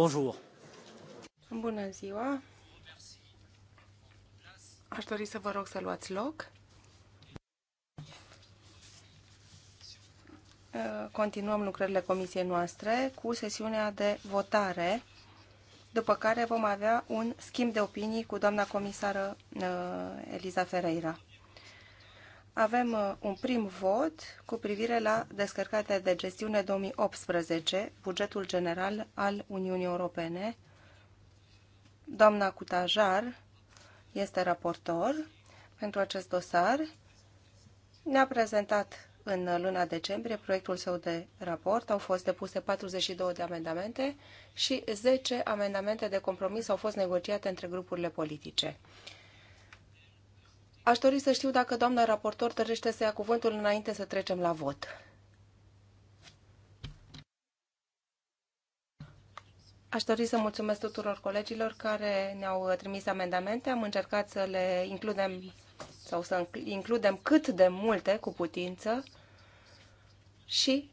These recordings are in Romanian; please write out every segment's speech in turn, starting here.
Bonjour. Bună ziua. Aș dori să vă rog să luați loc. Uh, continuăm lucrările comisiei noastre cu sesiunea de votare, după care vom avea un schimb de opinii cu doamna comisară uh, Eliza Ferreira avem uh, un prim vot cu privire la descărcarea de gestiune 2018, bugetul general al Uniunii Europene. Doamna Cutajar este raportor pentru acest dosar. Ne-a prezentat în luna decembrie proiectul său de raport. Au fost depuse 42 de amendamente și 10 amendamente de compromis au fost negociate între grupurile politice. Aș dori să știu dacă doamna raportor dorește să ia cuvântul înainte să trecem la vot. Aș dori să mulțumesc tuturor colegilor care ne-au trimis amendamente. Am încercat să le includem sau să includem cât de multe cu putință și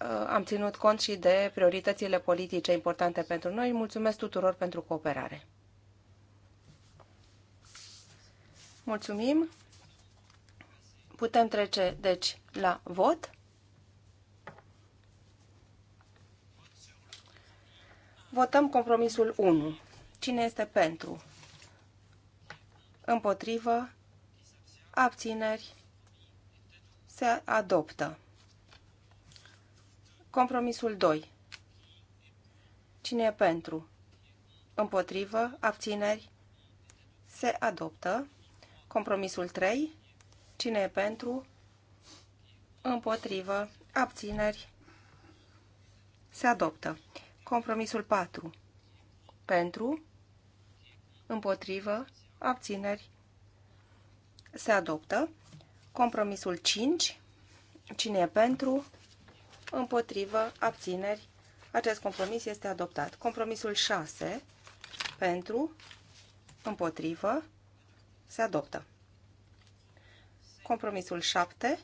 uh, am ținut cont și de prioritățile politice importante pentru noi. Mulțumesc tuturor pentru cooperare. Mulțumim. Putem trece, deci, la vot. Votăm compromisul 1. Cine este pentru? Împotrivă? Abțineri? Se adoptă. Compromisul 2. Cine e pentru? Împotrivă? Abțineri? Se adoptă. Compromisul 3. Cine e pentru? Împotrivă. Abțineri. Se adoptă. Compromisul 4. Pentru. Împotrivă. Abțineri. Se adoptă. Compromisul 5. Cine e pentru? Împotrivă. Abțineri. Acest compromis este adoptat. Compromisul 6. Pentru. Împotrivă. Se adoptă. Compromisul 7.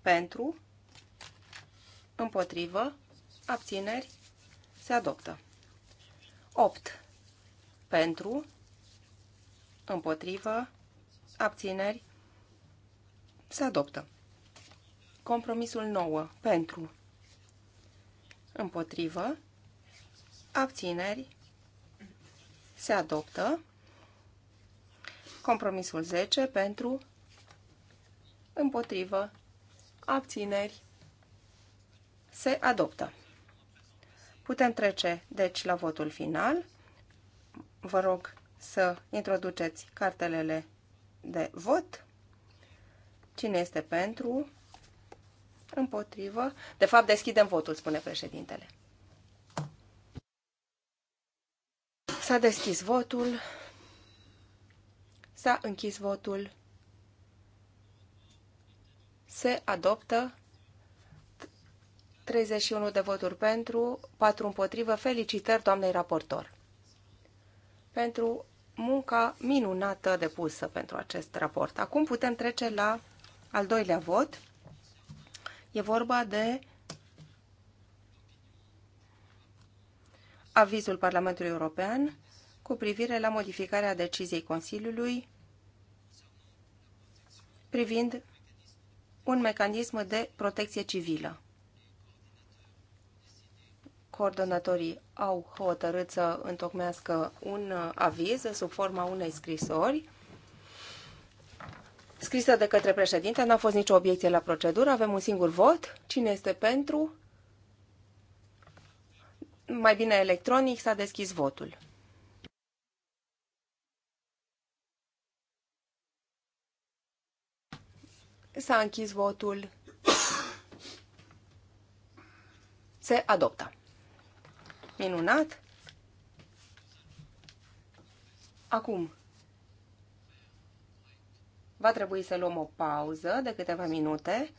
Pentru. Împotrivă. Abțineri. Se adoptă. 8. Pentru. Împotrivă. Abțineri. Se adoptă. Compromisul 9. Pentru. Împotrivă. Abțineri. Se adoptă. Compromisul 10 pentru, împotrivă, abțineri, se adoptă. Putem trece, deci, la votul final. Vă rog să introduceți cartelele de vot. Cine este pentru? Împotrivă? De fapt, deschidem votul, spune președintele. S-a deschis votul. S-a închis votul. Se adoptă 31 de voturi pentru, 4 împotrivă. Felicitări doamnei raportor pentru munca minunată depusă pentru acest raport. Acum putem trece la al doilea vot. E vorba de avizul Parlamentului European cu privire la modificarea deciziei Consiliului privind un mecanism de protecție civilă. Coordonatorii au hotărât să întocmească un uh, aviz sub forma unei scrisori scrisă de către președinte. N-a fost nicio obiecție la procedură. Avem un singur vot. Cine este pentru? Mai bine electronic s-a deschis votul. S-a închis votul. Se adoptă. Minunat. Acum, va trebui să luăm o pauză de câteva minute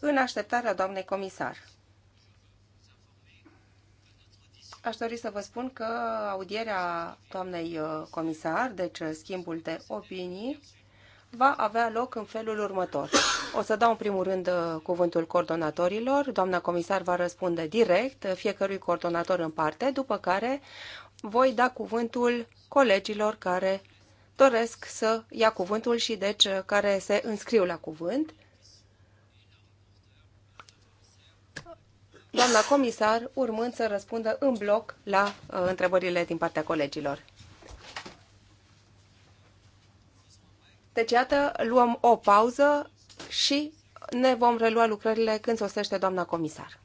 în așteptarea doamnei comisar. Aș dori să vă spun că audierea doamnei uh, comisar, deci uh, schimbul de opinii, va avea loc în felul următor. O să dau în primul rând uh, cuvântul coordonatorilor. Doamna comisar va răspunde direct uh, fiecărui coordonator în parte, după care voi da cuvântul colegilor care doresc să ia cuvântul și deci uh, care se înscriu la cuvânt. Doamna comisar urmând să răspundă în bloc la întrebările din partea colegilor. Deci, iată, luăm o pauză și ne vom relua lucrările când sosește doamna comisar.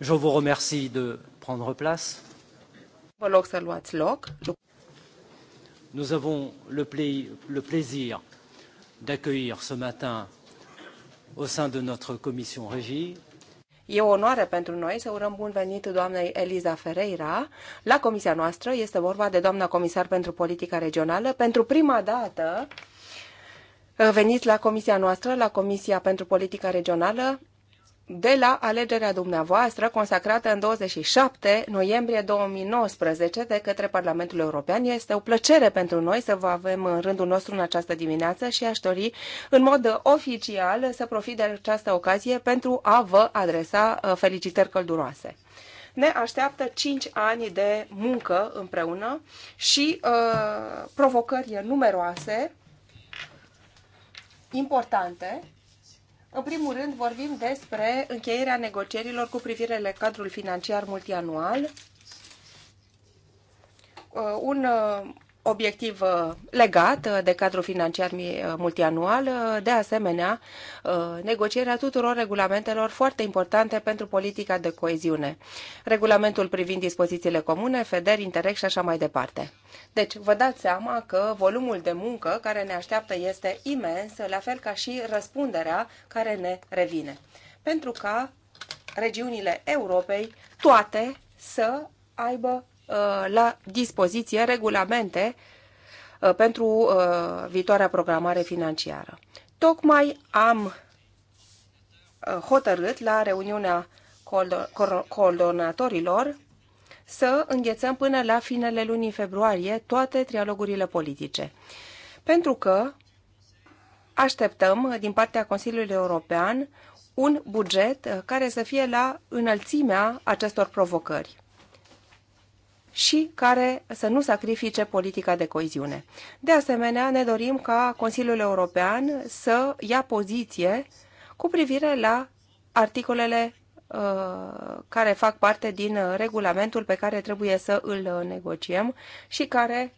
Je vous remercie de prendre place. Vă rog să luați loc. Nous avons le, pla le plaisir d'accueillir ce matin au sein de notre commission régie. E o onoare pentru noi să urăm bun venit doamnei Eliza Ferreira. La comisia noastră este vorba de doamna comisar pentru politica regională. Pentru prima dată veniți la comisia noastră, la Comisia pentru Politica Regională de la alegerea dumneavoastră consacrată în 27 noiembrie 2019 de către Parlamentul European. Este o plăcere pentru noi să vă avem în rândul nostru în această dimineață și aș dori în mod oficial să profit de această ocazie pentru a vă adresa uh, felicitări călduroase ne așteaptă 5 ani de muncă împreună și uh, provocări numeroase, importante, în primul rând vorbim despre încheierea negocierilor cu privire la cadrul financiar multianual, uh, un uh, obiectiv uh, legat uh, de cadrul financiar uh, multianual, de asemenea, negocierea tuturor regulamentelor foarte importante pentru politica de coeziune, regulamentul privind dispozițiile comune, federi Interreg și așa mai departe. Deci, vă dați seama că volumul de muncă care ne așteaptă este imens, la fel ca și răspunderea care ne revine. Pentru ca regiunile Europei, toate, să aibă Uh, la dispoziție regulamente uh, pentru uh, viitoarea programare financiară. Tocmai am hotărât la reuniunea coordonatorilor să înghețăm până la finele lunii februarie toate trialogurile politice. Pentru că așteptăm din partea Consiliului European un buget care să fie la înălțimea acestor provocări și care să nu sacrifice politica de coeziune. De asemenea, ne dorim ca Consiliul European să ia poziție cu privire la articolele uh, care fac parte din regulamentul pe care trebuie să îl negociem și care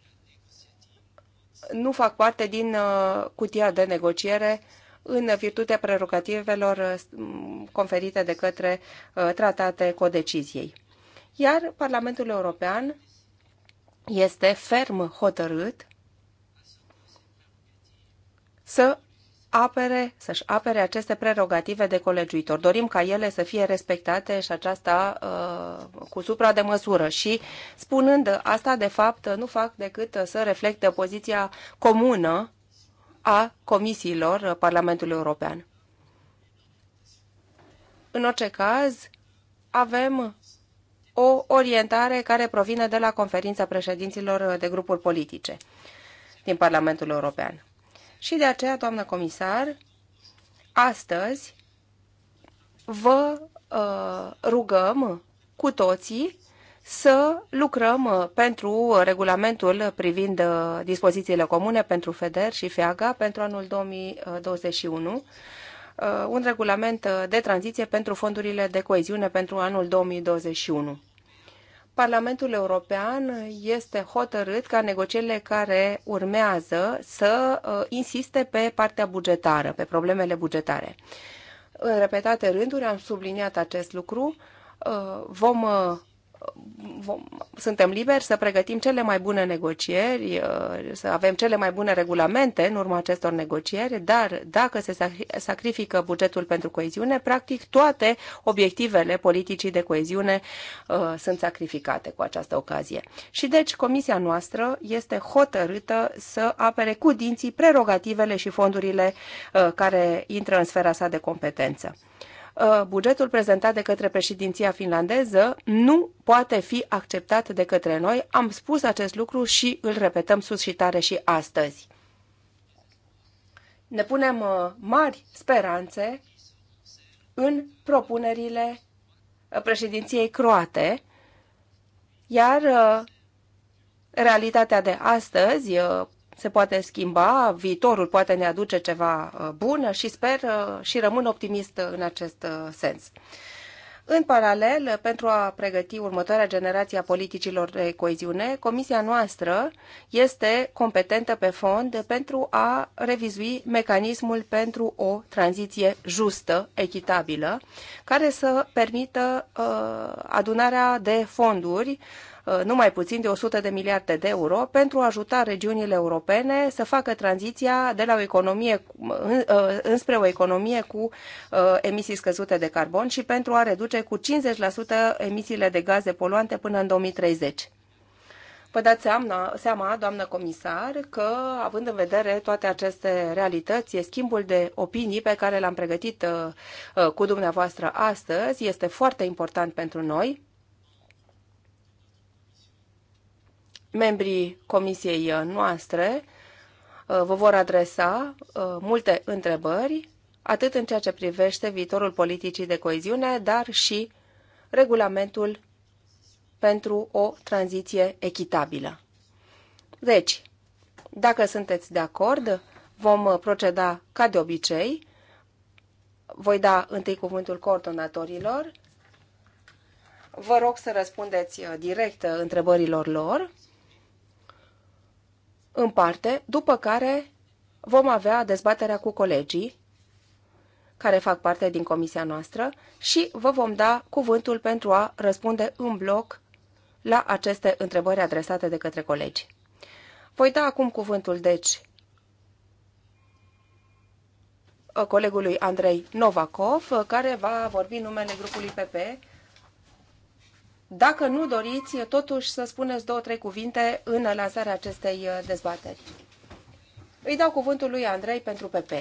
nu fac parte din uh, cutia de negociere în virtutea prerogativelor uh, conferite de către tratate codeciziei iar Parlamentul European este ferm hotărât să apere, să-și apere aceste prerogative de colegiuitor. Dorim ca ele să fie respectate și aceasta uh, cu supra de măsură. Și spunând asta, de fapt, nu fac decât să reflectă poziția comună a comisiilor Parlamentului European. În orice caz, avem o orientare care provine de la conferința președinților de grupuri politice din Parlamentul European. Și de aceea, doamnă comisar, astăzi vă uh, rugăm cu toții să lucrăm uh, pentru regulamentul privind uh, dispozițiile comune pentru FEDER și FEAGA pentru anul 2021 Uh, un regulament uh, de tranziție pentru fondurile de coeziune pentru anul 2021. Parlamentul European este hotărât ca negocierile care urmează să uh, insiste pe partea bugetară, pe problemele bugetare. În repetate rânduri am subliniat acest lucru. Vom vom, suntem liberi să pregătim cele mai bune negocieri, uh, să avem cele mai bune regulamente în urma acestor negocieri, dar dacă se sacrifică bugetul pentru coeziune, practic toate obiectivele politicii de coeziune uh, sunt sacrificate cu această ocazie. Și deci comisia noastră este hotărâtă să apere cu dinții prerogativele și fondurile uh, care intră în sfera sa de competență. Uh, bugetul prezentat de către președinția finlandeză nu poate fi acceptat de către noi. Am spus acest lucru și îl repetăm sus și tare și astăzi. Ne punem uh, mari speranțe în propunerile uh, președinției croate, iar realitatea de astăzi se poate schimba, viitorul poate ne aduce ceva uh, bun și sper uh, și rămân optimist în acest uh, sens. În paralel, pentru a pregăti următoarea generație a politicilor de coeziune, comisia noastră este competentă pe fond pentru a revizui mecanismul pentru o tranziție justă, echitabilă, care să permită uh, adunarea de fonduri uh, Uh, numai puțin de 100 de miliarde de euro pentru a ajuta regiunile europene să facă tranziția de la o economie uh, înspre o economie cu uh, emisii scăzute de carbon și pentru a reduce cu 50% emisiile de gaze poluante până în 2030. Vă dați seama, seama, doamnă comisar, că, având în vedere toate aceste realități, e schimbul de opinii pe care l-am pregătit uh, cu dumneavoastră astăzi este foarte important pentru noi membrii comisiei uh, noastre uh, vă vor adresa uh, multe întrebări, atât în ceea ce privește viitorul politicii de coeziune, dar și regulamentul pentru o tranziție echitabilă. Deci, dacă sunteți de acord, vom proceda ca de obicei. Voi da întâi cuvântul coordonatorilor. Vă rog să răspundeți direct întrebărilor lor în parte, după care vom avea dezbaterea cu colegii care fac parte din comisia noastră și vă vom da cuvântul pentru a răspunde în bloc la aceste întrebări adresate de către colegi. Voi da acum cuvântul, deci, colegului Andrei Novakov, care va vorbi numele grupului PP dacă nu doriți, totuși să spuneți două, trei cuvinte în lansarea acestei uh, dezbateri. Îi dau cuvântul lui Andrei pentru PP.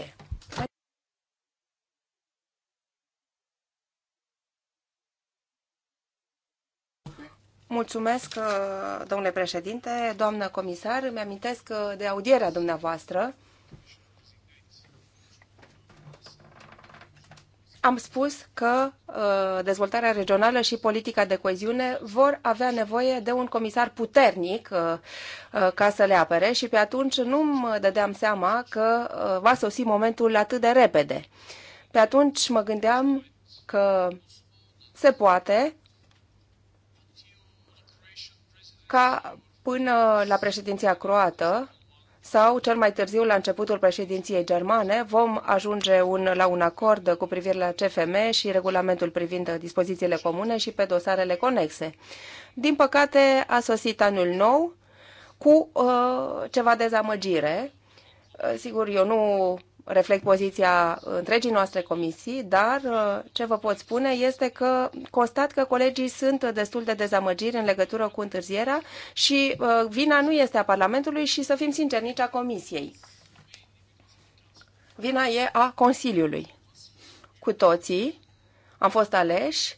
Mulțumesc, uh, domnule președinte, doamnă comisar. Îmi amintesc uh, de audierea dumneavoastră am spus că uh, dezvoltarea regională și politica de coeziune vor avea nevoie de un comisar puternic uh, uh, ca să le apere și pe atunci nu îmi dădeam seama că va sosi momentul atât de repede. Pe atunci mă gândeam că se poate ca până la președinția croată sau cel mai târziu la începutul președinției germane vom ajunge un, la un acord cu privire la CFM și regulamentul privind dispozițiile comune și pe dosarele conexe. Din păcate a sosit anul nou cu uh, ceva dezamăgire. Uh, sigur, eu nu reflect poziția întregii noastre comisii, dar uh, ce vă pot spune este că constat că colegii sunt destul de dezamăgiri în legătură cu întârzierea și uh, vina nu este a Parlamentului și, să fim sinceri, nici a Comisiei. Vina e a Consiliului. Cu toții am fost aleși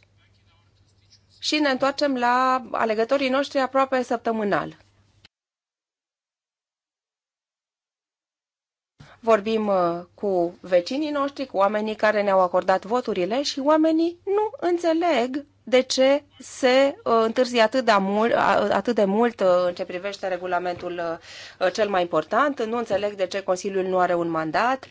și ne întoarcem la alegătorii noștri aproape săptămânal. vorbim uh, cu vecinii noștri, cu oamenii care ne-au acordat voturile și oamenii nu înțeleg de ce se uh, întârzi atât de mult, atât de mult în ce privește regulamentul uh, cel mai important. Nu înțeleg de ce Consiliul nu are un mandat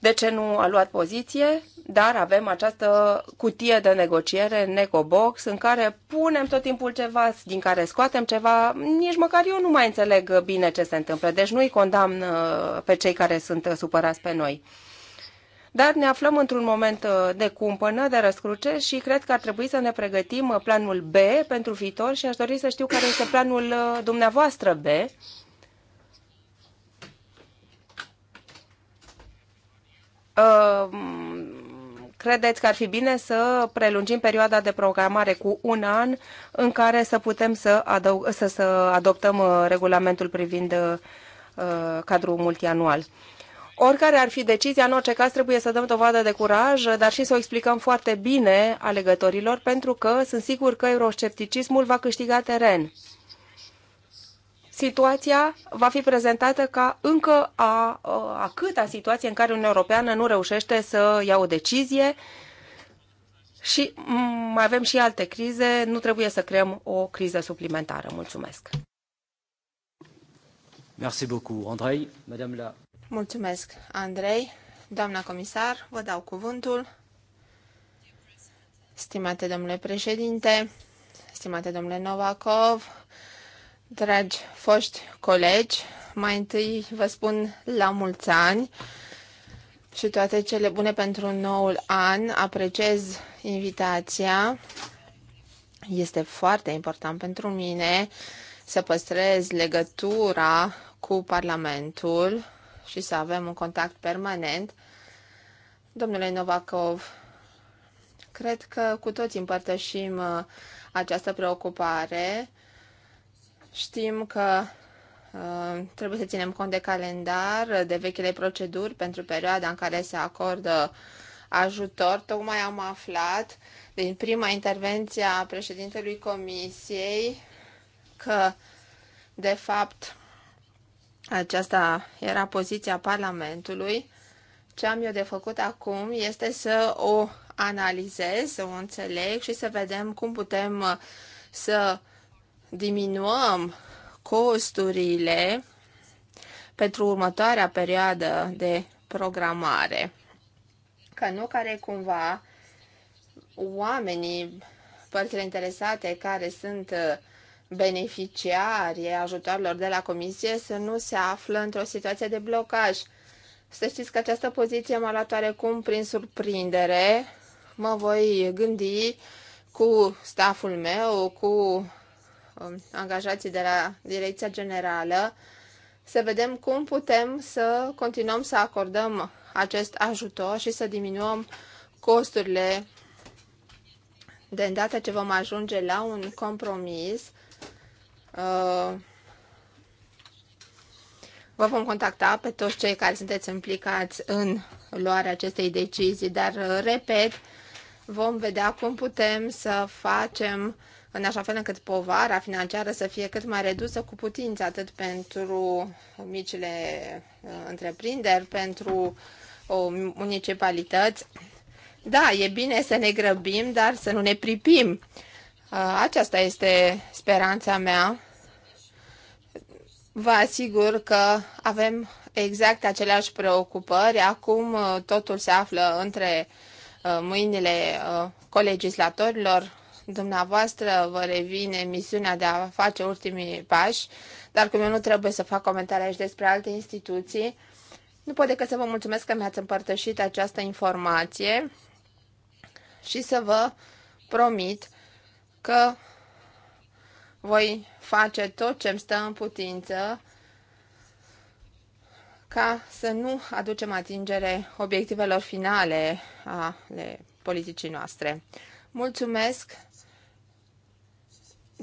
de ce nu a luat poziție, dar avem această cutie de negociere, necobox, în care punem tot timpul ceva, din care scoatem ceva, nici măcar eu nu mai înțeleg bine ce se întâmplă, deci nu-i condamn uh, pe cei care sunt uh, supărați pe noi. Dar ne aflăm într-un moment uh, de cumpănă, de răscruce și cred că ar trebui să ne pregătim planul B pentru viitor și aș dori să știu care este planul dumneavoastră B Ehm, credeți că ar fi bine să prelungim perioada de programare cu un an în care să putem să, adăug, să, să adoptăm uh, regulamentul privind uh, cadrul multianual? oricare ar fi decizia, în orice caz trebuie să dăm dovadă de curaj, dar și să o explicăm foarte bine alegătorilor, pentru că sunt sigur că euroscepticismul va câștiga teren situația va fi prezentată ca încă a, a câta situație în care Uniunea Europeană nu reușește să ia o decizie și mai avem și alte crize, nu trebuie să creăm o criză suplimentară. Mulțumesc! Merci beaucoup, Andrei. Madame la... Mulțumesc, Andrei. Doamna comisar, vă dau cuvântul. Stimate domnule președinte, stimate domnule Novakov, dragi foști colegi, mai întâi vă spun la mulți ani și toate cele bune pentru noul an. Apreciez invitația. Este foarte important pentru mine să păstrez legătura cu Parlamentul și să avem un contact permanent. Domnule Novakov, cred că cu toți împărtășim uh, această preocupare Știm că uh, trebuie să ținem cont de calendar, de vechile proceduri pentru perioada în care se acordă ajutor. Tocmai am aflat din prima intervenție a președintelui comisiei că, de fapt, aceasta era poziția Parlamentului. Ce am eu de făcut acum este să o analizez, să o înțeleg și să vedem cum putem uh, să diminuăm costurile pentru următoarea perioadă de programare. Că nu care cumva oamenii, părțile interesate care sunt uh, beneficiari ajutorilor de la comisie să nu se află într-o situație de blocaj. Să știți că această poziție m-a luat oarecum prin surprindere. Mă voi gândi cu staful meu, cu Um, angajații de la Direcția Generală să vedem cum putem să continuăm să acordăm acest ajutor și să diminuăm costurile de îndată ce vom ajunge la un compromis. Uh, vă vom contacta pe toți cei care sunteți implicați în luarea acestei decizii, dar, uh, repet, vom vedea cum putem să facem în așa fel încât povara financiară să fie cât mai redusă cu putință, atât pentru micile uh, întreprinderi, pentru municipalități. Da, e bine să ne grăbim, dar să nu ne pripim. Uh, aceasta este speranța mea. Vă asigur că avem exact aceleași preocupări. Acum uh, totul se află între mâinile colegislatorilor, dumneavoastră vă revine misiunea de a face ultimii pași, dar cum eu nu trebuie să fac comentarii aici despre alte instituții, nu pot decât să vă mulțumesc că mi-ați împărtășit această informație și să vă promit că voi face tot ce îmi stă în putință ca să nu aducem atingere obiectivelor finale ale politicii noastre. Mulțumesc!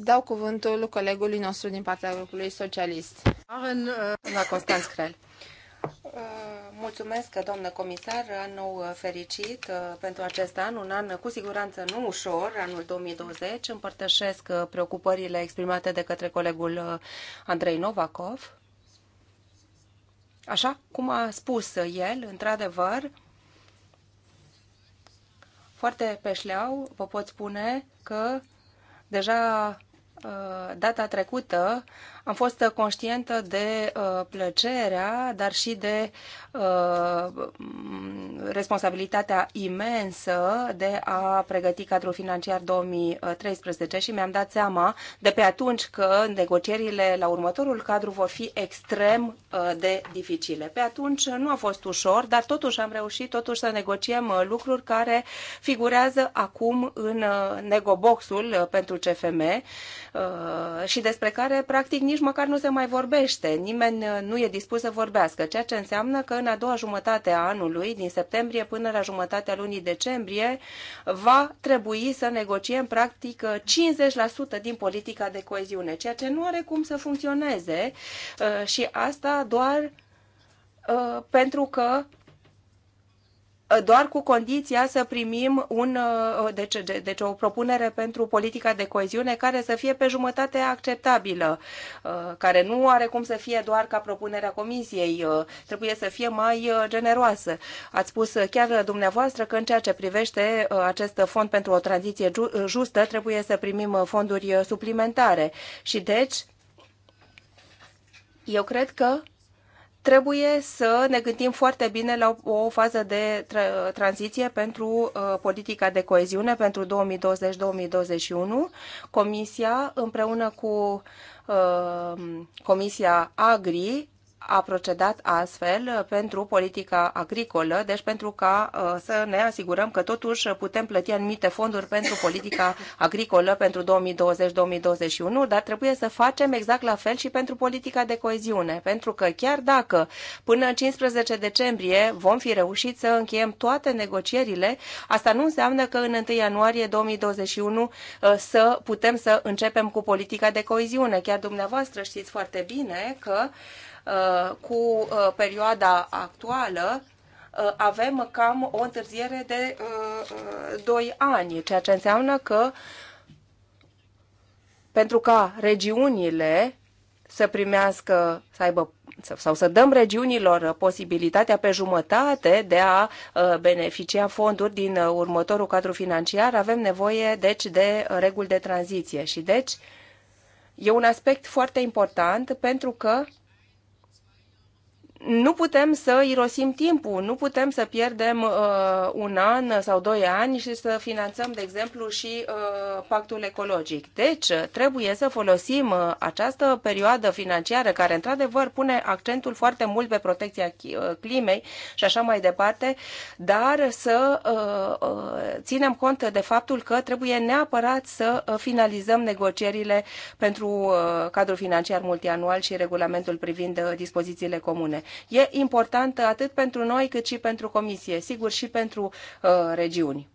dau cuvântul colegului nostru din partea grupului socialist. La uh, Constanț Crel. Uh, mulțumesc, doamnă comisar, an nou uh, fericit pentru acest an, un an cu siguranță nu ușor, anul 2020. Împărtășesc preocupările exprimate de către colegul Andrei Novakov. Așa cum a spus el, într-adevăr, foarte peșleau, vă pot spune că deja Uh, data trecută am fost conștientă de uh, plăcerea, dar și de uh, mm, responsabilitatea imensă de a pregăti cadrul financiar 2013 și mi-am dat seama de pe atunci că negocierile la următorul cadru vor fi extrem uh, de dificile. Pe atunci nu a fost ușor, dar totuși am reușit totuși să negociem uh, lucruri care figurează acum în uh, negoboxul uh, pentru CFM uh, și despre care practic nici nici măcar nu se mai vorbește, nimeni uh, nu e dispus să vorbească, ceea ce înseamnă că în a doua jumătate a anului, din septembrie până la jumătatea lunii decembrie, va trebui să negociem practic 50% uh, din politica de coeziune, ceea ce nu are cum să funcționeze uh, și asta doar pentru că Uh, doar cu condiția să primim un, uh, deci, deci o propunere pentru politica de coeziune care să fie pe jumătate acceptabilă, uh, care nu are cum să fie doar ca propunerea comisiei, trebuie să fie mai generoasă. Ați spus chiar dumneavoastră că în ceea ce privește acest fond pentru o tranziție justă trebuie să primim fonduri suplimentare și deci eu cred că trebuie să ne gândim foarte bine la o fază de tra- tranziție pentru uh, politica de coeziune pentru 2020-2021. Comisia, împreună cu uh, Comisia Agri, a procedat astfel pentru politica agricolă, deci pentru ca uh, să ne asigurăm că totuși putem plăti anumite fonduri pentru politica agricolă pentru 2020-2021, dar trebuie să facem exact la fel și pentru politica de coeziune, pentru că chiar dacă până în 15 decembrie vom fi reușit să încheiem toate negocierile, asta nu înseamnă că în 1 ianuarie 2021 uh, să putem să începem cu politica de coeziune. Chiar dumneavoastră știți foarte bine că uh, Uh, cu uh, perioada actuală, uh, avem cam o întârziere de 2 ani, ceea ce înseamnă că pentru ca regiunile să primească, să aibă sau să dăm regiunilor posibilitatea pe jumătate de a beneficia fonduri din următorul cadru financiar, avem nevoie deci de reguli de tranziție și deci e un aspect foarte important pentru că nu putem să irosim timpul, nu putem să pierdem uh, un an sau doi ani și să finanțăm, de exemplu, și uh, pactul ecologic. Deci, trebuie să folosim uh, această perioadă financiară care, într-adevăr, pune accentul foarte mult pe protecția uh, climei și așa mai departe, dar să uh, uh, ținem cont de faptul că trebuie neapărat să uh, finalizăm negocierile pentru uh, cadrul financiar multianual și regulamentul privind uh, dispozițiile comune e importantă atât pentru noi cât și pentru Comisie, sigur și pentru uh, regiuni.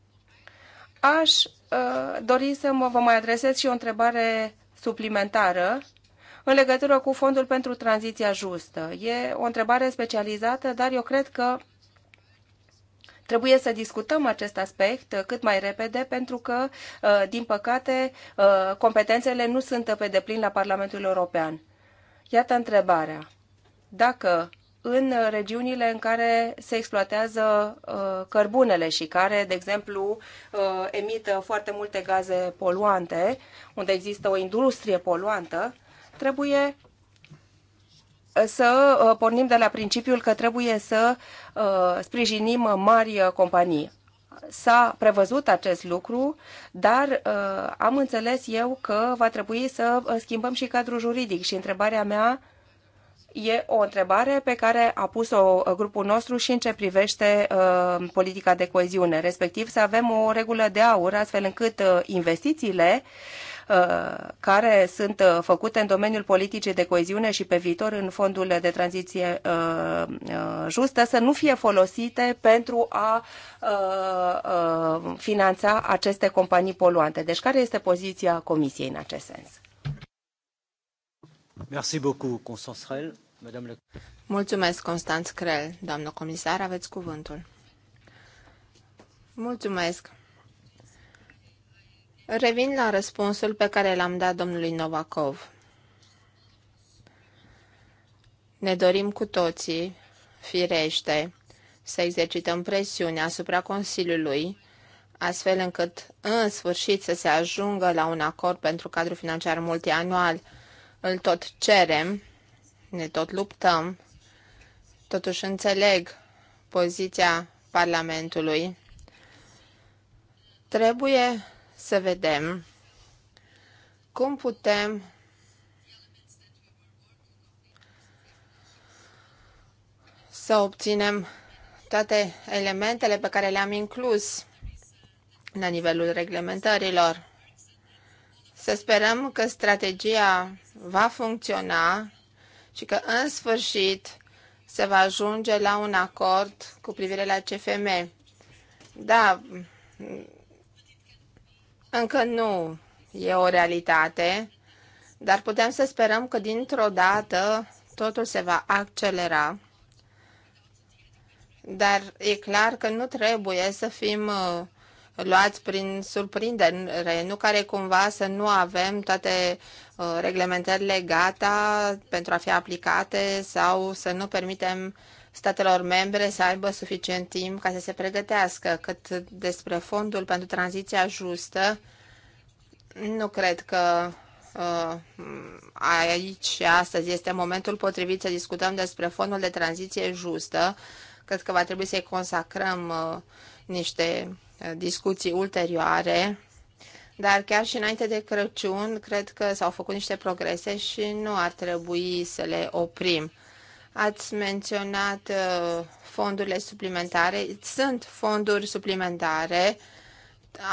Aș uh, dori să mă vă mai adresez și o întrebare suplimentară în legătură cu Fondul pentru Tranziția Justă. E o întrebare specializată, dar eu cred că Trebuie să discutăm acest aspect uh, cât mai repede, pentru că, uh, din păcate, uh, competențele nu sunt pe deplin la Parlamentul European. Iată întrebarea. Dacă în regiunile în care se exploatează uh, cărbunele și care, de exemplu, uh, emită foarte multe gaze poluante, unde există o industrie poluantă, trebuie uh, să pornim de la principiul că trebuie să sprijinim mari companii. S-a prevăzut acest lucru, dar am înțeles eu că va trebui să schimbăm și cadrul juridic și întrebarea mea E o întrebare pe care a pus-o uh, grupul nostru și în ce privește uh, politica de coeziune, respectiv să avem o regulă de aur, astfel încât uh, investițiile uh, care sunt uh, făcute în domeniul politicii de coeziune și pe viitor în fondul de tranziție justă să nu fie folosite pentru a finanța aceste companii poluante. Deci care este poziția Comisiei în acest sens? Merci beaucoup, Constance Crel. Madame le... Mulțumesc, Constanț Crel. Doamnă comisar, aveți cuvântul. Mulțumesc. Revin la răspunsul pe care l-am dat domnului Novakov. Ne dorim cu toții, firește, să exercităm presiune asupra Consiliului, astfel încât în sfârșit să se ajungă la un acord pentru cadrul financiar multianual, îl tot cerem, ne tot luptăm. Totuși înțeleg poziția Parlamentului. Trebuie să vedem cum putem să obținem toate elementele pe care le-am inclus la nivelul reglementărilor. Să sperăm că strategia va funcționa și că în sfârșit se va ajunge la un acord cu privire la CFM. Da, încă nu e o realitate, dar putem să sperăm că dintr-o dată totul se va accelera. Dar e clar că nu trebuie să fim uh, luați prin surprindere, nu care cumva să nu avem toate uh, reglementările gata pentru a fi aplicate sau să nu permitem statelor membre să aibă suficient timp ca să se pregătească. Cât despre fondul pentru tranziția justă, nu cred că uh, aici și astăzi este momentul potrivit să discutăm despre fondul de tranziție justă. Cred că va trebui să-i consacrăm uh, niște Uh, discuții ulterioare, dar chiar și înainte de Crăciun, cred că s-au făcut niște progrese și nu ar trebui să le oprim. Ați menționat uh, fondurile suplimentare. Sunt fonduri suplimentare.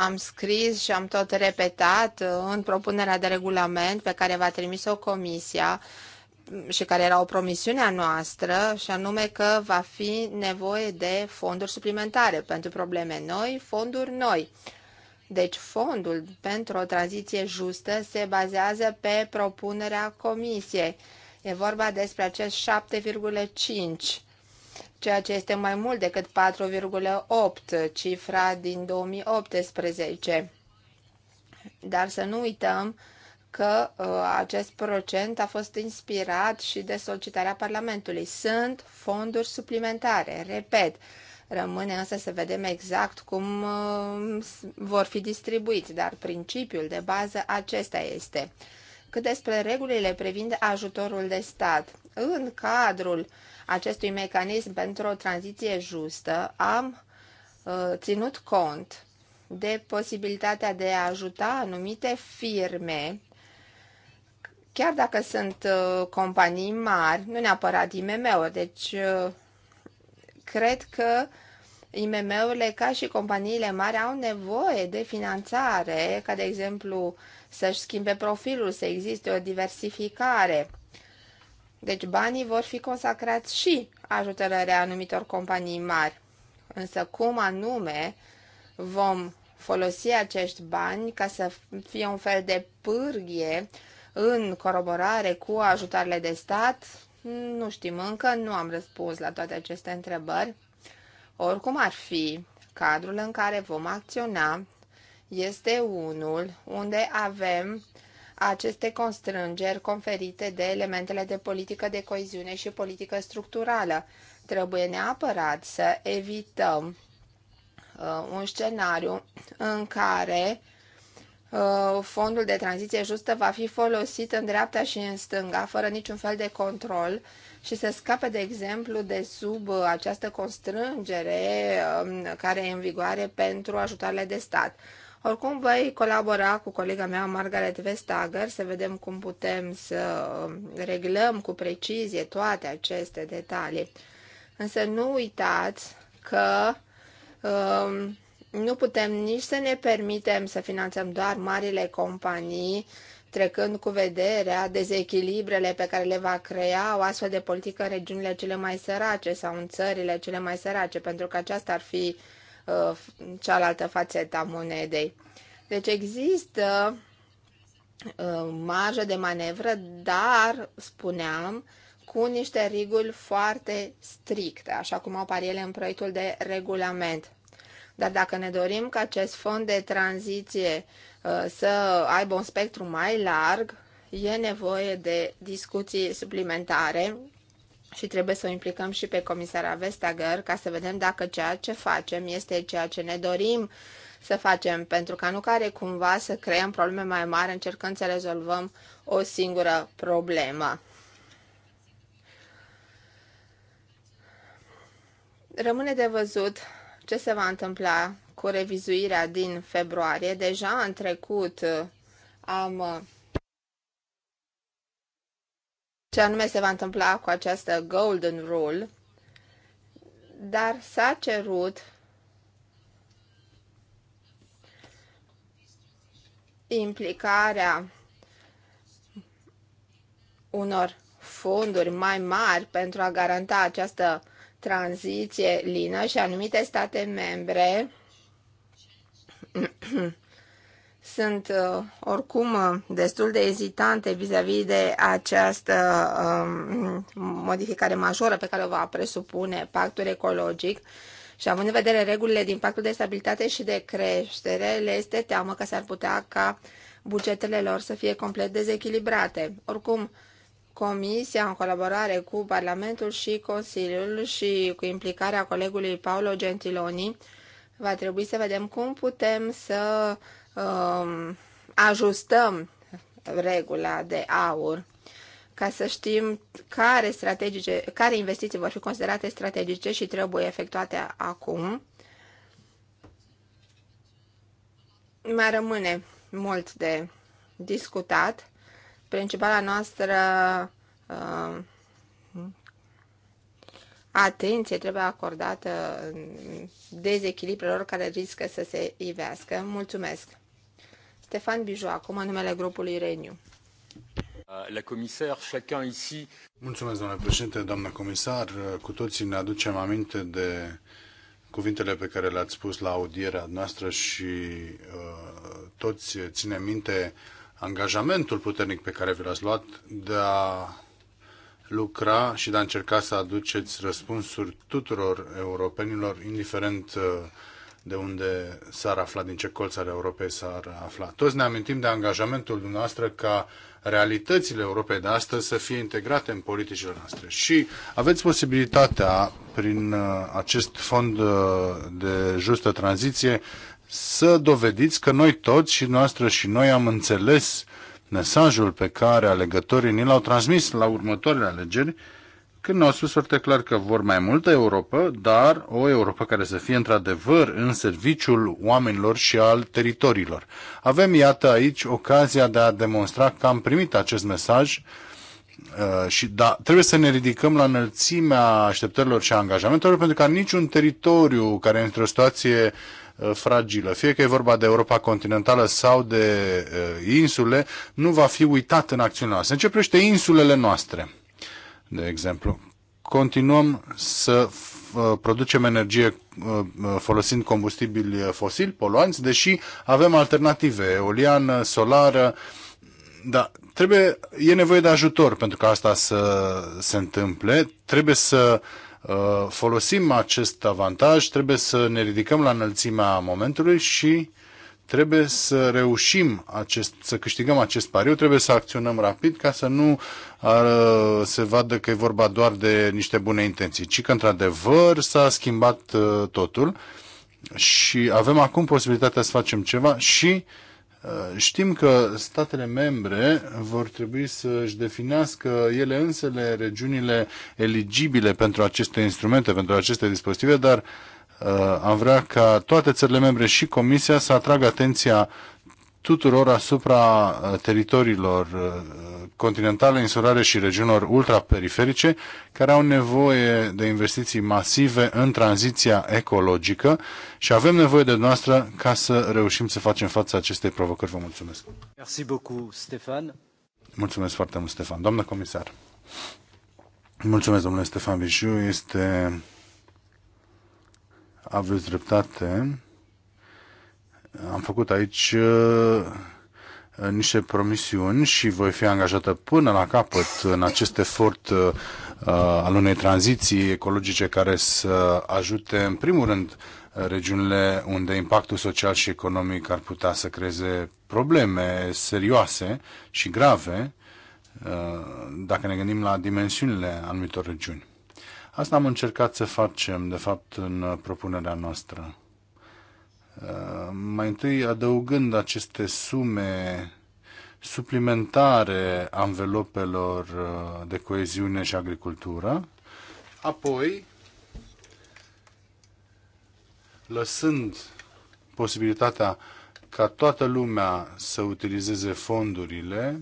Am scris și am tot repetat uh, în propunerea de regulament pe care va trimis-o Comisia și care era o promisiune a noastră, și anume că va fi nevoie de fonduri suplimentare pentru probleme noi, fonduri noi. Deci fondul pentru o tranziție justă se bazează pe propunerea comisiei. E vorba despre acest 7,5, ceea ce este mai mult decât 4,8, cifra din 2018. Dar să nu uităm că uh, acest procent a fost inspirat și de solicitarea Parlamentului. Sunt fonduri suplimentare, repet. Rămâne însă să vedem exact cum uh, vor fi distribuiți, dar principiul de bază acesta este. Cât despre regulile privind ajutorul de stat, în cadrul acestui mecanism pentru o tranziție justă am uh, ținut cont de posibilitatea de a ajuta anumite firme Chiar dacă sunt uh, companii mari, nu neapărat IMM-uri, deci uh, cred că IMM-urile ca și companiile mari au nevoie de finanțare, ca de exemplu să-și schimbe profilul, să existe o diversificare. Deci banii vor fi consacrați și ajutorarea anumitor companii mari. Însă cum anume vom folosi acești bani ca să fie un fel de pârghie în coroborare cu ajutarele de stat? Nu știm încă, nu am răspuns la toate aceste întrebări. Oricum ar fi, cadrul în care vom acționa este unul unde avem aceste constrângeri conferite de elementele de politică de coeziune și politică structurală. Trebuie neapărat să evităm uh, un scenariu în care Uh, fondul de tranziție justă va fi folosit în dreapta și în stânga, fără niciun fel de control și să scape, de exemplu, de sub uh, această constrângere um, care e în vigoare pentru ajutoarele de stat. Oricum, voi colabora cu colega mea, Margaret Vestager, să vedem cum putem să um, reglăm cu precizie toate aceste detalii. Însă nu uitați că um, nu putem nici să ne permitem să finanțăm doar marile companii, trecând cu vederea dezechilibrele pe care le va crea o astfel de politică în regiunile cele mai sărace sau în țările cele mai sărace, pentru că aceasta ar fi uh, cealaltă fațetă a monedei. Deci există uh, marjă de manevră, dar, spuneam, cu niște reguli foarte stricte, așa cum apar ele în proiectul de regulament. Dar dacă ne dorim ca acest fond de tranziție uh, să aibă un spectru mai larg, e nevoie de discuții suplimentare și trebuie să o implicăm și pe comisara Vestager ca să vedem dacă ceea ce facem este ceea ce ne dorim să facem, pentru ca nu care cumva să creăm probleme mai mari încercând să rezolvăm o singură problemă. Rămâne de văzut ce se va întâmpla cu revizuirea din februarie. Deja în trecut uh, am uh, ce anume se va întâmpla cu această golden rule, dar s-a cerut implicarea unor fonduri mai mari pentru a garanta această tranziție lină și anumite state membre sunt uh, oricum uh, destul de ezitante vis-a-vis -vis de această um, modificare majoră pe care o va presupune pactul ecologic și având în vedere regulile din pactul de stabilitate și de creștere, le este teamă că s-ar putea ca bugetele lor să fie complet dezechilibrate. Oricum, uh, Comisia, în colaborare cu Parlamentul și Consiliul și cu implicarea colegului Paolo Gentiloni, va trebui să vedem cum putem să um, ajustăm regula de aur ca să știm care, strategice, care investiții vor fi considerate strategice și trebuie efectuate acum. Mai rămâne mult de discutat principala noastră uh, atenție trebuie acordată dezechilibrelor care riscă să se ivească. Mulțumesc! Stefan Biju, acum în numele grupului Reniu. Uh, la comisar, chacun ici... Mulțumesc, domnule președinte, doamna comisar. Cu toții ne aducem aminte de cuvintele pe care le-ați spus la audierea noastră și uh, toți ținem minte uh, angajamentul puternic pe care vi l-ați luat de a lucra și de a încerca să aduceți răspunsuri tuturor europenilor, indiferent uh, de unde s-ar afla, din ce colț al Europei s-ar afla. Toți ne amintim de angajamentul dumneavoastră ca realitățile Europei de astăzi să fie integrate în politicile noastre. Și aveți posibilitatea, prin uh, acest fond uh, de justă tranziție, să dovediți că noi toți și noastră și noi am înțeles mesajul pe care alegătorii ni l-au transmis la următoarele alegeri, când ne-au spus foarte clar că vor mai multă Europa, dar o Europa care să fie într-adevăr în serviciul oamenilor și al teritoriilor. Avem, iată, aici ocazia de a demonstra că am primit acest mesaj uh, și da, trebuie să ne ridicăm la înălțimea așteptărilor și a angajamentelor, pentru că niciun teritoriu care e într-o situație Uh, fragilă, fie că e vorba de Europa continentală sau de uh, insule, nu va fi uitat în acțiunea noastră. Începește insulele noastre, de exemplu. Continuăm să uh, producem energie folosind combustibili fosili, poluanți, deși avem alternative, eoliană, solară, da, trebuie, e nevoie de ajutor pentru ca asta să se întâmple. Trebuie să uh, Uh, folosim acest avantaj, trebuie să ne ridicăm la înălțimea momentului și trebuie să reușim acest, să câștigăm acest pariu, trebuie să acționăm rapid ca să nu ar, uh, se vadă că e vorba doar de niște bune intenții, ci că într-adevăr s-a schimbat uh, totul și avem acum posibilitatea să facem ceva și uh, Uh, știm că statele membre vor trebui să își definească ele însele regiunile eligibile pentru aceste instrumente, pentru aceste dispozitive, dar uh, am vrea ca toate țările membre și Comisia să atragă atenția tuturor asupra uh, teritoriilor continentale, insulare și regiunilor ultraperiferice, care au nevoie de investiții masive în tranziția ecologică și avem nevoie de noastră ca să reușim să facem față acestei provocări. Vă mulțumesc! Merci beaucoup, Stefan! Mulțumesc foarte mult, Stefan! Doamnă comisar! Mulțumesc, domnule Stefan Vijiu, este... Aveți dreptate. Am făcut aici niște promisiuni și voi fi angajată până la capăt în acest efort uh, uh, al unei tranziții ecologice care să ajute, în primul rând, regiunile unde impactul social și economic ar putea să creeze probleme serioase și grave, uh, dacă ne gândim la dimensiunile anumitor regiuni. Asta am încercat să facem, de fapt, în propunerea noastră. Uh, mai întâi, adăugând aceste sume suplimentare anvelopelor uh, de coeziune și agricultură, apoi lăsând posibilitatea ca toată lumea să utilizeze fondurile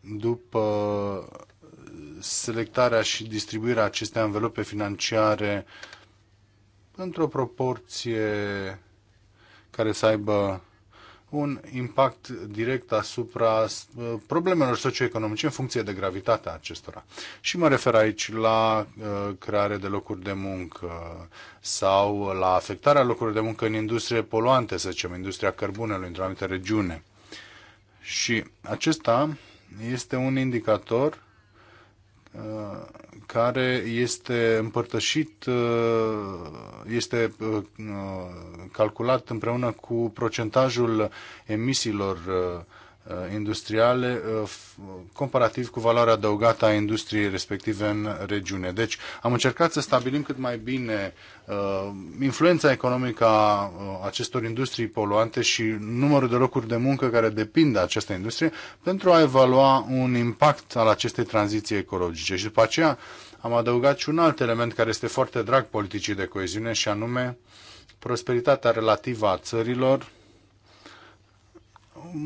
după selectarea și distribuirea acestei anvelope financiare într-o proporție care să aibă un impact direct asupra uh, problemelor socioeconomice în funcție de gravitatea acestora. Și mă refer aici la uh, creare de locuri de muncă sau la afectarea locurilor de muncă în industrie poluante, să zicem, industria cărbunelui într-o anumită regiune. Și acesta este un indicator care este împărtășit, este uh, calculat împreună cu procentajul emisiilor uh, Uh, industriale uh, comparativ cu valoarea adăugată a industriei respective în regiune. Deci am încercat să stabilim cât mai bine uh, influența economică a acestor industrii poluante și numărul de locuri de muncă care depind de această industrie pentru a evalua un impact al acestei tranziții ecologice. Și după aceea am adăugat și un alt element care este foarte drag politicii de coeziune și anume prosperitatea relativă a țărilor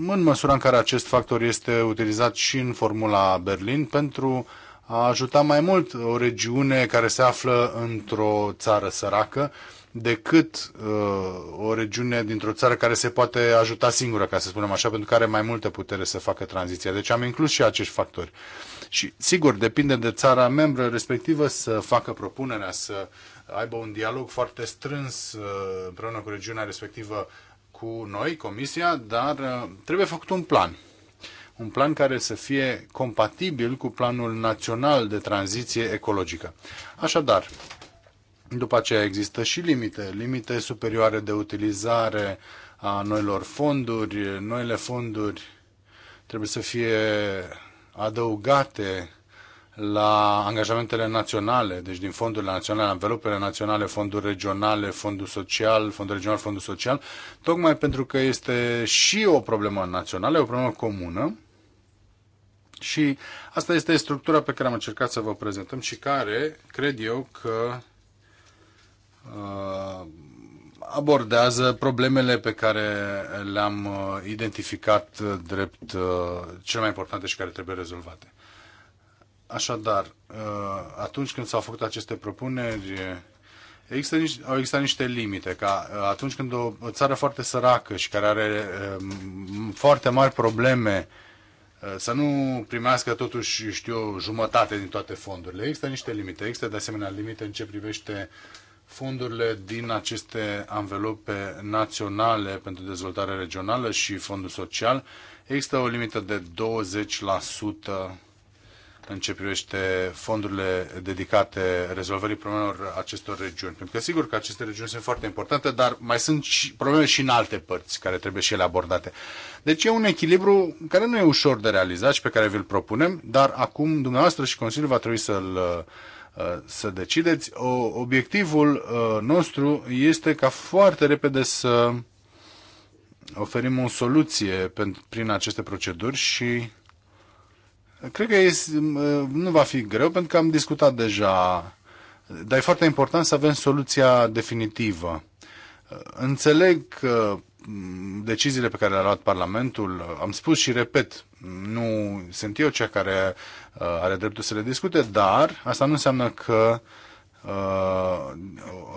în măsura în care acest factor este utilizat și în formula Berlin pentru a ajuta mai mult o regiune care se află într-o țară săracă decât uh, o regiune dintr-o țară care se poate ajuta singură, ca să spunem așa, pentru că are mai multă putere să facă tranziția. Deci am inclus și acești factori. Și sigur, depinde de țara membră respectivă să facă propunerea, să aibă un dialog foarte strâns uh, împreună cu regiunea respectivă cu noi, Comisia, dar uh, trebuie făcut un plan. Un plan care să fie compatibil cu planul național de tranziție ecologică. Așadar, după aceea există și limite, limite superioare de utilizare a noilor fonduri, noile fonduri trebuie să fie adăugate la angajamentele naționale, deci din fondurile naționale, anvelopele naționale, fonduri regionale, fondul social, fondul regional, fondul social, tocmai pentru că este și o problemă națională, o problemă comună și asta este structura pe care am încercat să vă prezentăm și care, cred eu, că uh, abordează problemele pe care le-am uh, identificat drept uh, cele mai importante și care trebuie rezolvate. Așadar, uh, atunci când s-au făcut aceste propuneri, Există niște, au existat niște limite, ca uh, atunci când o țară foarte săracă și care are uh, foarte mari probleme să nu primească totuși, știu jumătate din toate fondurile. Există niște limite. Există de asemenea limite în ce privește fondurile din aceste anvelope naționale pentru dezvoltare regională și fondul social. Există o limită de 20% în ce privește fondurile dedicate rezolvării problemelor acestor regiuni. Pentru că sigur că aceste regiuni sunt foarte importante, dar mai sunt și probleme și în alte părți care trebuie și ele abordate. Deci e un echilibru care nu e ușor de realizat și pe care vi-l propunem, dar acum dumneavoastră și Consiliul va trebui să-l uh, să decideți. Obiectivul uh, nostru este ca foarte repede să oferim o soluție prin aceste proceduri și Cred că este, nu va fi greu, pentru că am discutat deja, dar e foarte important să avem soluția definitivă. Înțeleg că deciziile pe care le-a luat Parlamentul, am spus și repet, nu sunt eu cea care uh, are dreptul să le discute, dar asta nu înseamnă că uh,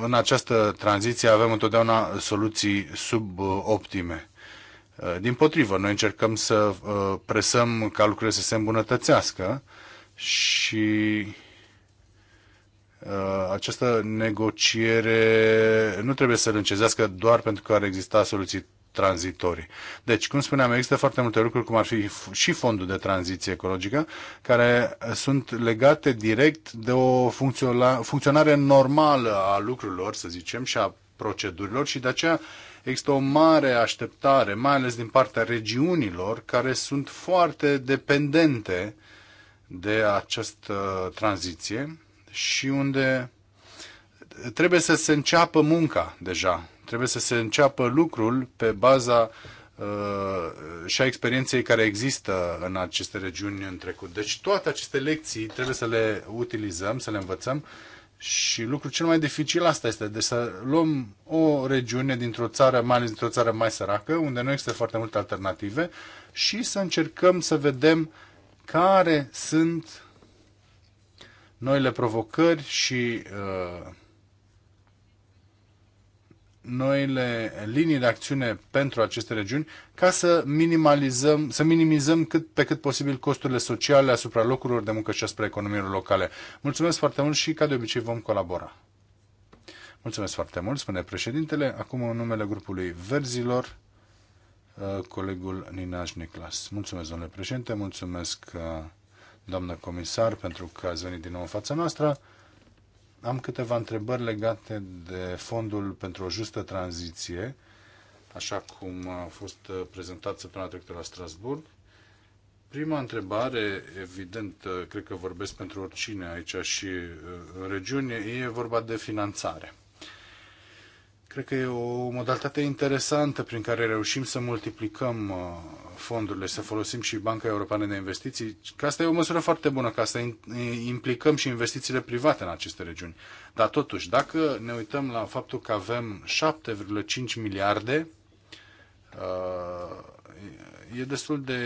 în această tranziție avem întotdeauna soluții suboptime. Uh, din potrivă, noi încercăm să uh, presăm ca lucrurile să se îmbunătățească și uh, această negociere nu trebuie să încezească doar pentru că ar exista soluții tranzitorii. Deci, cum spuneam, există foarte multe lucruri, cum ar fi și fondul de tranziție ecologică, care sunt legate direct de o funcționare normală a lucrurilor, să zicem, și a procedurilor și de aceea Există o mare așteptare, mai ales din partea regiunilor, care sunt foarte dependente de această tranziție și unde trebuie să se înceapă munca deja, trebuie să se înceapă lucrul pe baza uh, și a experienței care există în aceste regiuni în trecut. Deci toate aceste lecții trebuie să le utilizăm, să le învățăm și lucrul cel mai dificil asta este, de să luăm o regiune dintr-o țară, mai ales dintr-o țară mai săracă, unde nu există foarte multe alternative, și să încercăm să vedem care sunt noile provocări și uh, noile linii de acțiune pentru aceste regiuni ca să minimalizăm, să minimizăm cât pe cât posibil costurile sociale asupra locurilor de muncă și asupra economiilor locale. Mulțumesc foarte mult și ca de obicei vom colabora. Mulțumesc foarte mult, spune președintele. Acum în numele grupului Verzilor, uh, colegul Ninaj Niclas. Mulțumesc, domnule președinte, mulțumesc, uh, doamnă comisar, pentru că ați venit din nou în fața noastră. Am câteva întrebări legate de fondul pentru o justă tranziție, așa cum a fost uh, prezentat săptămâna trecută la Strasburg. Prima întrebare, evident, uh, cred că vorbesc pentru oricine aici și uh, în regiune, e vorba de finanțare. Cred că e o modalitate interesantă prin care reușim să multiplicăm fondurile să folosim și Banca Europeană de Investiții, că asta e o măsură foarte bună, ca să implicăm și investițiile private în aceste regiuni. Dar totuși, dacă ne uităm la faptul că avem 7,5 miliarde, uh, e destul de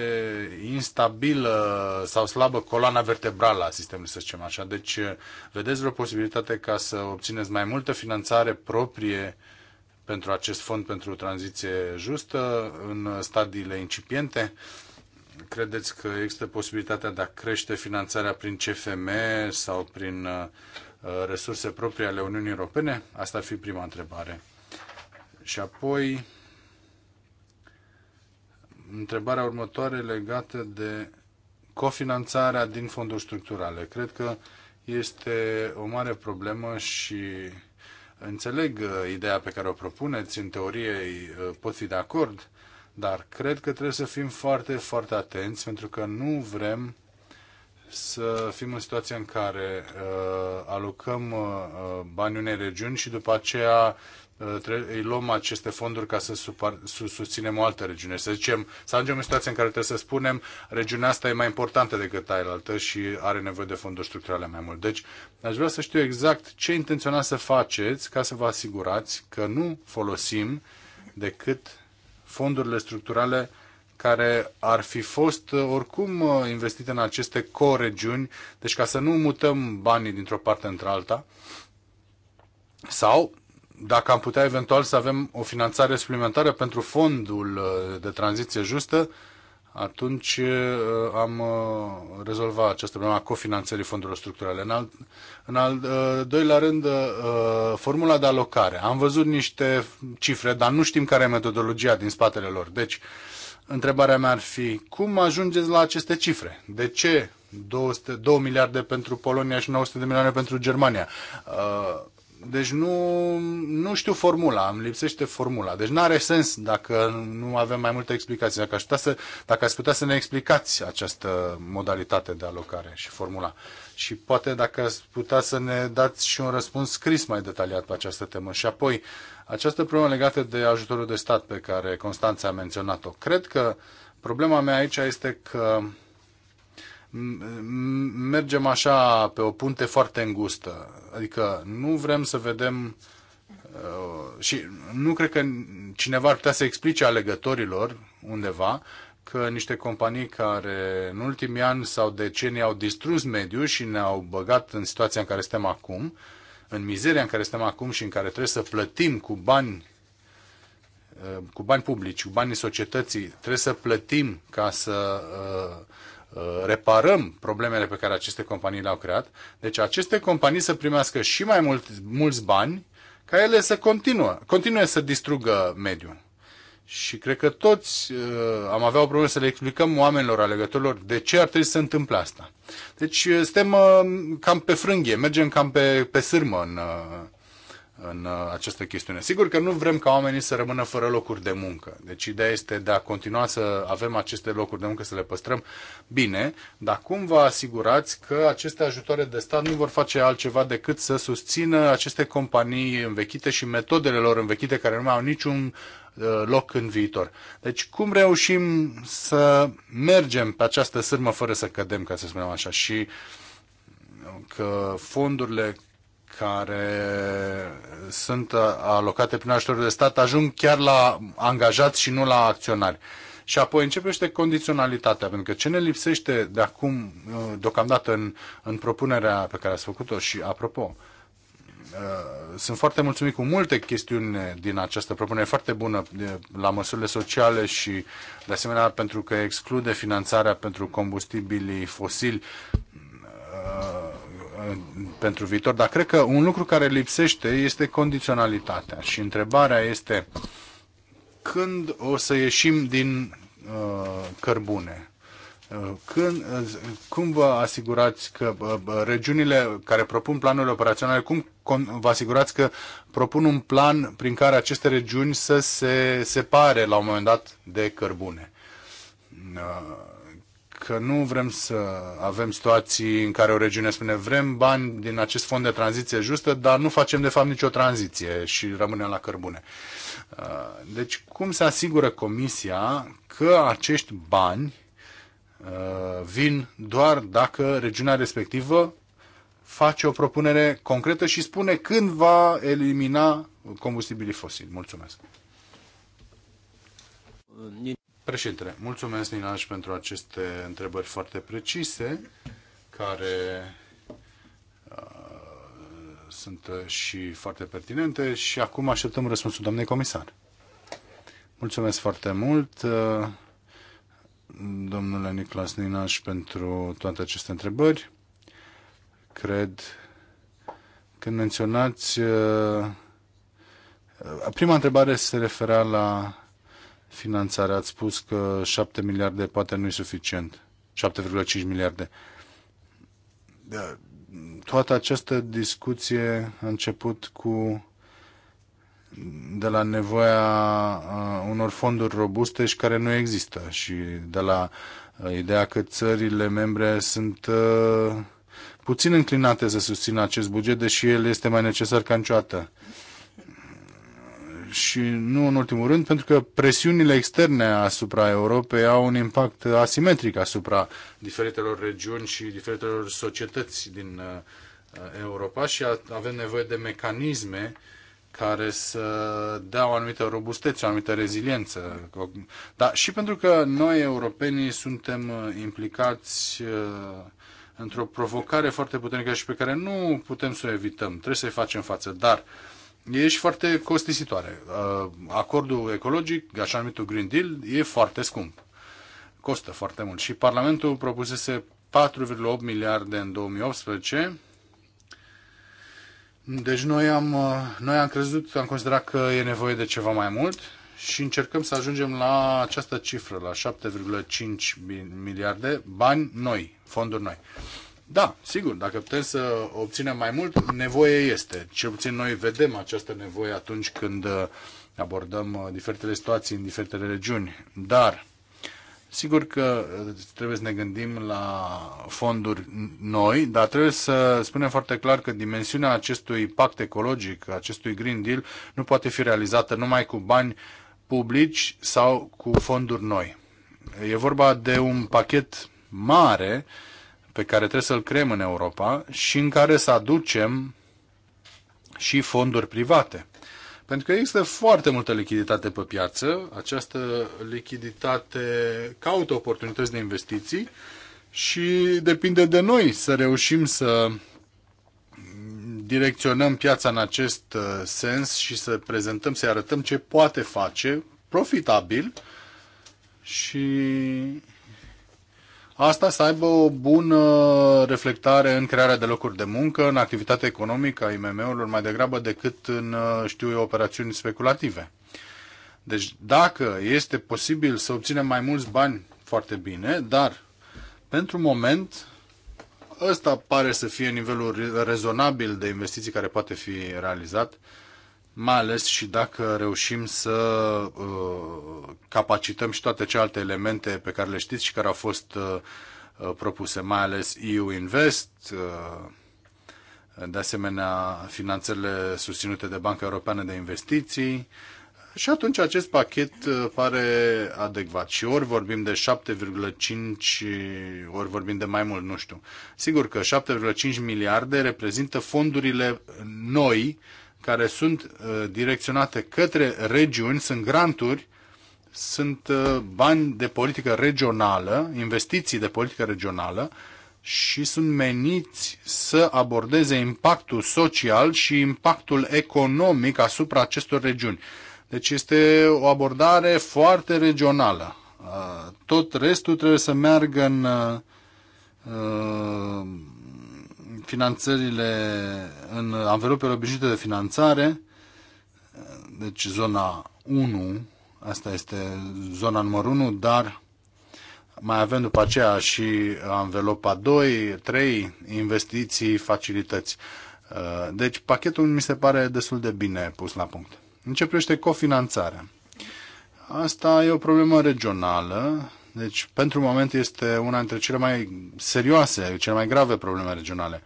instabilă sau slabă coloana vertebrală a sistemului, să zicem așa. Deci, vedeți vreo posibilitate ca să obțineți mai multă finanțare proprie pentru acest fond pentru tranziție justă în stadiile incipiente? Credeți că există posibilitatea de a crește finanțarea prin CFM sau prin uh, resurse proprii ale Uniunii Europene? Asta ar fi prima întrebare. Și apoi, întrebarea următoare legată de cofinanțarea din fonduri structurale. Cred că este o mare problemă și Înțeleg uh, ideea pe care o propuneți, în teorie uh, pot fi de acord, dar cred că trebuie să fim foarte, foarte atenți pentru că nu vrem să fim în situația în care uh, alocăm uh, uh bani unei regiuni și după aceea Uh, îi luăm aceste fonduri ca să susținem o altă regiune. Să zicem, să ajungem în situația în care trebuie să spunem regiunea asta e mai importantă decât aia și are nevoie de fonduri structurale mai mult. Deci, aș vrea să știu exact ce intenționați să faceți ca să vă asigurați că nu folosim decât fondurile structurale care ar fi fost uh, oricum uh, investite în aceste coregiuni, deci ca să nu mutăm banii dintr-o parte într-alta, sau dacă am putea eventual să avem o finanțare suplimentară pentru fondul uh, de tranziție justă, atunci uh, am uh, rezolvat această problemă a cofinanțării fondurilor structurale. În al, în al doilea rând, formula de alocare. Am văzut niște cifre, dar nu știm care e metodologia din spatele lor. Deci, întrebarea mea ar fi, cum ajungeți la aceste cifre? De ce 200, 2 miliarde pentru Polonia și 900 de milioane pentru Germania? Uh, deci nu, nu știu formula, îmi lipsește formula. Deci nu are sens dacă nu avem mai multe explicații. Dacă, aș putea să, dacă ați putea să ne explicați această modalitate de alocare și formula. Și poate dacă ați putea să ne dați și un răspuns scris mai detaliat pe această temă. Și apoi, această problemă legată de ajutorul de stat pe care Constanța a menționat-o. Cred că problema mea aici este că uh, mergem așa pe o punte foarte îngustă. Adică nu vrem să vedem uh, și nu cred că cineva ar putea să explice alegătorilor undeva că niște companii care în ultimii ani sau decenii au distrus mediul și ne-au băgat în situația în care suntem acum, în mizeria în care suntem acum și în care trebuie să plătim cu bani uh, cu bani publici, cu banii societății, trebuie să plătim ca să uh, Uh, reparăm problemele pe care aceste companii le-au creat. Deci aceste companii să primească și mai mulți, mulți bani ca ele să continuă, continue să distrugă mediul. Și cred că toți uh, am avea o problemă să le explicăm oamenilor, alegătorilor, de ce ar trebui să se întâmple asta. Deci uh, suntem uh, cam pe frânghie, mergem cam pe, pe sârmă în, uh, în uh, această chestiune. Sigur că nu vrem ca oamenii să rămână fără locuri de muncă. Deci ideea este de a continua să avem aceste locuri de muncă, să le păstrăm bine, dar cum vă asigurați că aceste ajutoare de stat nu vor face altceva decât să susțină aceste companii învechite și metodele lor învechite care nu mai au niciun uh, loc în viitor. Deci cum reușim să mergem pe această sârmă fără să cădem, ca să spunem așa, și că fondurile care sunt alocate prin ajutorul de stat ajung chiar la angajați și nu la acționari. Și apoi începește condiționalitatea, pentru că ce ne lipsește de acum, uh, deocamdată, în, în propunerea pe care ați făcut-o și, apropo, uh, sunt foarte mulțumit cu multe chestiuni din această propunere foarte bună la măsurile sociale și de asemenea pentru că exclude finanțarea pentru combustibilii fosili uh, pentru viitor, dar cred că un lucru care lipsește este condiționalitatea. Și întrebarea este când o să ieșim din uh, cărbune? Uh, când, uh, cum vă asigurați că uh, regiunile care propun planurile operaționale, cum vă asigurați că propun un plan prin care aceste regiuni să se separe la un moment dat de cărbune? că nu vrem să avem situații în care o regiune spune vrem bani din acest fond de tranziție justă, dar nu facem de fapt nicio tranziție și rămânem la cărbune. Uh, deci cum se asigură Comisia că acești bani uh, vin doar dacă regiunea respectivă face o propunere concretă și spune când va elimina combustibilii fosili. Mulțumesc. Președintele, mulțumesc, Ninaș, pentru aceste întrebări foarte precise, care uh, sunt uh, și foarte pertinente și acum așteptăm răspunsul doamnei comisar. Mulțumesc foarte mult, uh, domnule Niclas Ninaș, pentru toate aceste întrebări. Cred, când menționați... Uh, prima întrebare se referea la finanțare. Ați spus că 7 miliarde poate nu e suficient. 7,5 miliarde. Da, toată această discuție a început cu de la nevoia uh, unor fonduri robuste și care nu există și de la uh, ideea că țările membre sunt uh, puțin înclinate să susțină acest buget, deși el este mai necesar ca niciodată și nu în ultimul rând pentru că presiunile externe asupra Europei au un impact asimetric asupra diferitelor regiuni și diferitelor societăți din uh, uh, Europa și avem nevoie de mecanisme care să dea o anumită robustețe, o anumită reziliență. Dar și pentru că noi, europenii, suntem uh, implicați într-o provocare foarte puternică și pe care nu putem să o evităm, trebuie să-i facem față. Dar uh, e și foarte costisitoare. Uh, acordul ecologic, așa numitul Green Deal, e foarte scump. Costă foarte mult. Și Parlamentul propusese 4,8 miliarde în 2018. Deci noi am, uh, noi am crezut, am considerat că e nevoie de ceva mai mult și încercăm să ajungem la această cifră, la 7,5 miliarde bani noi, fonduri noi. Da, sigur, dacă putem să obținem mai mult, nevoie este. Cel puțin noi vedem această nevoie atunci când uh, abordăm uh, diferitele situații în diferitele regiuni. Dar, sigur că uh, trebuie să ne gândim la fonduri noi, dar trebuie să spunem foarte clar că dimensiunea acestui pact ecologic, acestui Green Deal, nu poate fi realizată numai cu bani publici sau cu fonduri noi. E vorba de un pachet mare uh, pe care trebuie să-l creăm în Europa și în care să aducem și fonduri private. Pentru că există foarte multă lichiditate pe piață, această lichiditate caută oportunități de investiții și depinde de noi să reușim să direcționăm piața în acest uh, sens și să prezentăm, să arătăm ce poate face profitabil și asta să aibă o bună reflectare în crearea de locuri de muncă, în activitatea economică a IMM-urilor, mai degrabă decât în, știu eu, operațiuni speculative. Deci dacă este posibil să obținem mai mulți bani, foarte bine, dar pentru moment ăsta pare să fie nivelul rezonabil de investiții care poate fi realizat mai ales și dacă reușim să uh, capacităm și toate celelalte elemente pe care le știți și care au fost uh, uh propuse, mai ales EU Invest, uh, de asemenea finanțele susținute de Banca Europeană de Investiții, și atunci acest pachet uh, pare adecvat. Și ori vorbim de 7,5, ori vorbim de mai mult, nu știu. Sigur că 7,5 miliarde reprezintă fondurile noi care sunt uh, direcționate către regiuni, sunt granturi, sunt uh, bani de politică regională, investiții de politică regională și sunt meniți să abordeze impactul social și impactul economic asupra acestor regiuni. Deci este o abordare foarte regională. Uh, tot restul trebuie să meargă în finanțările în anvelopele obișnuite de finanțare, deci zona 1, asta este zona numărul 1, dar mai avem după aceea și anvelopa 2, 3, investiții, facilități. Uh, deci pachetul mi se pare destul de bine pus la punct. Începește cofinanțarea? Asta e o problemă regională deci, pentru moment, este una dintre cele mai serioase, cele mai grave probleme regionale.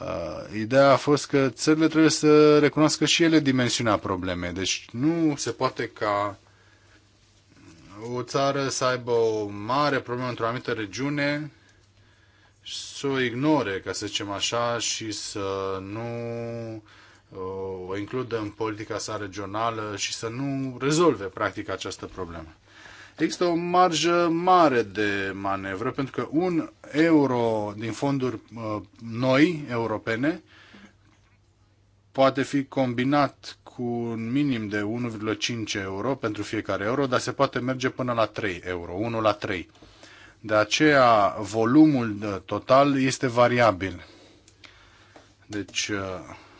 Uh, ideea a fost că țările trebuie să recunoască și ele dimensiunea problemei. Deci nu se poate ca o țară să aibă o mare problemă într-o anumită regiune să o ignore, ca să zicem așa, și să nu uh, o includă în politica sa regională și să nu rezolve practic această problemă. Există o marjă mare de manevră, pentru că un euro din fonduri uh, noi, europene, poate fi combinat cu un minim de 1,5 euro pentru fiecare euro, dar se poate merge până la 3 euro, 1 la 3. De aceea, volumul uh, total este variabil. Deci, uh,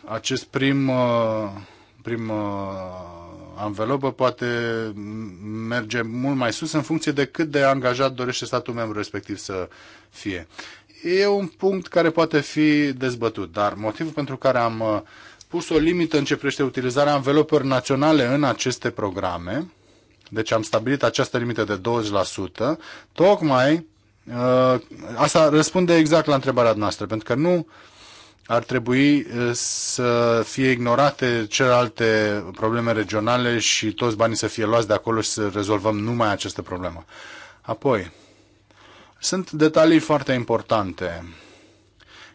acest prim, prim anvelopă poate merge mult mai sus în funcție de cât de angajat dorește statul membru respectiv să fie. E un punct care poate fi dezbătut, dar motivul pentru care am uh, pus o limită în ce privește utilizarea anvelopelor naționale în aceste programe, deci am stabilit această limită de 20%, tocmai uh, asta răspunde exact la întrebarea noastră, pentru că nu ar trebui eh, să fie ignorate celelalte probleme regionale și toți banii să fie luați de acolo și să rezolvăm numai această problemă. Apoi, sunt detalii foarte importante.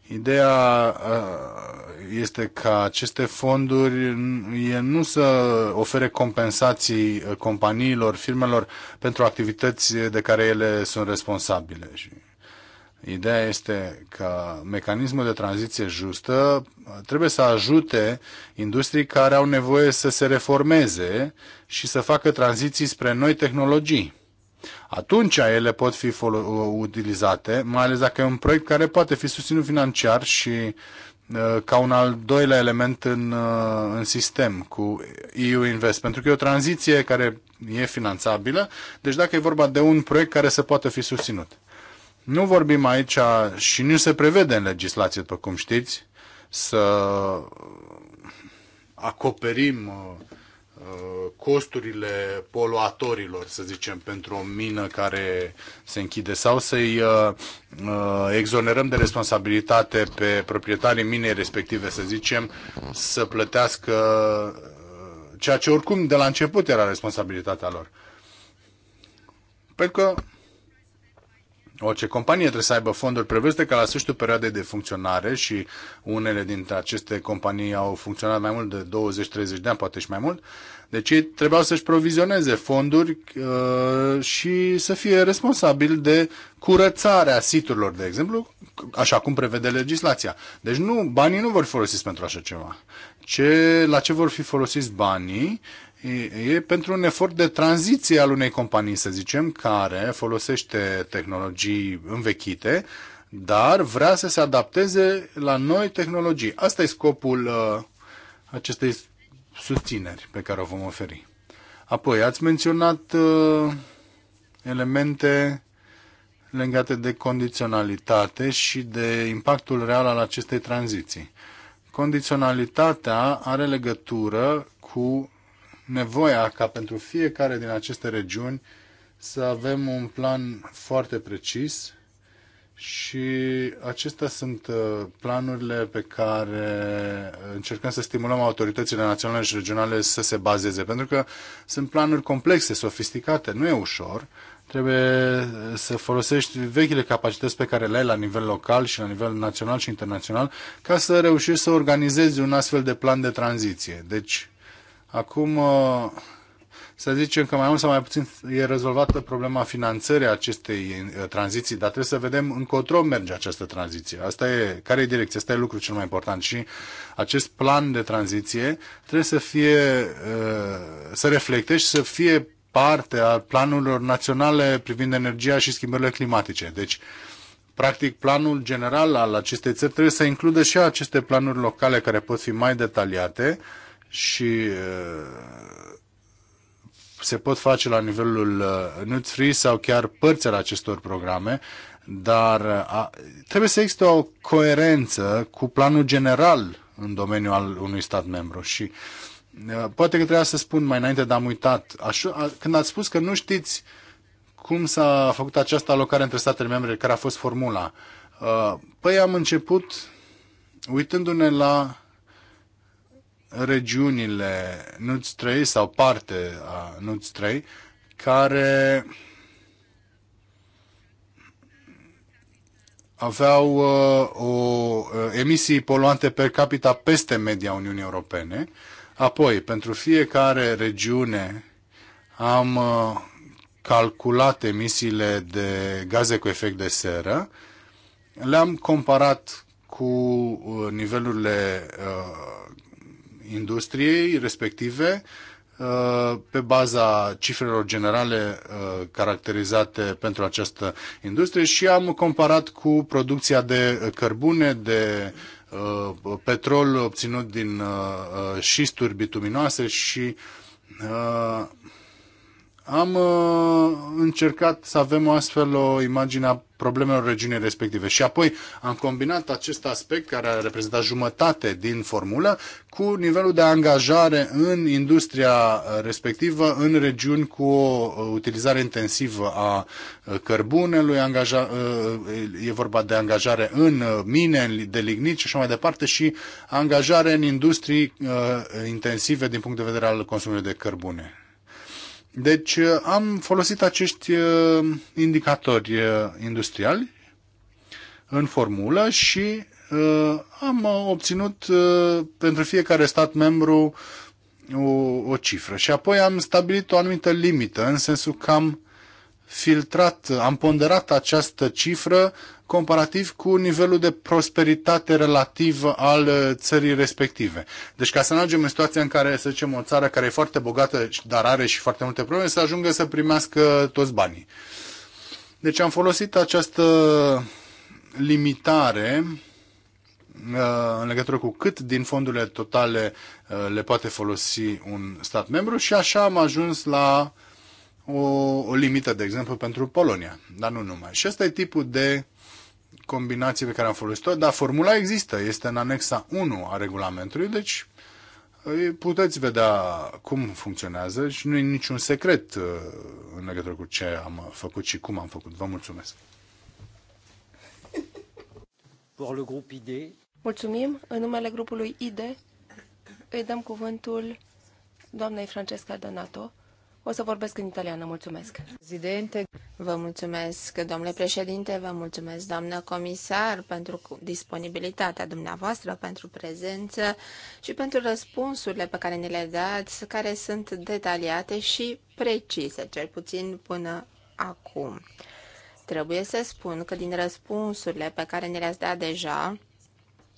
Ideea eh, este ca aceste fonduri nu să ofere compensații eh, companiilor, firmelor pentru activități de care ele sunt responsabile. Ideea este că mecanismul de tranziție justă trebuie să ajute industrii care au nevoie să se reformeze și să facă tranziții spre noi tehnologii. Atunci ele pot fi utilizate, mai ales dacă e un proiect care poate fi susținut financiar și uh, ca un al doilea element în, uh, în sistem cu EU Invest, pentru că e o tranziție care e finanțabilă, deci dacă e vorba de un proiect care se poate fi susținut. Nu vorbim aici și nu se prevede în legislație, după cum știți, să acoperim uh, uh, costurile poluatorilor, să zicem, pentru o mină care se închide sau să-i uh, exonerăm de responsabilitate pe proprietarii minei respective, să zicem, să plătească ceea ce oricum de la început era responsabilitatea lor. Pentru că Orice companie trebuie să aibă fonduri prevăzute ca la sfârșitul perioadei de funcționare și unele dintre aceste companii au funcționat mai mult de 20-30 de ani, poate și mai mult. Deci ei trebuiau să-și provizioneze fonduri uh, și să fie responsabili de curățarea siturilor, de exemplu, așa cum prevede legislația. Deci nu, banii nu vor fi folosiți pentru așa ceva. Ce, la ce vor fi folosiți banii E, e pentru un efort de tranziție al unei companii, să zicem, care folosește tehnologii învechite, dar vrea să se adapteze la noi tehnologii. Asta e scopul uh, acestei susțineri pe care o vom oferi. Apoi, ați menționat uh, elemente legate de condiționalitate și de impactul real al acestei tranziții. Condiționalitatea are legătură cu nevoia ca pentru fiecare din aceste regiuni să avem un plan foarte precis și acestea sunt uh, planurile pe care încercăm să stimulăm autoritățile naționale și regionale să se bazeze, pentru că sunt planuri complexe, sofisticate, nu e ușor, trebuie uh, să folosești vechile capacități pe care le ai la nivel local și la nivel național și internațional ca să reușești să organizezi un astfel de plan de tranziție. Deci, Acum, uh, să zicem că mai mult sau mai puțin e rezolvată problema finanțării acestei uh, tranziții, dar trebuie să vedem încotro merge această tranziție. Asta e, care e direcția? Asta e lucrul cel mai important și acest plan de tranziție trebuie să fie, uh, să reflecte și să fie parte a planurilor naționale privind energia și schimbările climatice. Deci, practic, planul general al acestei țări trebuie să includă și aceste planuri locale care pot fi mai detaliate, uh, și uh, se pot face la nivelul uh, NUT-free sau chiar părți al acestor programe, dar uh, trebuie să existe o coerență cu planul general în domeniul al unui stat membru și poate că trebuia să spun mai înainte, dar am uitat, a, când ați spus că nu știți cum s-a făcut această alocare între statele membre, care a fost formula, a, păi am început uitându-ne la regiunile NUTS 3 sau parte a NUTS 3 care aveau uh, o, uh, emisii poluante per capita peste media Uniunii Europene. Apoi, pentru fiecare regiune am uh, calculat emisiile de gaze cu efect de seră, le-am comparat cu uh, nivelurile uh, industriei respective uh, pe baza cifrelor generale uh, caracterizate pentru această industrie și am comparat cu producția de cărbune, de uh, petrol obținut din șisturi bituminoase și am uh, încercat să avem o astfel o imagine a problemelor regiunii respective. Și apoi am combinat acest aspect, care a reprezentat jumătate din formulă, cu nivelul de angajare în industria uh, respectivă, în regiuni cu o uh, utilizare intensivă a uh, cărbunelui, angaja, e vorba de angajare în mine, de lignici și așa mai departe, și angajare în industrii intensive din punct de vedere al consumului de cărbune. Deci uh, am folosit acești uh, indicatori uh, industriali în formulă și am obținut pentru fiecare stat membru o, o cifră și apoi am stabilit o anumită limită, în sensul că am filtrat, am ponderat această cifră comparativ cu nivelul de prosperitate relativ al uh, țării respective. Deci ca să nu ajungem în situația în care, să zicem, o țară care e foarte bogată, dar are și foarte multe probleme, să ajungă să primească toți banii. Deci am folosit această limitare uh, în legătură cu cât din fondurile totale uh, le poate folosi un stat membru și așa am ajuns la uh, o, o limită, de exemplu, pentru Polonia, dar nu numai. Și ăsta e tipul de combinații pe care am folosit-o, dar formula există, este în anexa 1 a regulamentului, deci puteți vedea cum funcționează și nu e niciun secret uh, în legătură cu ce am făcut și cum am făcut. Vă mulțumesc! Pour le grup ID. Mulțumim. În numele grupului ID îi dăm cuvântul doamnei Francesca Donato, o să vorbesc în italiană, mulțumesc. Presidente, vă mulțumesc, domnule președinte, vă mulțumesc, doamnă comisar, pentru disponibilitatea dumneavoastră, pentru prezență și pentru răspunsurile pe care ne le dați, care sunt detaliate și precise, cel puțin până acum. Trebuie să spun că din răspunsurile pe care ne le-ați dat deja,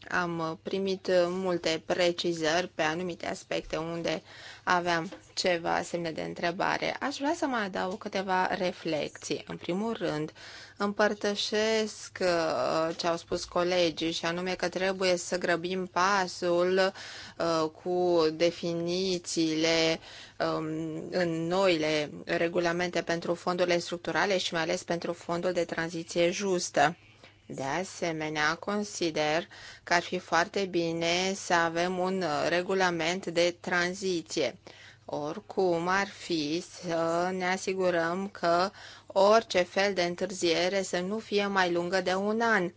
am primit multe precizări pe anumite aspecte unde uh, aveam ceva semne de întrebare. Aș vrea să mai adaug câteva reflexii. În primul rând, împărtășesc uh, ce au spus colegii și anume că trebuie să grăbim pasul uh, cu definițiile um, în noile regulamente pentru fondurile structurale și mai ales pentru fondul de tranziție justă. De asemenea, consider că ar fi foarte bine să avem un uh, regulament de tranziție. Oricum ar fi să ne asigurăm că orice fel de întârziere să nu fie mai lungă de un an.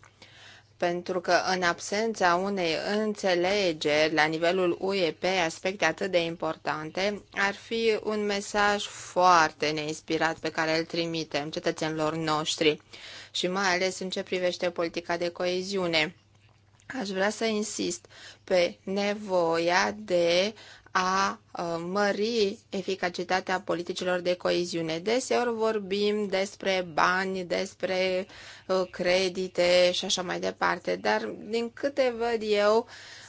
Pentru că în absența unei înțelegeri la nivelul UE pe aspecte atât de importante, ar fi un mesaj foarte neinspirat pe care îl trimitem cetățenilor noștri și mai ales în ce privește politica de coeziune. Aș vrea să insist pe nevoia de a uh, mări eficacitatea politicilor de coeziune. Deseori vorbim despre bani, despre uh, credite și așa mai departe, dar din câte văd eu,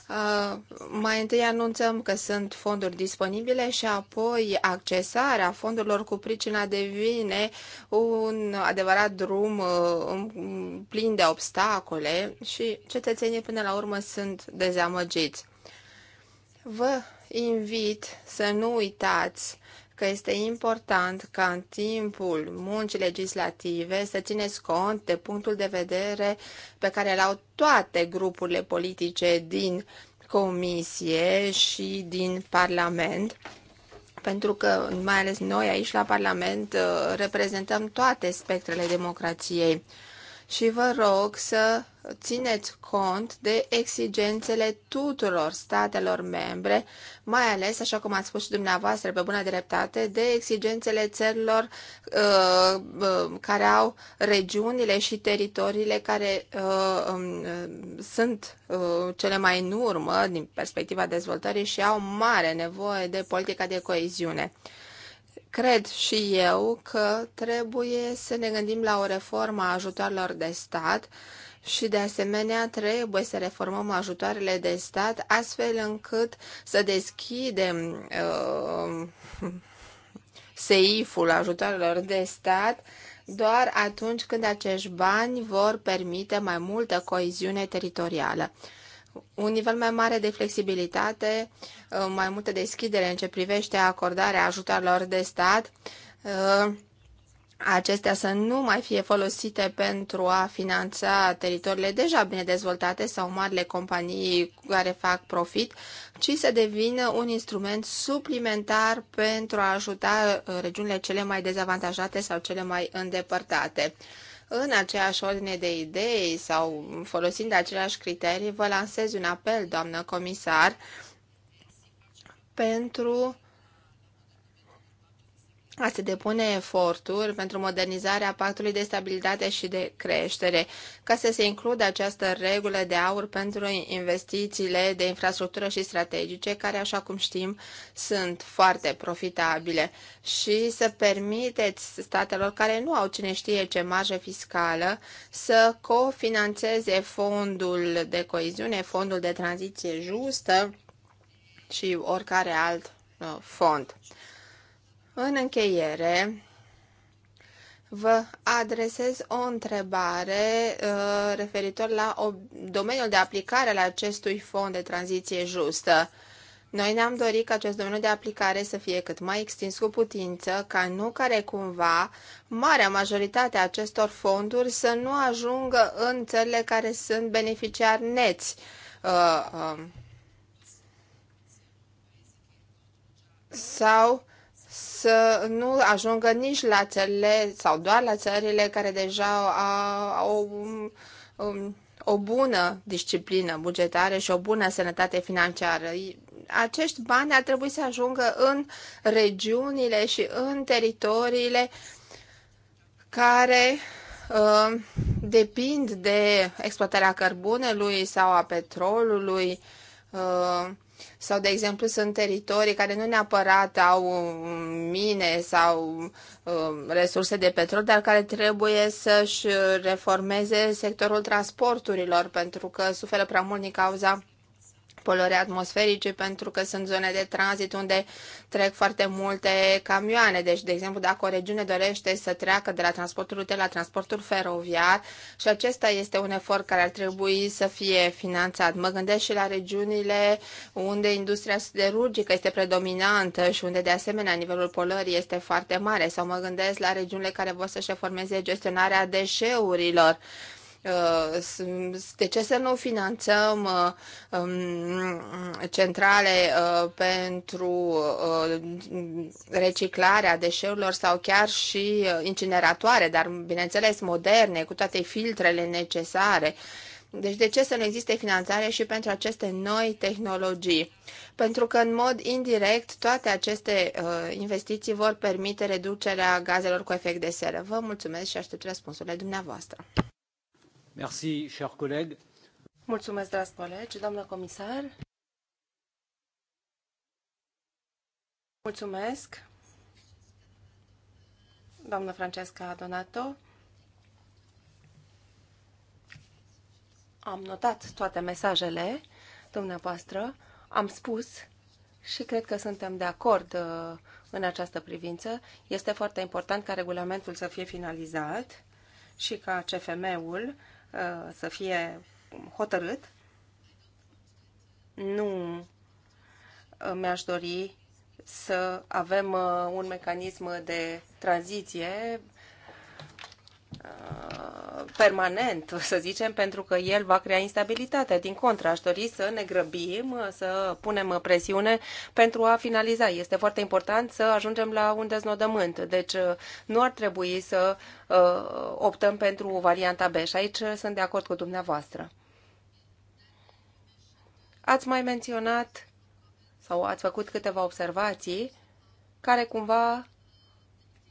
Uh, mai întâi anunțăm că sunt fonduri disponibile și apoi accesarea fondurilor cu pricina devine un adevărat drum uh, plin de obstacole și cetățenii până la urmă sunt dezamăgiți. Vă invit să nu uitați că este important ca în timpul muncii legislative să țineți cont de punctul de vedere pe care îl au toate grupurile politice din Comisie și din Parlament, pentru că, mai ales noi aici la Parlament, reprezentăm toate spectrele democrației și vă rog să țineți cont de exigențele tuturor statelor membre, mai ales, așa cum ați spus și dumneavoastră pe bună dreptate, de exigențele țărilor uh, uh, care au regiunile și teritoriile care uh, um, uh, sunt uh, cele mai în urmă din perspectiva dezvoltării și au mare nevoie de politica de coeziune. Cred și eu că trebuie să ne gândim la o reformă a ajutoarelor de stat și de asemenea trebuie să reformăm ajutoarele de stat astfel încât să deschidem uh, seiful ajutoarelor de stat doar atunci când acești bani vor permite mai multă coeziune teritorială un nivel mai mare de flexibilitate, uh, mai multă deschidere în ce privește acordarea ajutorilor de stat, uh, acestea să nu mai fie folosite pentru a finanța teritoriile deja bine dezvoltate sau marile companii care fac profit, ci să devină un instrument suplimentar pentru a ajuta uh, regiunile cele mai dezavantajate sau cele mai îndepărtate în aceeași ordine de idei sau folosind aceleași criterii, vă lansez un apel, doamnă comisar, pentru a se depune eforturi pentru modernizarea pactului de stabilitate și de creștere, ca să se includă această regulă de aur pentru investițiile de infrastructură și strategice, care, așa cum știm, sunt foarte profitabile, și să permiteți statelor care nu au cine știe ce marjă fiscală să cofinanțeze fondul de coeziune, fondul de tranziție justă și oricare alt uh, fond. În încheiere, vă adresez o întrebare uh, referitor la domeniul de aplicare al acestui fond de tranziție justă. Noi ne-am dorit ca acest domeniu de aplicare să fie cât mai extins cu putință, ca nu care cumva marea majoritate a acestor fonduri să nu ajungă în țările care sunt beneficiari neți. Uh, uh, sau să nu ajungă nici la țările sau doar la țările care deja au o, um, o bună disciplină bugetară și o bună sănătate financiară. Acești bani ar trebui să ajungă în regiunile și în teritoriile care uh, depind de exploatarea cărbunelui sau a petrolului, uh, sau, de exemplu, sunt teritorii care nu neapărat au um, mine sau uh, resurse de petrol, dar care trebuie să-și uh, reformeze sectorul transporturilor pentru că suferă prea mult din cauza poluări atmosferice pentru că sunt zone de tranzit unde trec foarte multe camioane. Deci, de exemplu, dacă o regiune dorește să treacă de la transportul rutier la transportul feroviar și acesta este un efort care ar trebui să fie finanțat. Mă gândesc și la regiunile unde industria siderurgică este predominantă și unde de asemenea nivelul polării este foarte mare. Sau mă gândesc la regiunile care vor să-și reformeze gestionarea deșeurilor Uh, de ce să nu finanțăm uh, um, centrale uh, pentru reciclarea deșeurilor sau chiar și incineratoare, dar bineînțeles moderne, cu toate filtrele necesare? Deci de ce să nu existe finanțare și pentru aceste noi tehnologii? Pentru că în mod indirect toate aceste uh, investiții vor permite reducerea gazelor cu efect de seră. Vă mulțumesc și aștept răspunsurile dumneavoastră. Merci, Mulțumesc, dragi colegi, doamnă comisar. Mulțumesc, doamnă Francesca Donato. Am notat toate mesajele dumneavoastră, am spus și cred că suntem de acord uh, în această privință. Este foarte important ca regulamentul să fie finalizat și ca CFM-ul Uh, să fie hotărât. Nu uh, mi-aș dori să avem uh, un mecanism de tranziție permanent, să zicem, pentru că el va crea instabilitate. Din contră, aș dori să ne grăbim, să punem presiune pentru a finaliza. Este foarte important să ajungem la un deznodământ. Deci nu ar trebui să uh, optăm pentru varianta B și aici sunt de acord cu dumneavoastră. Ați mai menționat sau ați făcut câteva observații care cumva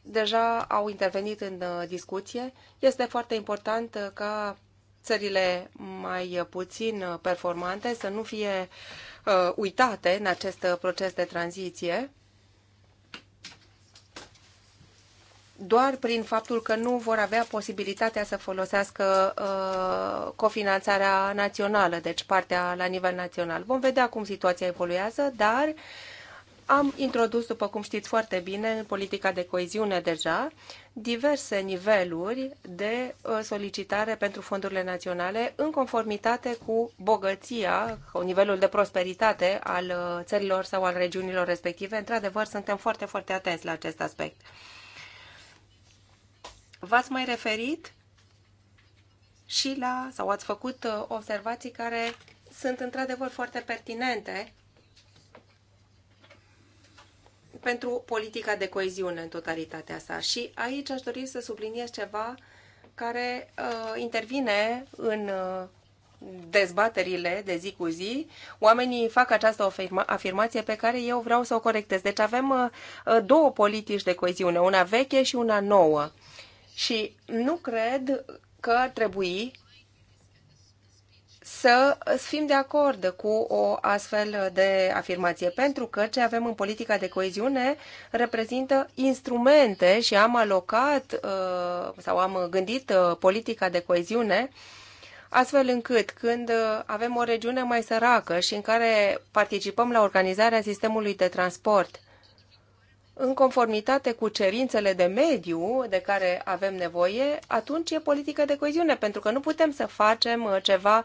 deja au intervenit în uh, discuție. Este foarte important uh, ca țările mai puțin uh, performante să nu fie uh, uitate în acest proces de tranziție doar prin faptul că nu vor avea posibilitatea să folosească uh, cofinanțarea națională, deci partea la nivel național. Vom vedea cum situația evoluează, dar uh, am introdus, după cum știți foarte bine, în politica de coeziune deja, diverse niveluri de uh, solicitare pentru fondurile naționale în conformitate cu bogăția, cu nivelul de prosperitate al uh, țărilor sau al regiunilor respective. Într-adevăr, suntem foarte, foarte atenți la acest aspect. V-ați mai referit și la, sau ați făcut uh, observații care sunt într-adevăr foarte pertinente pentru politica de coeziune în totalitatea sa. Și aici aș dori să subliniez ceva care uh, intervine în uh, dezbaterile de zi cu zi, oamenii fac această afirma afirmație pe care eu vreau să o corectez. Deci avem uh, uh două politici de coeziune, una veche și una nouă. Și nu cred că ar trebui să fim de acord cu o astfel de afirmație, pentru că ce avem în politica de coeziune reprezintă instrumente și am alocat uh, sau am gândit uh, politica de coeziune astfel încât când uh, avem o regiune mai săracă și în care participăm la organizarea sistemului de transport, în conformitate cu cerințele de mediu de care avem nevoie, atunci e politică de coeziune, pentru că nu putem să facem uh, ceva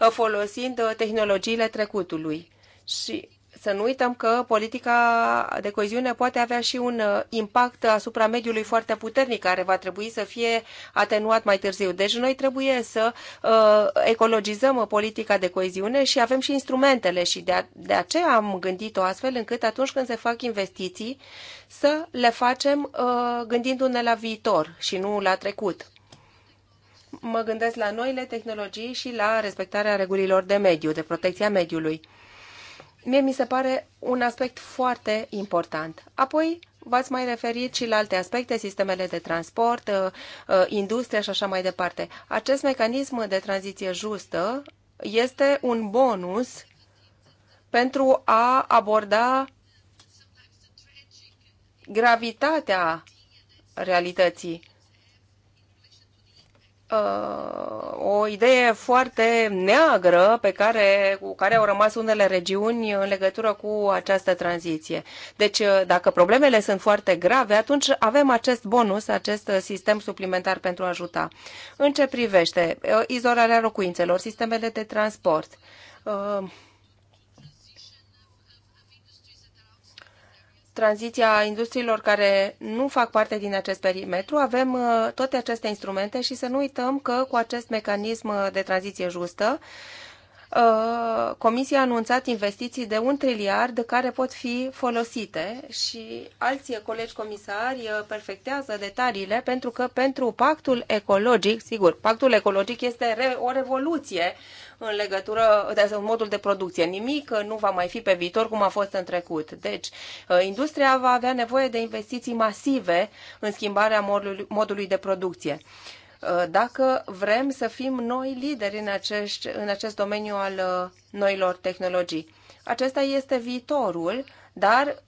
uh, folosind uh, tehnologiile trecutului. Și să nu uităm că politica de coeziune poate avea și un uh, impact asupra mediului foarte puternic, care va trebui să fie atenuat mai târziu. Deci noi trebuie să uh, ecologizăm politica de coeziune și avem și instrumentele și de, a, de aceea am gândit-o astfel încât atunci când se fac investiții să le facem uh, gândindu-ne la viitor și nu la trecut mă gândesc la noile tehnologii și la respectarea regulilor de mediu, de protecția mediului mie mi se pare un aspect foarte important. Apoi, V-ați mai referit și la alte aspecte, sistemele de transport, uh, uh, industria și așa mai departe. Acest mecanism de tranziție justă este un bonus pentru a aborda gravitatea realității Uh, o idee foarte neagră pe care, cu care au rămas unele regiuni în legătură cu această tranziție. Deci, uh, dacă problemele sunt foarte grave, atunci avem acest bonus, acest sistem suplimentar pentru a ajuta. În ce privește uh, izolarea locuințelor, sistemele de transport, tranziția industriilor care nu fac parte din acest perimetru, avem uh, toate aceste instrumente și să nu uităm că cu acest mecanism de tranziție justă Uh, Comisia a anunțat investiții de un triliard care pot fi folosite și alții colegi comisari uh, perfectează detaliile pentru că pentru pactul ecologic, sigur, pactul ecologic este o revoluție în legătură de în modul de producție. Nimic nu va mai fi pe viitor cum a fost în trecut. Deci, uh, industria va avea nevoie de investiții masive în schimbarea modului de producție. Uh, dacă vrem să fim noi lideri în, acest, în acest domeniu al uh, noilor tehnologii. Acesta este viitorul, dar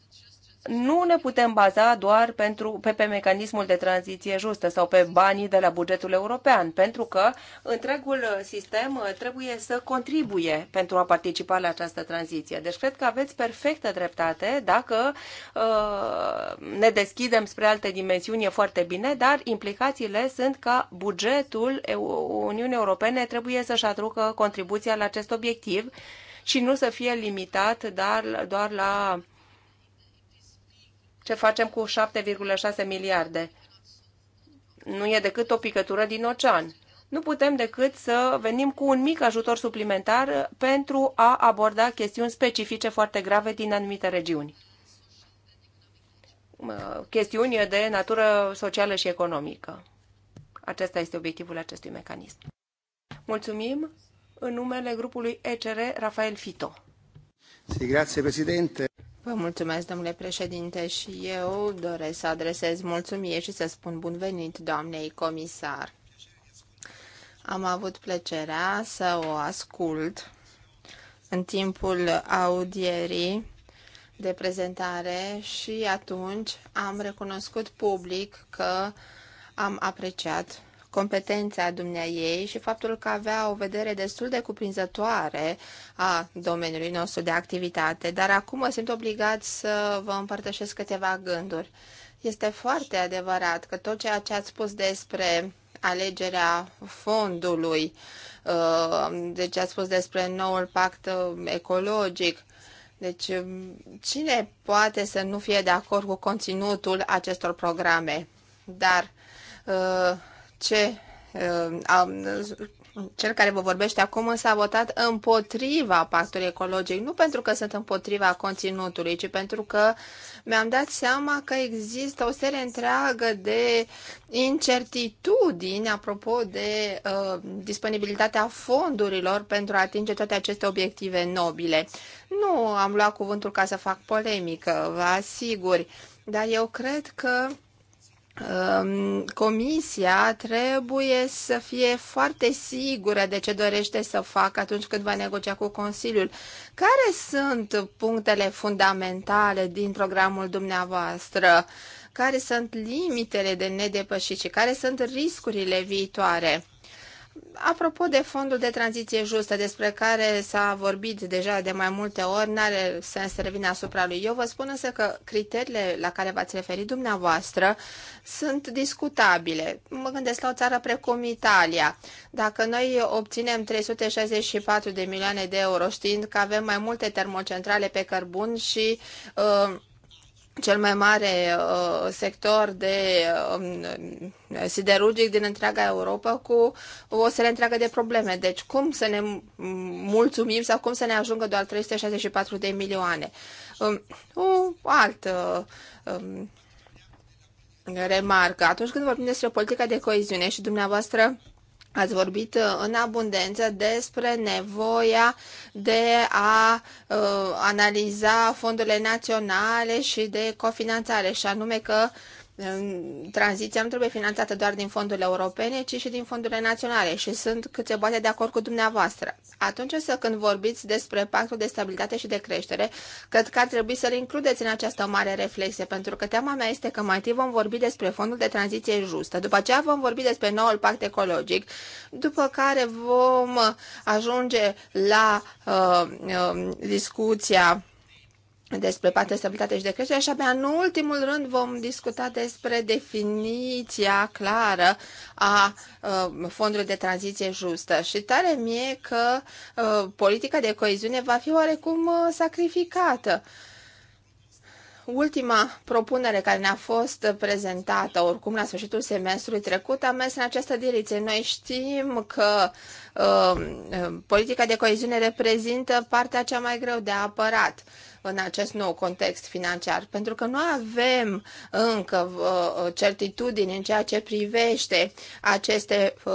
nu ne putem baza doar pentru, pe, pe mecanismul de tranziție justă sau pe banii de la bugetul european, pentru că întregul sistem uh, trebuie să contribuie pentru a participa la această tranziție. Deci cred că aveți perfectă dreptate dacă uh, ne deschidem spre alte dimensiuni e foarte bine, dar implicațiile sunt că bugetul Uniunii Europene trebuie să-și aducă contribuția la acest obiectiv și nu să fie limitat dar, doar la ce facem cu 7,6 miliarde? Nu e decât o picătură din ocean. Nu putem decât să venim cu un mic ajutor suplimentar pentru a aborda chestiuni specifice foarte grave din anumite regiuni. Chestiuni de natură socială și economică. Acesta este obiectivul acestui mecanism. Mulțumim în numele grupului ECR Rafael Fito. Sì, grazie Presidente. Vă mulțumesc, domnule președinte, și eu doresc să adresez mulțumiri și să spun bun venit doamnei comisar. Am avut plăcerea să o ascult în timpul audierii de prezentare și atunci am recunoscut public că am apreciat competența ei și faptul că avea o vedere destul de cuprinzătoare a domeniului nostru de activitate, dar acum mă simt obligat să vă împărtășesc câteva gânduri. Este foarte adevărat că tot ceea ce ați spus despre alegerea fondului, uh, deci ați spus despre noul pact uh, ecologic, deci um, cine poate să nu fie de acord cu conținutul acestor programe? Dar uh, ce uh, cel care vă vorbește acum s a votat împotriva pactului ecologic, nu pentru că sunt împotriva conținutului, ci pentru că mi-am dat seama că există o serie întreagă de incertitudini apropo de uh, disponibilitatea fondurilor pentru a atinge toate aceste obiective nobile. Nu am luat cuvântul ca să fac polemică, vă asigur, dar eu cred că Ehm, comisia trebuie să fie foarte sigură de ce dorește să facă atunci când va negocia cu Consiliul. Care sunt punctele fundamentale din programul dumneavoastră? Care sunt limitele de nedepășit și care sunt riscurile viitoare? Apropo de fondul de tranziție justă, despre care s-a vorbit deja de mai multe ori, n-are sens să revin asupra lui. Eu vă spun însă că criteriile la care v-ați referit dumneavoastră sunt discutabile. Mă gândesc la o țară precum Italia. Dacă noi obținem 364 de milioane de euro, știind că avem mai multe termocentrale pe cărbun și uh, cel mai mare uh, sector de um, siderurgic din întreaga Europa cu o serie întreagă de probleme. Deci cum să ne mulțumim sau cum să ne ajungă doar 364 de milioane? Um, o altă um, remarcă. Atunci când vorbim despre politica de coeziune și dumneavoastră Ați vorbit uh, în abundență despre nevoia de a uh, analiza fondurile naționale și de cofinanțare, și anume că tranziția nu trebuie finanțată doar din fondurile europene, ci și din fondurile naționale și sunt câte se poate de acord cu dumneavoastră. Atunci însă când vorbiți despre pactul de stabilitate și de creștere, cred că ar trebui să-l includeți în această mare reflexie, pentru că teama mea este că mai întâi vom vorbi despre fondul de tranziție justă, după aceea vom vorbi despre noul pact ecologic, după care vom ajunge la uh, uh, discuția despre partea stabilitate și de creștere și abia în ultimul rând vom discuta despre definiția clară a uh, fondului de tranziție justă. Și tare mie că uh, politica de coeziune va fi oarecum uh, sacrificată. Ultima propunere care ne-a fost prezentată, oricum la sfârșitul semestrului trecut, a mers în această direcție. Noi știm că uh, uh politica de coeziune reprezintă partea cea mai greu de apărat. Uh, în acest nou context financiar, pentru că nu avem încă uh, uh, certitudini în ceea ce privește aceste uh,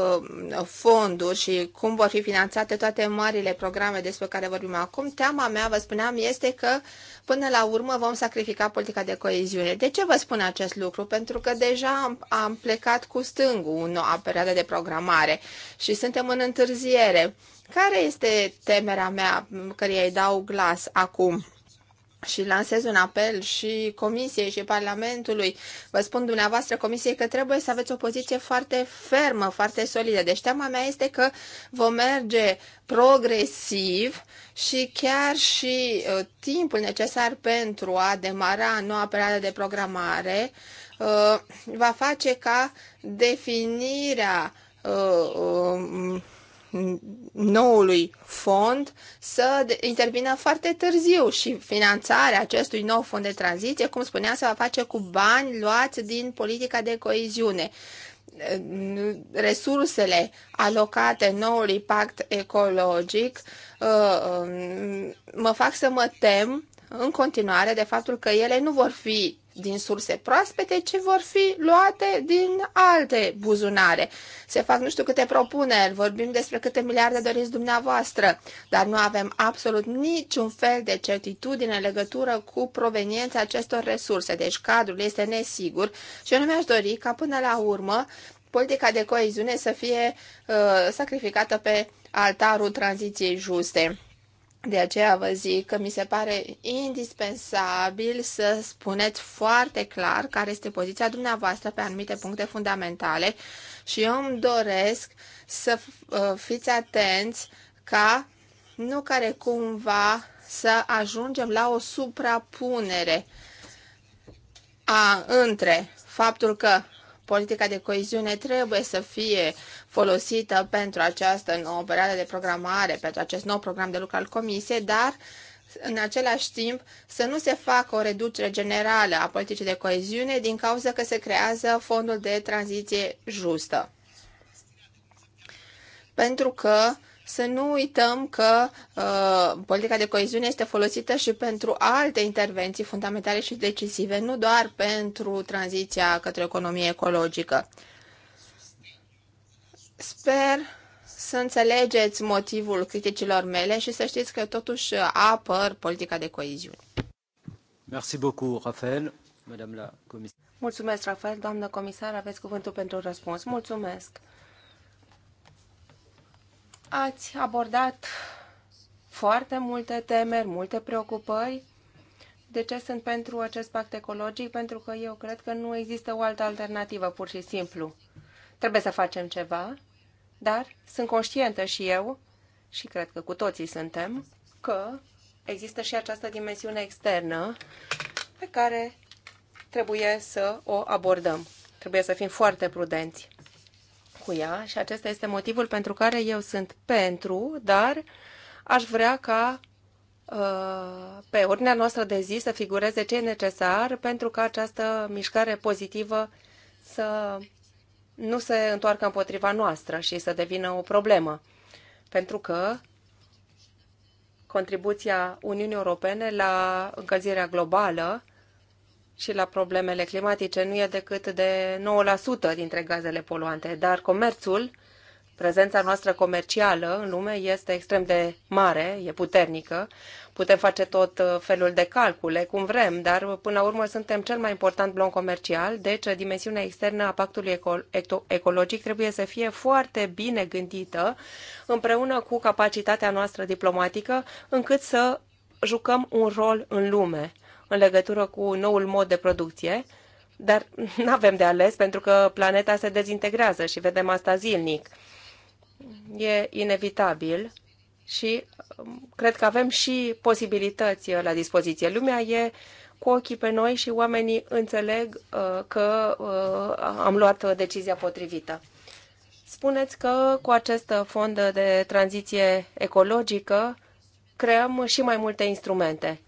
fonduri și cum vor fi finanțate toate marile programe despre care vorbim acum. Teama mea, vă spuneam, este că până la urmă vom sacrifica politica de coeziune. De ce vă spun acest lucru? Pentru că deja am, am plecat cu stângul în noua perioadă de programare și suntem în întârziere. Care este temerea mea care îi dau glas acum? și lansez un apel și Comisiei și Parlamentului. Vă spun dumneavoastră Comisiei că trebuie să aveți o poziție foarte fermă, foarte solidă. Deci teama mea este că vom merge progresiv și chiar și uh, timpul necesar pentru a demara noua perioadă de programare uh, va face ca definirea uh, um, noului fond să intervină foarte târziu și finanțarea acestui nou fond de tranziție, cum spuneam, se va face cu bani luați din politica de coeziune. Resursele alocate noului pact ecologic uh, um, mă fac să mă tem în continuare de faptul că ele nu vor fi din surse proaspete, ci vor fi luate din alte buzunare. Se fac nu știu câte propuneri, vorbim despre câte miliarde doriți dumneavoastră, dar nu avem absolut niciun fel de certitudine în legătură cu proveniența acestor resurse, deci cadrul este nesigur și eu nu mi-aș dori ca până la urmă politica de coeziune să fie uh, sacrificată pe altarul tranziției juste. De aceea vă zic că mi se pare indispensabil să spuneți foarte clar care este poziția dumneavoastră pe anumite puncte fundamentale și eu îmi doresc să uh, fiți atenți ca nu care cumva să ajungem la o suprapunere a, între faptul că politica de coeziune trebuie să fie folosită pentru această nouă perioadă de programare, pentru acest nou program de lucru al Comisiei, dar în același timp să nu se facă o reducere generală a politicii de coeziune din cauza că se creează fondul de tranziție justă. Pentru că să nu uităm că uh, politica de coeziune este folosită și pentru alte intervenții fundamentale și decisive, nu doar pentru tranziția către economie ecologică. Sper să înțelegeți motivul criticilor mele și să știți că totuși apăr politica de coeziune. Merci beaucoup, Rafael. Madame la Mulțumesc, Rafael. Doamnă comisar, aveți cuvântul pentru răspuns. Mulțumesc. Ați abordat foarte multe temeri, multe preocupări. De ce sunt pentru acest pact ecologic? Pentru că eu cred că nu există o altă alternativă, pur și simplu. Trebuie să facem ceva, dar sunt conștientă și eu, și cred că cu toții suntem, că există și această dimensiune externă pe care trebuie să o abordăm. Trebuie să fim foarte prudenți cu ea și acesta este motivul pentru care eu sunt pentru, dar aș vrea ca uh, pe ordinea noastră de zi să figureze ce e necesar pentru ca această mișcare pozitivă să nu se întoarcă împotriva noastră și să devină o problemă. Pentru că contribuția Uniunii Europene la încălzirea globală și la problemele climatice nu e decât de 9% dintre gazele poluante, dar comerțul, prezența noastră comercială în lume este extrem de mare, e puternică. Putem face tot uh, felul de calcule, cum vrem, dar uh, până la urmă suntem cel mai important bloc comercial, deci uh, dimensiunea externă a pactului eco ecologic trebuie să fie foarte bine gândită împreună cu capacitatea noastră diplomatică încât să jucăm un rol în lume în legătură cu noul mod de producție, dar nu avem de ales pentru că planeta se dezintegrează și vedem asta zilnic. E inevitabil și um, cred că avem și posibilități uh, la dispoziție. Lumea e cu ochii pe noi și oamenii înțeleg uh, că uh, am luat decizia potrivită. Spuneți că cu acest fond de tranziție ecologică creăm și mai multe instrumente.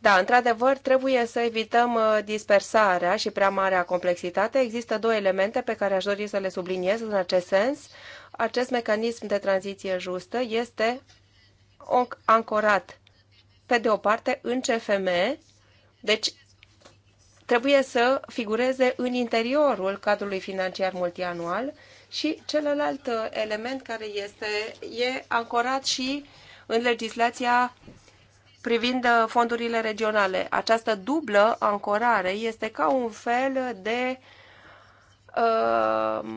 Da, într-adevăr, trebuie să evităm uh, dispersarea și prea marea complexitate. Există două elemente pe care aș dori să le subliniez în acest sens. Acest mecanism de tranziție justă este ancorat, pe de o parte, în CFM, deci trebuie să figureze în interiorul cadrului financiar multianual și celălalt uh, element care este e ancorat și în legislația privind uh, fondurile regionale. Această dublă ancorare este ca un fel de uh,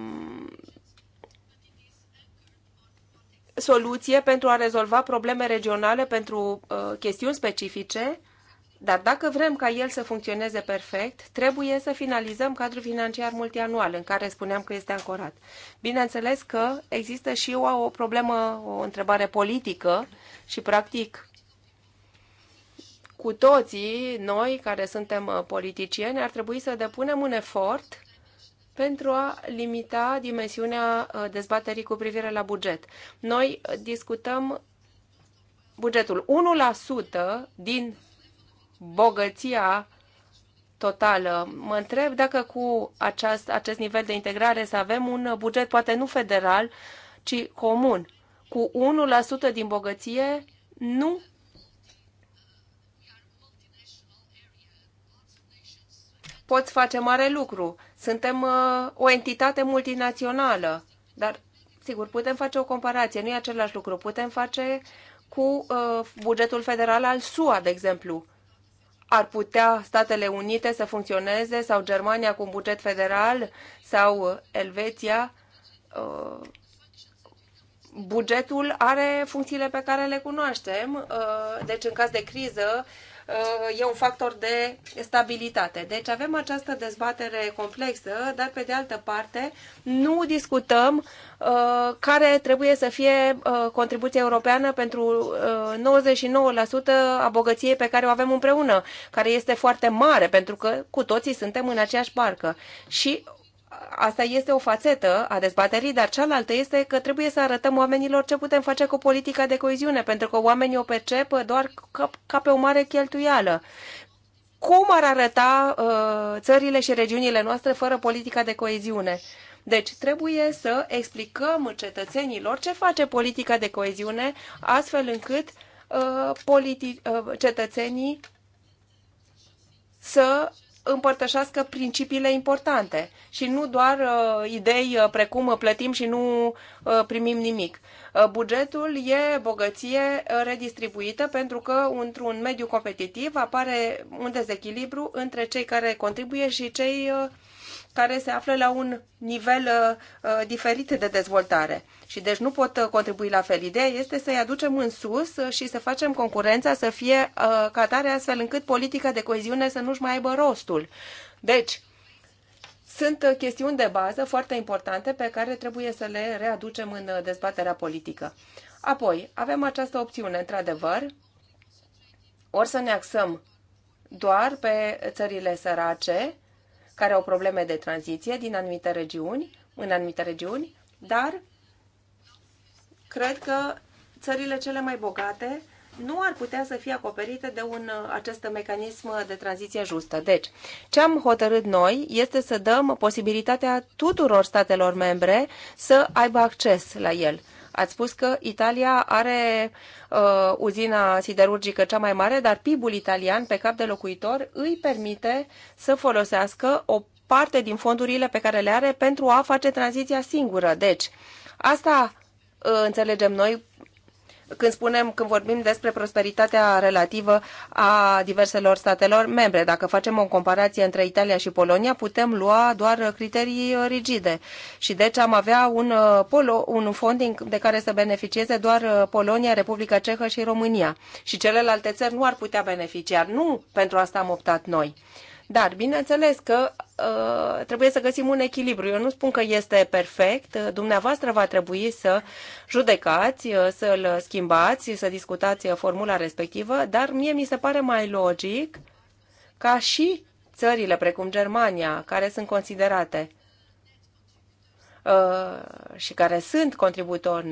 soluție pentru a rezolva probleme regionale pentru uh, chestiuni specifice, dar dacă vrem ca el să funcționeze perfect, trebuie să finalizăm cadrul financiar multianual în care spuneam că este ancorat. Bineînțeles că există și o, o problemă, o întrebare politică și practic cu toții noi care suntem uh, politicieni ar trebui să depunem un efort pentru a limita dimensiunea uh, dezbaterii cu privire la buget. Noi uh, discutăm bugetul 1% din bogăția totală. Mă întreb dacă cu aceast, acest nivel de integrare să avem un buget poate nu federal, ci comun. Cu 1% din bogăție nu poți face mare lucru. Suntem uh, o entitate multinațională, dar sigur, putem face o comparație, nu e același lucru. Putem face cu uh, bugetul federal al SUA, de exemplu. Ar putea Statele Unite să funcționeze sau Germania cu un buget federal sau uh, Elveția bugetul are funcțiile pe care le cunoaștem, deci în caz de criză Uh, e un factor de stabilitate. Deci avem această dezbatere complexă, dar pe de altă parte nu discutăm uh, care trebuie să fie uh, contribuția europeană pentru 99% a bogăției pe care o avem împreună, care este foarte mare pentru că cu toții suntem în aceeași barcă. Și asta este o fațetă a dezbaterii, dar cealaltă este că trebuie să arătăm oamenilor ce putem face cu politica de coeziune, pentru că oamenii o percep doar ca, ca pe o mare cheltuială. Cum ar arăta uh, țările și regiunile noastre fără politica de coeziune? Deci trebuie să explicăm cetățenilor ce face politica de coeziune, astfel încât uh, politi- uh, cetățenii să împărtășească principiile importante și nu doar uh, idei uh, precum uh, plătim și nu uh, primim nimic. Uh, bugetul e bogăție uh, redistribuită pentru că într-un mediu competitiv apare un dezechilibru între cei care contribuie și cei uh, care se află la un nivel uh, uh, diferit de dezvoltare și deci nu pot uh, contribui la fel. Ideea este să-i aducem în sus uh, și să facem concurența să fie uh, ca tare astfel încât politica de coeziune să nu-și mai aibă rostul. Deci, sunt chestiuni de bază foarte importante pe care trebuie să le readucem în dezbaterea politică. Apoi, avem această opțiune, într-adevăr, ori să ne axăm doar pe țările sărace, care au probleme de tranziție din anumite regiuni, în anumite regiuni, dar cred că țările cele mai bogate nu ar putea să fie acoperite de un, acest mecanism de tranziție justă. Deci, ce am hotărât noi este să dăm posibilitatea tuturor statelor membre să aibă acces la el. Ați spus că Italia are uh, uzina siderurgică cea mai mare, dar PIB-ul italian pe cap de locuitor îi permite să folosească o parte din fondurile pe care le are pentru a face tranziția singură. Deci, asta uh, înțelegem noi când spunem, când vorbim despre prosperitatea relativă a diverselor statelor membre. Dacă facem o comparație între Italia și Polonia, putem lua doar criterii rigide. Și deci am avea un, uh, polo, un fonding de care să beneficieze doar uh, Polonia, Republica Cehă și România. Și celelalte țări nu ar putea beneficia. Nu pentru asta am optat noi. Dar, bineînțeles că uh, trebuie să găsim un echilibru. Eu nu spun că este perfect. Uh, dumneavoastră va trebui să judecați, uh, să-l schimbați, să discutați uh, formula respectivă, dar mie mi se pare mai logic ca și țările precum Germania, care sunt considerate Uh, și care sunt contributori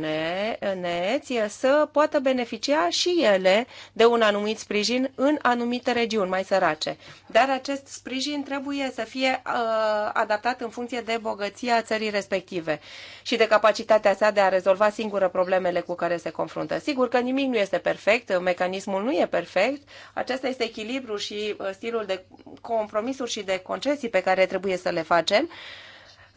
neți să poată beneficia și ele de un anumit sprijin în anumite regiuni mai sărace. Dar acest sprijin trebuie să fie uh, adaptat în funcție de bogăția țării respective și de capacitatea sa de a rezolva singură problemele cu care se confruntă. Sigur că nimic nu este perfect, mecanismul nu e perfect, acesta este echilibru și uh, stilul de compromisuri și de concesii pe care trebuie să le facem,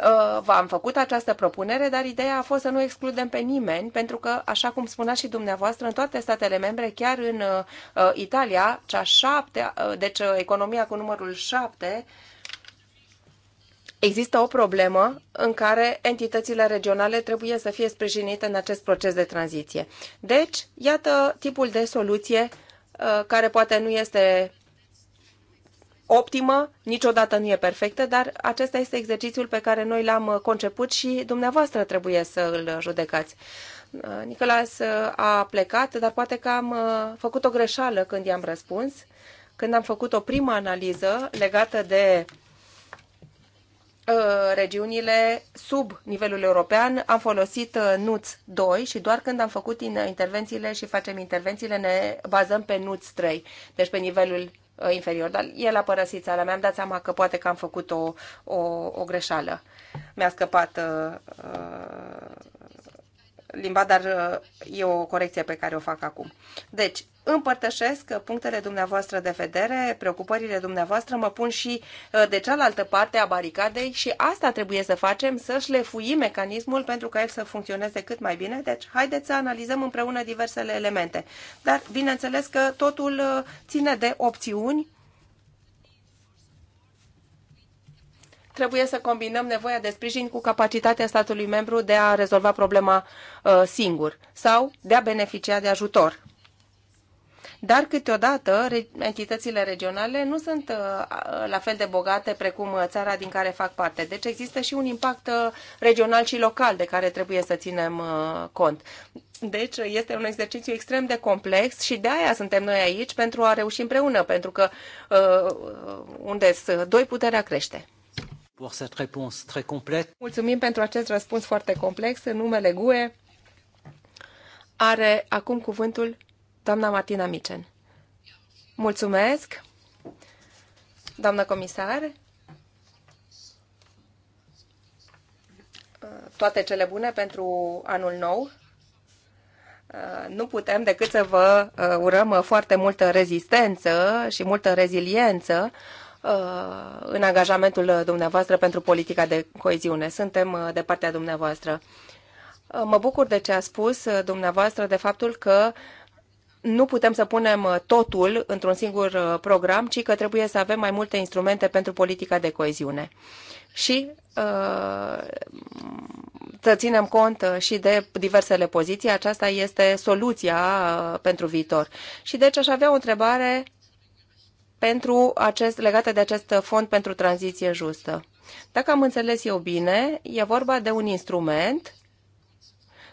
Uh, v-am făcut această propunere, dar ideea a fost să nu excludem pe nimeni, pentru că, așa cum spunea și dumneavoastră, în toate statele membre, chiar în uh, uh, Italia, cea șapte, deci economia cu numărul șapte, Există o problemă în care entitățile regionale trebuie să fie sprijinite în acest proces de tranziție. Deci, iată tipul de soluție care poate nu este optimă, niciodată nu e perfectă, dar acesta este exercițiul pe care noi l-am uh, conceput și dumneavoastră trebuie să îl judecați. Uh, Nicolaas uh, a plecat, dar poate că am făcut o greșeală când i-am răspuns, când am făcut o primă analiză legată de regiunile sub nivelul european am folosit NUTS 2 și doar când am făcut intervențiile și facem intervențiile ne bazăm pe NUTS 3, deci pe nivelul Uh, inferior, dar el a părăsit țara. Mi-am dat seama că poate că am făcut o, o, o greșeală. Mi-a scăpat uh, uh limba, dar uh, e o corecție pe care o fac acum. Deci, împărtășesc punctele dumneavoastră de vedere, preocupările dumneavoastră, mă pun și uh, de cealaltă parte a baricadei și asta trebuie să facem, să șlefuim mecanismul pentru ca el să funcționeze cât mai bine. Deci, haideți să analizăm împreună diversele elemente. Dar, bineînțeles că totul uh, ține de opțiuni. Trebuie să combinăm nevoia de sprijin cu capacitatea statului membru de a rezolva problema uh, singur sau de a beneficia de ajutor dar câteodată entitățile regionale nu sunt uh, la fel de bogate precum uh, țara din care fac parte. Deci există și un impact uh, regional și local de care trebuie să ținem cont. Deci este un exercițiu extrem de complex și de aia suntem noi aici pentru a reuși împreună, pentru că unde sunt doi, puterea crește. Mulțumim pentru acest răspuns foarte complex în numele GUE. Are acum cuvântul Doamna Martina Micen. Mulțumesc, doamnă comisar. Toate cele bune pentru anul nou. Nu putem decât să vă uh, urăm foarte multă rezistență și multă reziliență uh, în angajamentul dumneavoastră pentru politica de coeziune. Suntem uh, de partea dumneavoastră. Mă bucur de ce a spus dumneavoastră, de faptul că uh, nu putem să punem uh, totul într-un singur uh, program, ci că trebuie să avem mai multe instrumente pentru politica de coeziune. Și uh, să ținem cont și de diversele poziții, aceasta este soluția pentru viitor. Și deci aș avea o întrebare pentru acest, legată de acest fond pentru tranziție justă. Dacă am înțeles eu bine, e vorba de un instrument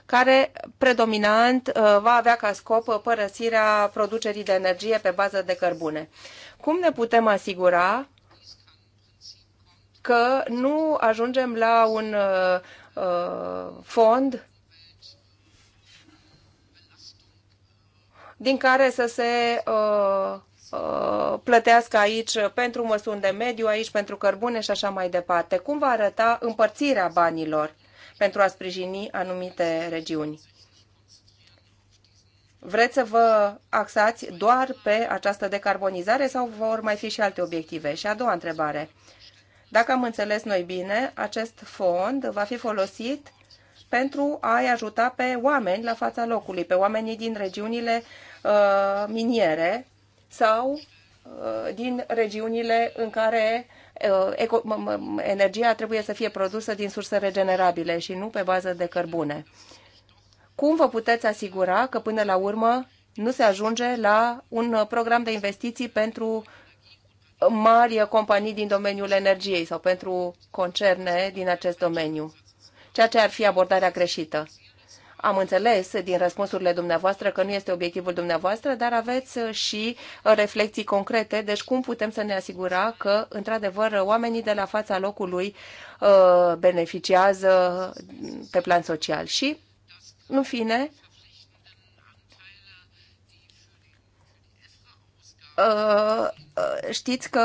care predominant uh, va avea ca scop uh, părăsirea producerii de energie pe bază de cărbune. Cum ne putem asigura că nu ajungem la un uh, fond din care să se plătească aici pentru măsuni de mediu, aici pentru cărbune și așa mai departe. Cum va arăta împărțirea banilor? pentru a sprijini anumite regiuni. Vreți să vă axați doar pe această decarbonizare sau vor mai fi și alte obiective? Și a doua întrebare. Dacă am înțeles noi bine, acest fond va fi folosit pentru a-i ajuta pe oameni la fața locului, pe oamenii din regiunile uh, miniere sau uh, din regiunile în care Uh, energia trebuie să fie produsă din surse regenerabile și nu pe bază de cărbune. Cum vă puteți asigura că până la urmă nu se ajunge la un uh, program de investiții pentru mari companii din domeniul energiei sau pentru concerne din acest domeniu, ceea ce ar fi abordarea greșită. Am înțeles din răspunsurile dumneavoastră că nu este obiectivul dumneavoastră, dar aveți și reflexii concrete, deci cum putem să ne asigura că, într-adevăr, oamenii de la fața locului uh, beneficiază pe plan social. Și, în fine, Uh, uh, știți că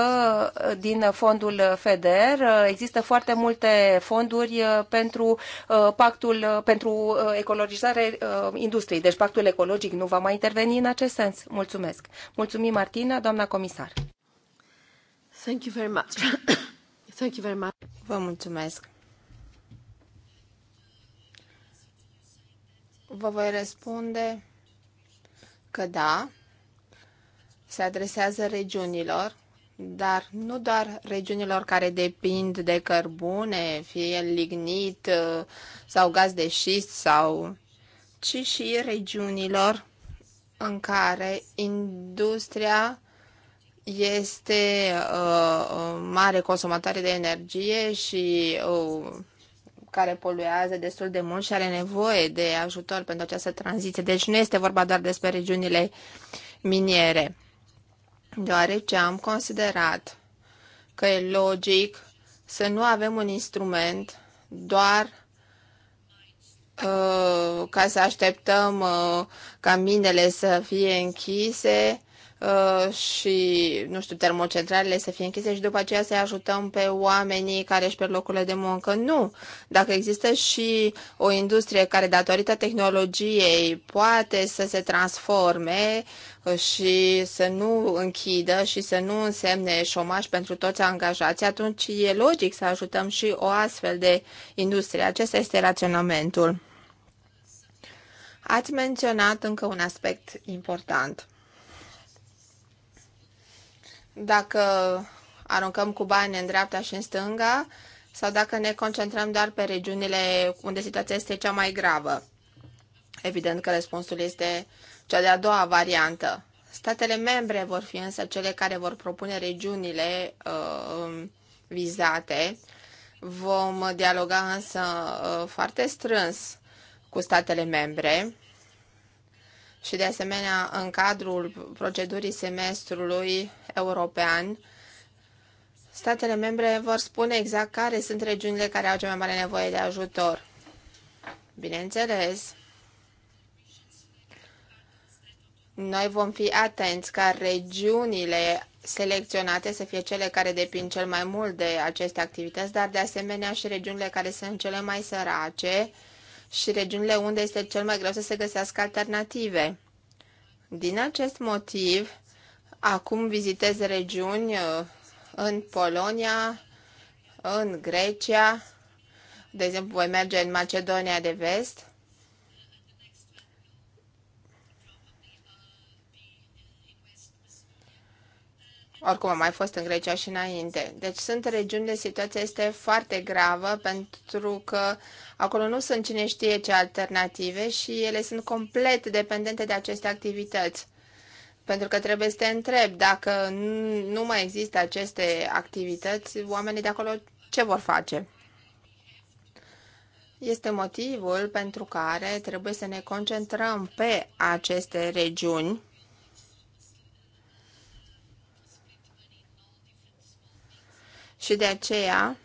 din fondul FEDER uh, există foarte multe fonduri pentru pactul pentru ecologizare industriei. Deci pactul ecologic nu va mai interveni în acest sens. Mulțumesc. Mulțumim, Martina, doamna comisar. Thank you very much. Thank you very much. Vă mulțumesc. Vă voi răspunde că da, se adresează regiunilor, dar nu doar regiunilor care depind de cărbune, fie lignit uh, sau gaz de șist, sau, ci și regiunilor în care industria este uh, uh, mare consumatoare de energie și uh, care poluează destul de mult și are nevoie de ajutor pentru această tranziție. Deci nu este vorba doar despre regiunile miniere deoarece am considerat că e logic să nu avem un instrument doar uh, ca să așteptăm uh, ca minele să fie închise uh, și, nu știu, termocentralele să fie închise și după aceea să ajutăm pe oamenii care își pierd locurile de muncă. Nu! Dacă există și o industrie care, datorită tehnologiei, poate să se transforme, uh, și să nu închidă și să nu însemne șomaș pentru toți angajații, atunci e logic să ajutăm și o astfel de industrie. Acesta este raționamentul. Ați menționat încă un aspect important. Dacă aruncăm cu bani în dreapta și în stânga, sau dacă ne concentrăm doar pe regiunile unde situația este cea mai gravă. Evident că răspunsul este cea de-a doua variantă. Statele membre vor fi însă cele care vor propune regiunile uh, vizate. Vom dialoga însă uh, foarte strâns cu statele membre și de asemenea în cadrul procedurii semestrului european statele membre vor spune exact care sunt regiunile care au cea mai mare nevoie de ajutor. Bineînțeles, Noi vom fi atenți ca regiunile selecționate să fie cele care depind cel mai mult de aceste activități, dar de asemenea și regiunile care sunt cele mai sărace și regiunile unde este cel mai greu să se găsească alternative. Din acest motiv, acum vizitez regiuni uh, în Polonia, în Grecia, de exemplu voi merge în Macedonia de Vest, Oricum am mai fost în Grecia și înainte. Deci sunt regiuni de situația este foarte gravă pentru că acolo nu sunt cine știe ce alternative și ele sunt complet dependente de aceste activități. Pentru că trebuie să te întreb dacă nu mai există aceste activități, oamenii de acolo ce vor face? Este motivul pentru care trebuie să ne concentrăm pe aceste regiuni și de aceea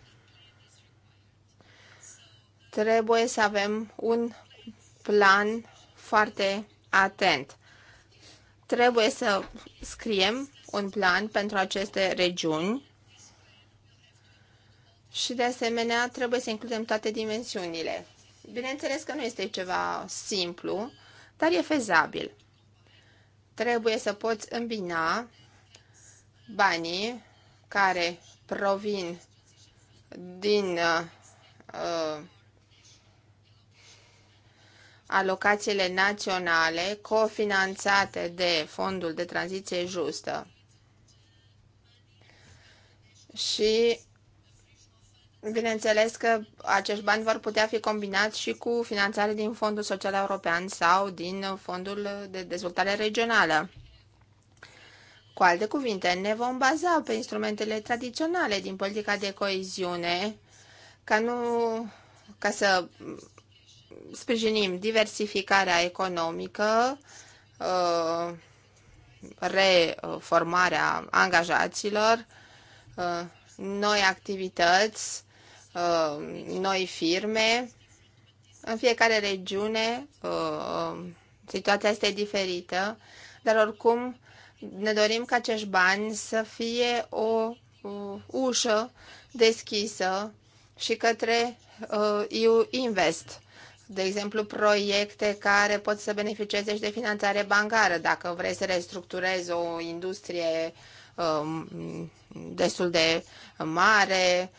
trebuie să avem un plan foarte atent. Trebuie să scriem un plan pentru aceste regiuni și de asemenea trebuie să includem toate dimensiunile. Bineînțeles că nu este ceva simplu, dar e fezabil. Trebuie să poți îmbina banii care provin din uh, alocațiile naționale cofinanțate de Fondul de Tranziție Justă. Și bineînțeles că acești bani vor putea fi combinați și cu finanțare din Fondul Social European sau din Fondul de Dezvoltare Regională. Cu alte cuvinte, ne vom baza pe instrumentele tradiționale din politica de coeziune ca, nu, ca să sprijinim diversificarea economică, uh, reformarea angajaților, uh, noi activități, uh, noi firme. În fiecare regiune situația este diferită, dar oricum ne dorim ca acești bani să fie o ușă deschisă și către uh, EU Invest. De exemplu, proiecte care pot să beneficieze și de finanțare bancară, dacă vrei să restructurezi o industrie um, destul de mare,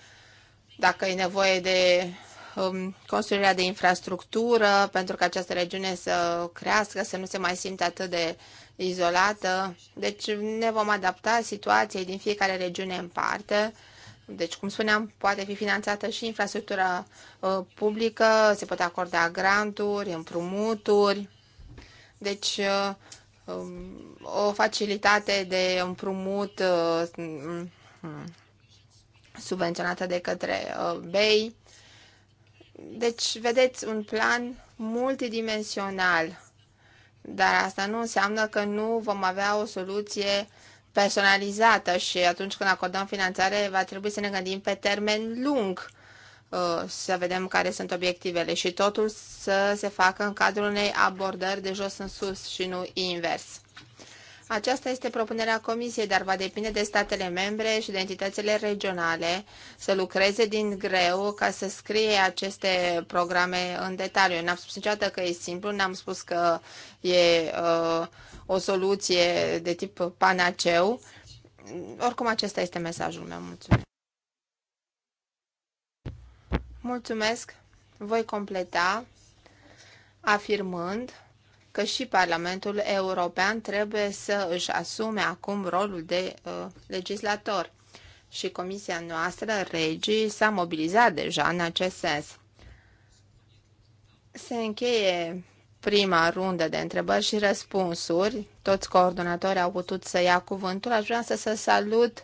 dacă e nevoie de Um, construirea de infrastructură pentru ca această regiune să crească, să nu se mai simte atât de izolată. Deci ne vom adapta situației din fiecare regiune în parte. Deci, cum spuneam, poate fi finanțată și infrastructura uh, publică, se pot acorda granturi, împrumuturi. Deci, uh, um, o facilitate de împrumut uh, mm, mm, subvenționată de către BEI deci, vedeți, un plan multidimensional, dar asta nu înseamnă că nu vom avea o soluție personalizată și atunci când acordăm finanțare va trebui să ne gândim pe termen lung uh, să vedem care sunt obiectivele și totul să se facă în cadrul unei abordări de jos în sus și nu invers. Aceasta este propunerea Comisiei, dar va depinde de statele membre și de entitățile regionale să lucreze din greu ca să scrie aceste programe în detaliu. N-am spus niciodată că e simplu, n-am spus că e uh, o soluție de tip panaceu. Oricum, acesta este mesajul meu. Mulțumesc! Mulțumesc! Voi completa afirmând că și Parlamentul European trebuie să își asume acum rolul de uh, legislator și comisia noastră, regii, s-a mobilizat deja în acest sens. Se încheie prima rundă de întrebări și răspunsuri. Toți coordonatorii au putut să ia cuvântul. Aș vrea să, să salut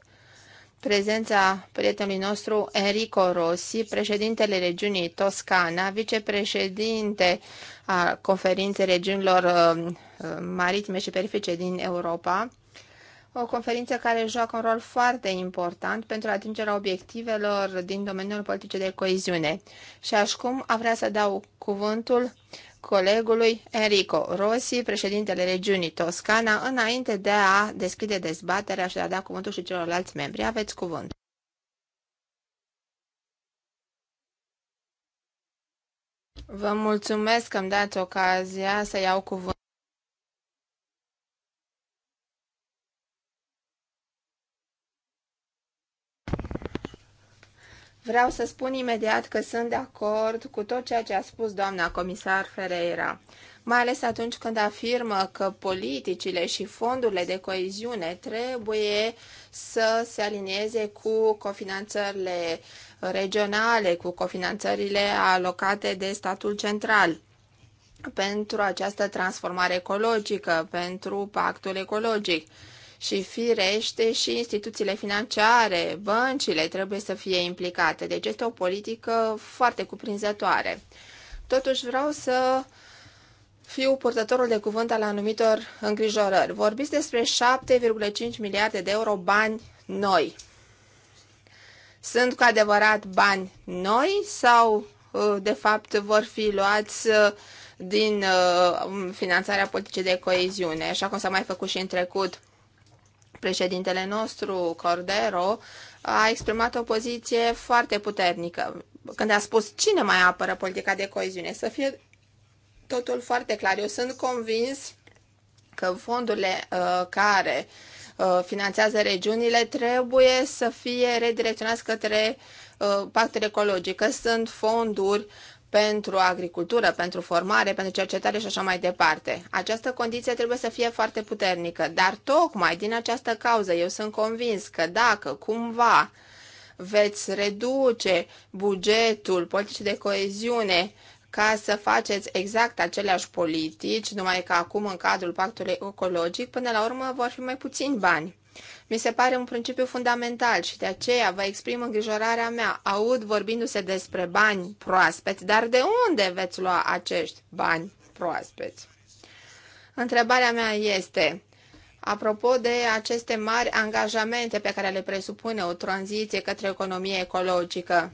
prezența prietenului nostru Enrico Rossi, președintele regiunii Toscana, vicepreședinte a conferinței regiunilor uh, uh, maritime și perifice din Europa, o conferință care joacă un rol foarte important pentru atingerea obiectivelor din domeniul politicii de coeziune. Și acum a vrea să dau cuvântul colegului Enrico Rossi, președintele regiunii Toscana, înainte de a deschide dezbaterea și de a da cuvântul și celorlalți membri. Aveți cuvânt. Vă mulțumesc că îmi dați ocazia să iau cuvânt. Vreau să spun imediat că sunt de acord cu tot ceea ce a spus doamna comisar Ferreira, mai ales atunci când afirmă că politicile și fondurile de coeziune trebuie să se alinieze cu cofinanțările regionale, cu cofinanțările alocate de statul central pentru această transformare ecologică, pentru pactul ecologic. Și firește și instituțiile financiare, băncile trebuie să fie implicate. Deci este o politică foarte cuprinzătoare. Totuși vreau să fiu purtătorul de cuvânt al anumitor îngrijorări. Vorbiți despre 7,5 miliarde de euro bani noi. Sunt cu adevărat bani noi sau uh, de fapt vor fi luați uh, din uh, finanțarea politicii de coeziune, așa cum s-a mai făcut și în trecut. Președintele nostru, Cordero, a exprimat o poziție foarte puternică când a spus cine mai apără politica de coeziune. Să fie totul foarte clar. Eu sunt convins că fondurile uh, care uh, Uh, finanțează regiunile trebuie să fie redirecționați către uh, pactul ecologic, că sunt fonduri pentru agricultură, pentru formare, pentru cercetare și așa mai departe. Această condiție trebuie să fie foarte puternică, dar tocmai din această cauză eu sunt convins că dacă cumva veți reduce bugetul politicii de coeziune ca să faceți exact aceleași politici, numai că acum în cadrul pactului ecologic, până la urmă vor fi mai puțini bani. Mi se pare un principiu fundamental și de aceea vă exprim îngrijorarea mea. Aud vorbindu-se despre bani proaspeți, dar de unde veți lua acești bani proaspeți? Întrebarea mea este, apropo de aceste mari angajamente pe care le presupune o tranziție către economie ecologică,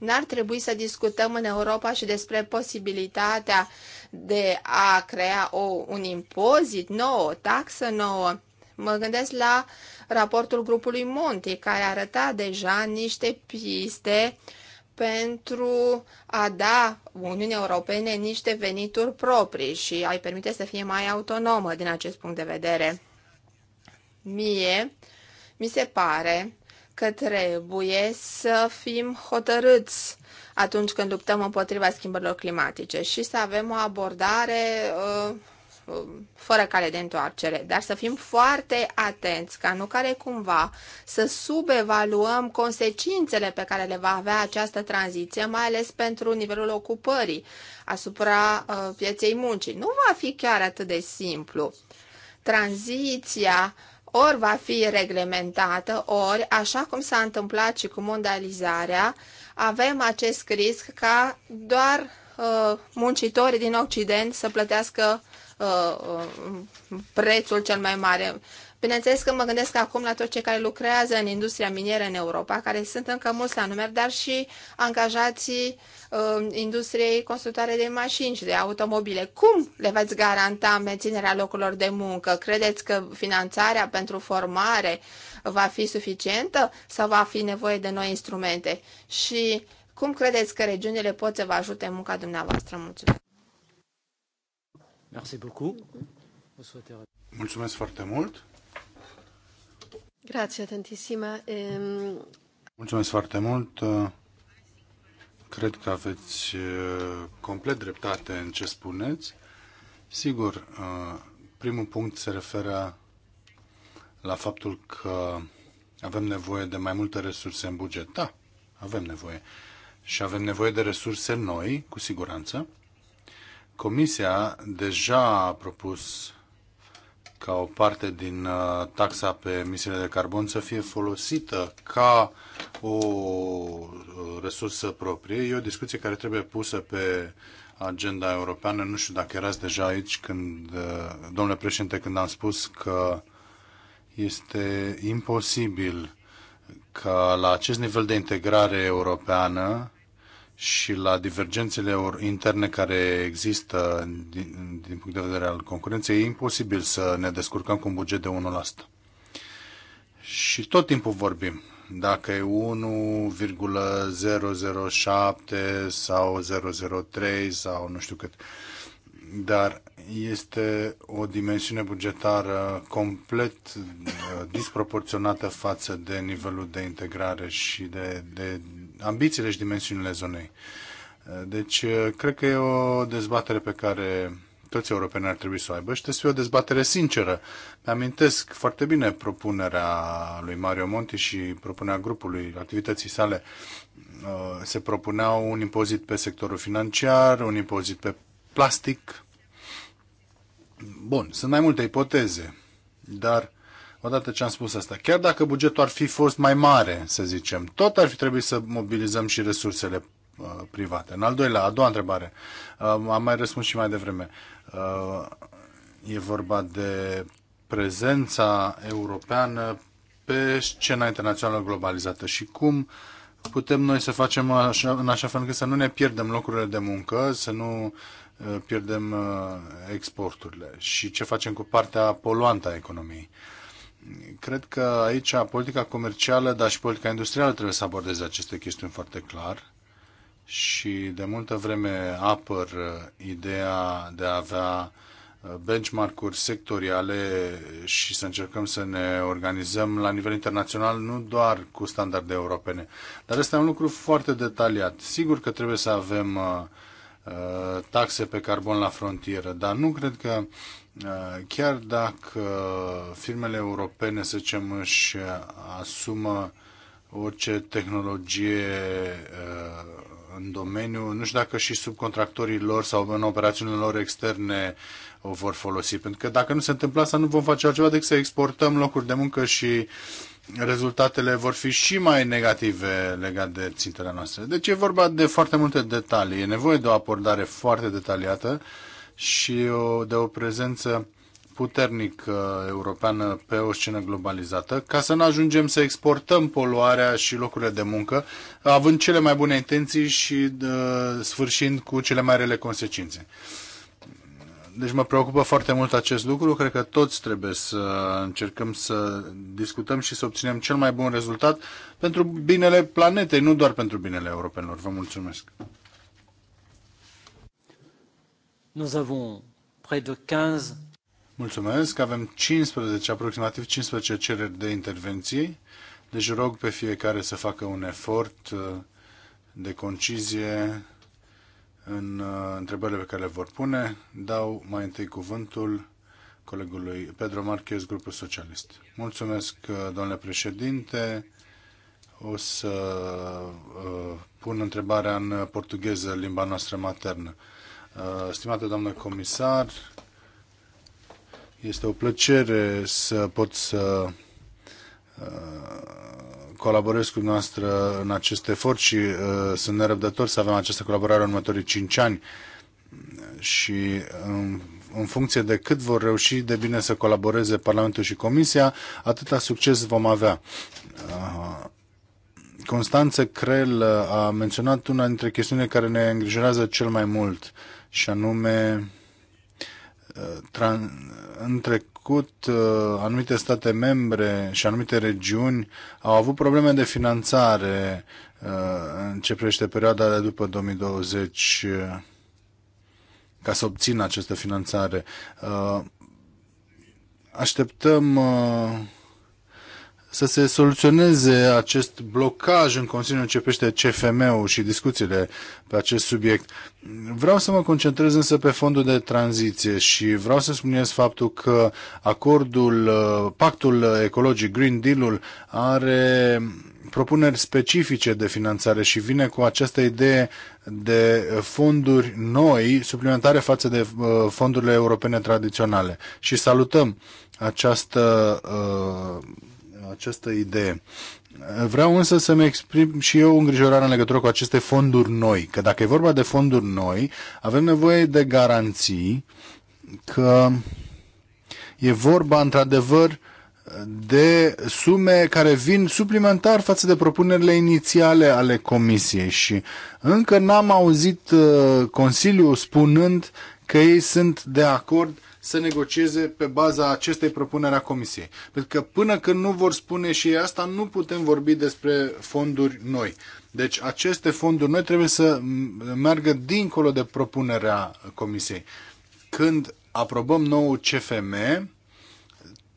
N-ar trebui să discutăm în Europa și despre posibilitatea de a crea o, un impozit nou, o taxă nouă. Mă gândesc la raportul grupului Monti, care arăta deja niște piste pentru a da Uniunii Europene niște venituri proprii și a-i permite să fie mai autonomă din acest punct de vedere. Mie mi se pare că trebuie să fim hotărâți atunci când luptăm împotriva schimbărilor climatice și să avem o abordare uh, uh, fără cale de întoarcere, dar să fim foarte atenți ca nu care cumva să subevaluăm consecințele pe care le va avea această tranziție, mai ales pentru nivelul ocupării asupra uh, pieței muncii. Nu va fi chiar atât de simplu. Tranziția uh, ori va fi reglementată, ori, așa cum s-a întâmplat și cu mondializarea, avem acest risc ca doar uh, muncitorii din Occident să plătească uh, uh prețul cel mai mare. Bineînțeles că mă gândesc acum la toți cei care lucrează în industria minieră în Europa, care sunt încă mulți la numer, dar și angajații uh, industriei constructoare de mașini și de automobile. Cum le veți garanta menținerea locurilor de muncă? Credeți că finanțarea pentru formare va fi suficientă sau va fi nevoie de noi instrumente? Și cum credeți că regiunile pot să vă ajute în munca dumneavoastră? Mulțumesc! Merci beaucoup. Mulțumesc foarte mult. Ehm, Mulțumesc foarte mult. Cred că aveți eh, complet dreptate în ce spuneți. Sigur, eh, primul punct se referă la faptul că avem nevoie de mai multe resurse în buget. Da, avem nevoie. Și avem nevoie de resurse noi, cu siguranță. Comisia deja a propus ca o parte din uh, taxa pe emisiile de carbon să fie folosită ca o uh, resursă proprie. E o discuție care trebuie pusă pe agenda europeană. Nu știu dacă erați deja aici când, uh, domnule președinte, când am spus că este imposibil ca la acest nivel de integrare europeană și la divergențele interne care există din, din punct de vedere al concurenței, e imposibil să ne descurcăm cu un buget de 1%. Și tot timpul vorbim. Dacă e 1,007 sau 003 sau nu știu cât. Dar este o dimensiune bugetară complet uh, disproporționată față de nivelul de integrare și de, de ambițiile și dimensiunile zonei. Uh, deci, uh, cred că e o dezbatere pe care toți europenii ar trebui să o aibă și trebuie să fie o dezbatere sinceră. Mi-amintesc foarte bine propunerea lui Mario Monti și propunerea grupului activității sale. Uh, se propunea un impozit pe sectorul financiar, un impozit pe plastic. Bun, sunt mai multe ipoteze, dar odată ce am spus asta, chiar dacă bugetul ar fi fost mai mare, să zicem, tot ar fi trebuit să mobilizăm și resursele uh, private. În al doilea, a doua întrebare, uh, am mai răspuns și mai devreme, uh, e vorba de prezența europeană pe scena internațională globalizată și cum putem noi să facem așa, în așa fel încât să nu ne pierdem locurile de muncă, să nu uh, pierdem uh, exporturile și ce facem cu partea poluantă a economiei cred că aici politica comercială, dar și politica industrială trebuie să abordeze aceste chestiuni foarte clar și de multă vreme apăr ideea de a avea uh, benchmark-uri sectoriale și să încercăm să ne organizăm la nivel internațional, nu doar cu standarde europene. Dar este un lucru foarte detaliat. Sigur că trebuie să avem uh, uh, taxe pe carbon la frontieră, dar nu cred că Uh, chiar dacă firmele europene, să zicem, își asumă orice tehnologie uh, în domeniu, nu știu dacă și subcontractorii lor sau în operațiunile lor externe o vor folosi. Pentru că dacă nu se întâmplă asta, nu vom face altceva decât să exportăm locuri de muncă și rezultatele vor fi și mai negative legate de țintele noastre. Deci e vorba de foarte multe detalii. E nevoie de o abordare foarte detaliată și o, de o prezență puternic europeană pe o scenă globalizată, ca să nu ajungem să exportăm poluarea și locurile de muncă, având cele mai bune intenții și de, uh, sfârșind cu cele mai rele consecințe. Deci mă preocupă foarte mult acest lucru, cred că toți trebuie să încercăm să discutăm și să obținem cel mai bun rezultat pentru binele planetei, nu doar pentru binele europenilor. Vă mulțumesc! Nous avons près de 15 Mulțumesc. Avem 15, aproximativ 15 cereri de intervenții. Deci rog pe fiecare să facă un efort uh, de concizie în uh, întrebările pe care le vor pune. Dau mai întâi cuvântul colegului Pedro Marquez, grupul socialist. Mulțumesc, uh, domnule președinte. O să pun întrebarea în portugheză, limba noastră maternă. Uh, stimată doamnă comisar, este o plăcere să pot să uh, colaborez cu noastră în acest efort și uh, sunt nerăbdător să avem această colaborare în următorii 5 ani și în, în funcție de cât vor reuși de bine să colaboreze Parlamentul și Comisia, atâta succes vom avea. Constanță Crel a menționat una dintre chestiunile care ne îngrijorează cel mai mult și anume uh, în trecut uh, anumite state membre și anumite regiuni au avut probleme de finanțare uh, în ce privește perioada de după 2020 ca să obțină această finanțare. Așteptăm să se soluționeze acest blocaj în Consiliu începește CFM-ul și discuțiile pe acest subiect. Vreau să mă concentrez însă pe fondul de tranziție și vreau să subliniez faptul că acordul, uh, pactul ecologic, Green Deal-ul, are propuneri specifice de finanțare și vine cu această idee de fonduri noi, suplimentare față de uh, fondurile europene tradiționale. Și salutăm această uh, această idee. Vreau însă să-mi exprim și eu îngrijorarea în legătură cu aceste fonduri noi, că dacă e vorba de fonduri noi, avem nevoie de garanții că e vorba într-adevăr de sume care vin suplimentar față de propunerile inițiale ale Comisiei și încă n-am auzit uh, Consiliul spunând că ei sunt de acord să negocieze pe baza acestei propuneri a Comisiei. Pentru că până când nu vor spune și asta, nu putem vorbi despre fonduri noi. Deci aceste fonduri noi trebuie să meargă dincolo de propunerea Comisiei. Când aprobăm nou CFM,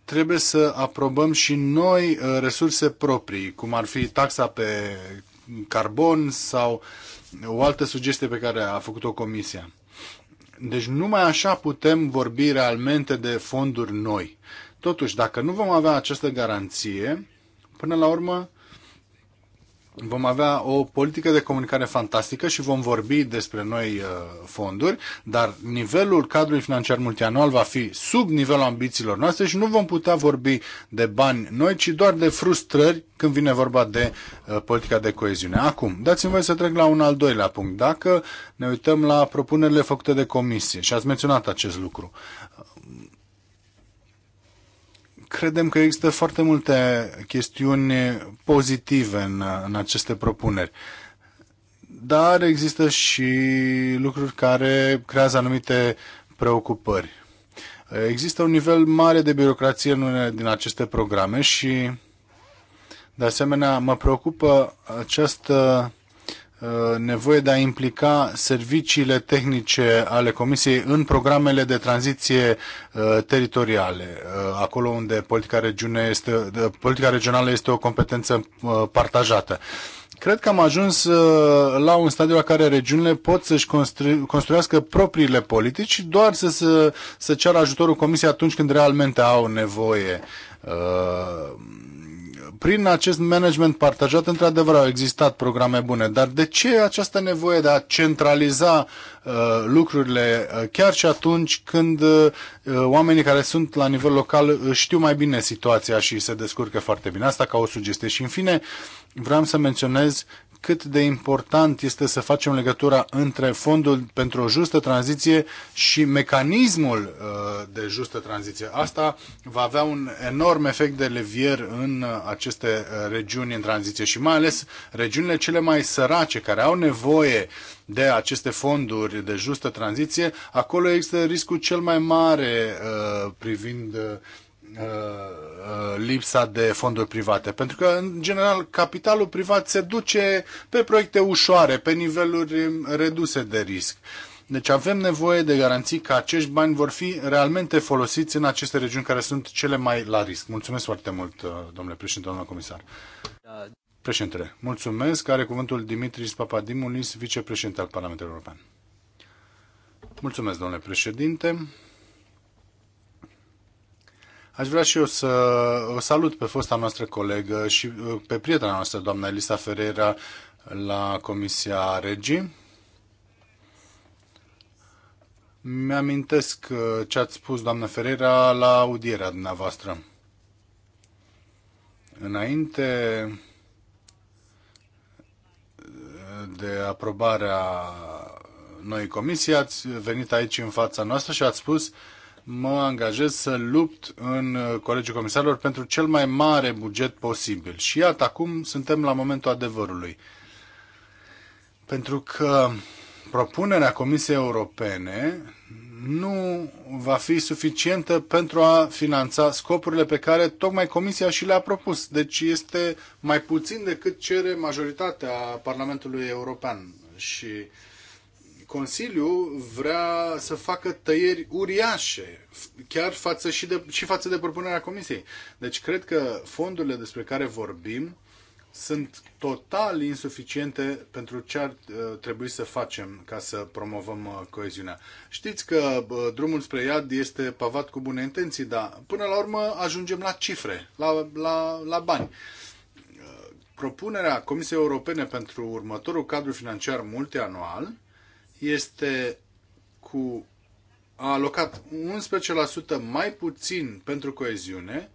trebuie să aprobăm și noi uh, resurse proprii, cum ar fi taxa pe carbon sau o altă sugestie pe care a făcut-o Comisia. Deci numai așa putem vorbi realmente de fonduri noi. Totuși, dacă nu vom avea această garanție, până la urmă vom avea o politică de comunicare fantastică și vom vorbi despre noi uh, fonduri, dar nivelul cadrului financiar multianual va fi sub nivelul ambițiilor noastre și nu vom putea vorbi de bani noi, ci doar de frustrări când vine vorba de uh, politica de coeziune. Acum, dați-mi voi să trec la un al doilea punct. Dacă ne uităm la propunerile făcute de comisie, și ați menționat acest lucru, credem că există foarte multe chestiuni pozitive în, în aceste propuneri. Dar există și lucruri care creează anumite preocupări. Există un nivel mare de birocrație în unele din aceste programe și, de asemenea, mă preocupă această Uh, nevoie de a implica serviciile tehnice ale Comisiei în programele de tranziție uh, teritoriale, uh, acolo unde politica, este, politica regională este o competență partajată. Cred că am ajuns la un stadiu la care regiunile pot să-și constru- construiască propriile politici, doar să, să, să ceară ajutorul Comisiei atunci când realmente au nevoie prin acest management partajat, într-adevăr, au existat programe bune, dar de ce această nevoie de a centraliza uh, lucrurile uh, chiar și atunci când uh, oamenii care sunt la nivel local uh, știu mai bine situația și se descurcă foarte bine? Asta ca o sugestie. Și, în fine, vreau să menționez cât de important este să facem legătura între fondul pentru o justă tranziție și mecanismul uh, de justă tranziție. Asta va avea un enorm efect de levier în uh, aceste uh, regiuni în tranziție și mai ales regiunile cele mai sărace care au nevoie de aceste fonduri de justă tranziție, acolo există riscul cel mai mare privind Uh, uh, lipsa de fonduri private. Pentru că, în general, capitalul privat se duce pe proiecte ușoare, pe niveluri reduse de risc. Deci avem nevoie de garanții că acești bani vor fi realmente folosiți în aceste regiuni care sunt cele mai la risc. Mulțumesc foarte mult, uh, domnule președinte, domnule comisar. Președintele, mulțumesc. Are cuvântul Dimitris Papadimulis, vicepreședinte al Parlamentului European. Mulțumesc, domnule președinte. Aș vrea și eu să o salut pe fosta noastră colegă și uh, pe prietena noastră, doamna Elisa Ferreira, la Comisia Regii. Mi-amintesc uh, ce ați spus, doamna Ferreira, la audierea dumneavoastră. Înainte uh, de aprobarea noi comisii, ați venit aici în fața noastră și ați spus uh, mă angajez să lupt în uh, Colegiul Comisarilor pentru cel mai mare buget posibil. Și iată, acum suntem la momentul adevărului. Pentru că propunerea Comisiei Europene nu va fi suficientă pentru a finanța scopurile pe care tocmai Comisia și le-a propus. Deci este mai puțin decât cere majoritatea Parlamentului European. Și uh, Consiliu vrea să facă tăieri uriașe, chiar față și, de, și față de propunerea Comisiei. Deci cred că fondurile despre care vorbim sunt total insuficiente pentru ce ar uh, trebui să facem ca să promovăm uh, coeziunea. Știți că uh, drumul spre iad este pavat cu bune intenții, dar până la urmă ajungem la cifre, la, la, la bani. Propunerea Comisiei Europene pentru următorul cadru financiar multianual este cu a alocat 11% mai puțin pentru coeziune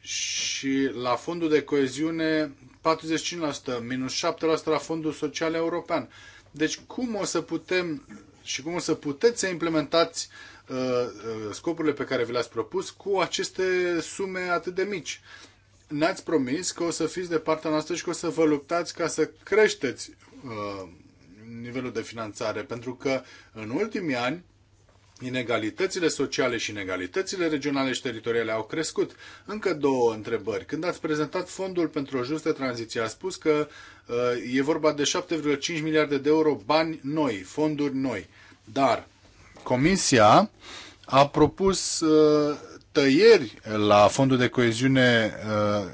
și la fondul de coeziune 45%, minus 7% la fondul social european. Deci cum o să putem și cum o să puteți să implementați uh, uh, scopurile pe care vi le-ați propus cu aceste sume atât de mici? Ne-ați promis că o să fiți de partea noastră și că o să vă luptați ca să creșteți uh, nivelul de finanțare, pentru că în ultimii ani inegalitățile sociale și inegalitățile regionale și teritoriale au crescut. Încă două întrebări. Când ați prezentat fondul pentru o justă tranziție, a spus că uh, e vorba de 7,5 miliarde de euro bani noi, fonduri noi. Dar Comisia a propus uh, tăieri la fondul de coeziune uh,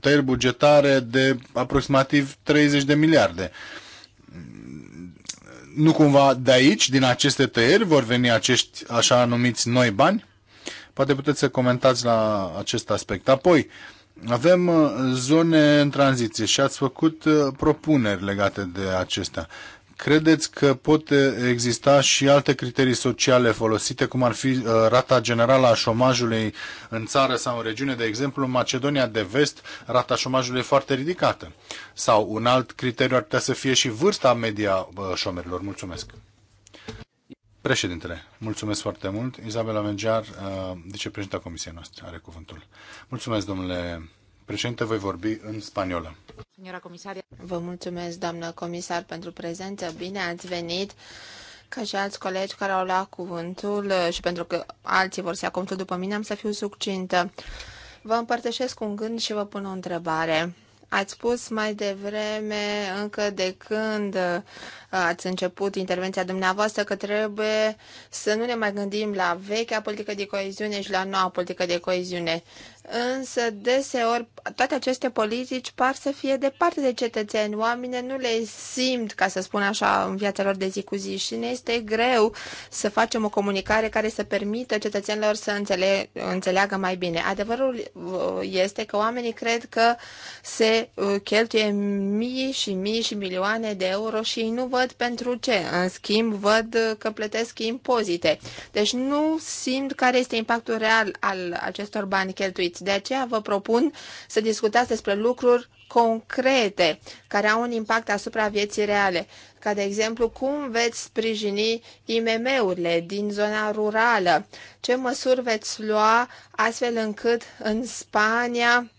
tăieri bugetare de aproximativ 30 de miliarde nu cumva de aici, din aceste tăieri, vor veni acești așa numiți noi bani? Poate puteți să comentați la acest aspect. Apoi, avem uh, zone în tranziție și ați făcut uh, propuneri legate de acestea. Credeți că pot eh, exista și alte criterii sociale folosite, cum ar fi eh, rata generală a șomajului în țară sau în regiune? De exemplu, în Macedonia de Vest, rata șomajului e foarte ridicată. Sau un alt criteriu ar putea să fie și vârsta media eh, șomerilor. Mulțumesc. Președintele, mulțumesc foarte mult. Izabela Mengear, vicepreședinta Comisiei noastre, are cuvântul. Mulțumesc, domnule președinte, voi vorbi în spaniolă. Vă mulțumesc, doamnă comisar, pentru prezență. Bine ați venit! Ca și alți colegi care au luat cuvântul și pentru că alții vor să ia cuvântul după mine, am să fiu succintă. Vă împărtășesc un gând și vă pun o întrebare. Ați spus mai devreme, încă de când uh, ați început intervenția dumneavoastră, că trebuie să nu ne mai gândim la vechea politică de coeziune și la noua politică de coeziune. Însă, deseori, toate aceste politici par să fie departe de cetățeni. Oamenii nu le simt, ca să spun așa, în viața lor de zi cu zi și ne este greu să facem o comunicare care să permită cetățenilor să înțele- înțeleagă mai bine. Adevărul uh, este că oamenii cred că se uh, cheltuie mii și mii și milioane de euro și ei nu văd pentru ce. În schimb, văd că plătesc impozite. Deci nu simt care este impactul real al acestor bani cheltuiți doriți. De aceea vă propun să discutați despre lucruri concrete care au un impact asupra vieții reale, ca de exemplu cum veți sprijini IMM-urile din zona rurală, ce măsuri veți lua astfel încât în Spania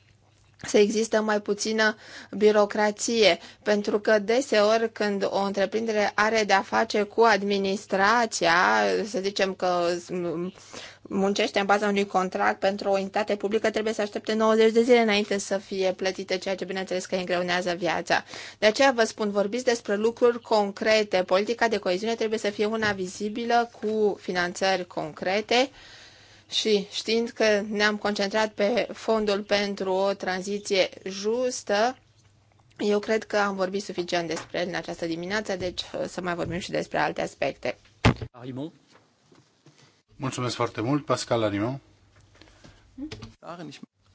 să existe mai puțină birocrație, pentru că deseori când o întreprindere are de-a face cu administrația, să zicem că muncește în baza unui contract pentru o entitate publică, trebuie să aștepte 90 de zile înainte să fie plătite, ceea ce bineînțeles că îngreunează viața. De aceea vă spun, vorbiți despre lucruri concrete. Politica de coeziune trebuie să fie una vizibilă cu finanțări concrete și știind că ne-am concentrat pe fondul pentru o tranziție justă, eu cred că am vorbit suficient despre el în această dimineață, deci uh, să mai vorbim și despre alte aspecte. Arimon. Mulțumesc foarte mult, Pascal Arimon.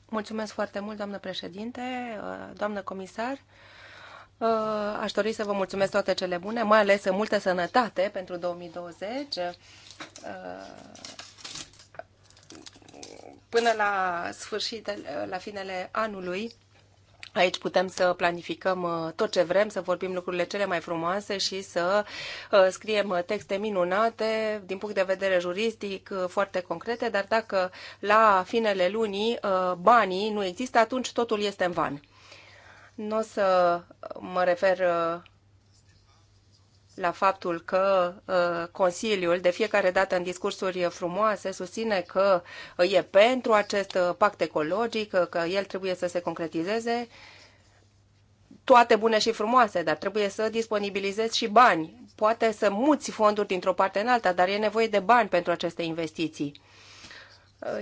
Mulțumesc foarte mult, doamnă președinte, uh, doamnă comisar. Uh, aș dori să vă mulțumesc toate cele bune, mai ales multă sănătate pentru 2020 până la sfârșit, la finele anului, Aici putem să planificăm uh, tot ce vrem, să vorbim lucrurile cele mai frumoase și să uh, scriem uh, texte minunate din punct de vedere juristic foarte concrete, dar dacă la finele lunii banii nu există, atunci totul este în van. Nu o să mă refer la faptul că uh, Consiliul, de fiecare dată în discursuri frumoase, susține că uh, e pentru acest uh, pact ecologic, că el trebuie să se concretizeze. Toate bune și frumoase, dar trebuie să disponibilizezi și bani. Poate să muți fonduri dintr-o parte în alta, dar e nevoie de bani pentru aceste investiții.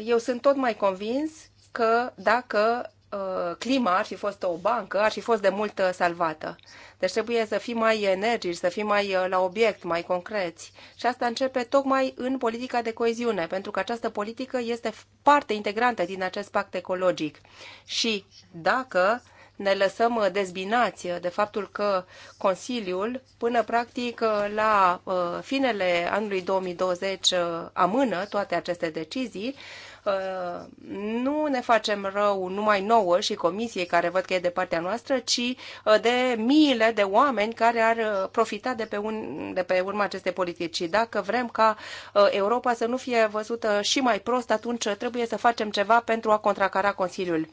Eu sunt tot mai convins că dacă Uh, clima ar fi fost o bancă, ar fi fost de mult uh, salvată. Deci trebuie să fim mai energici, să fim mai uh, la obiect, mai concreți. Și asta începe tocmai în politica de coeziune, pentru că această politică este parte integrantă din acest pact ecologic. Și dacă ne lăsăm dezbinați de faptul că Consiliul, până practic la finele anului 2020, amână toate aceste decizii, Uh, nu ne facem rău numai nouă și comisiei care văd că e de partea noastră, ci uh, de miile de oameni care ar uh, profita de pe, un, de pe urma acestei politici. Și dacă vrem ca Europa să nu fie văzută și mai prost, atunci trebuie să facem ceva pentru a contracara Consiliul.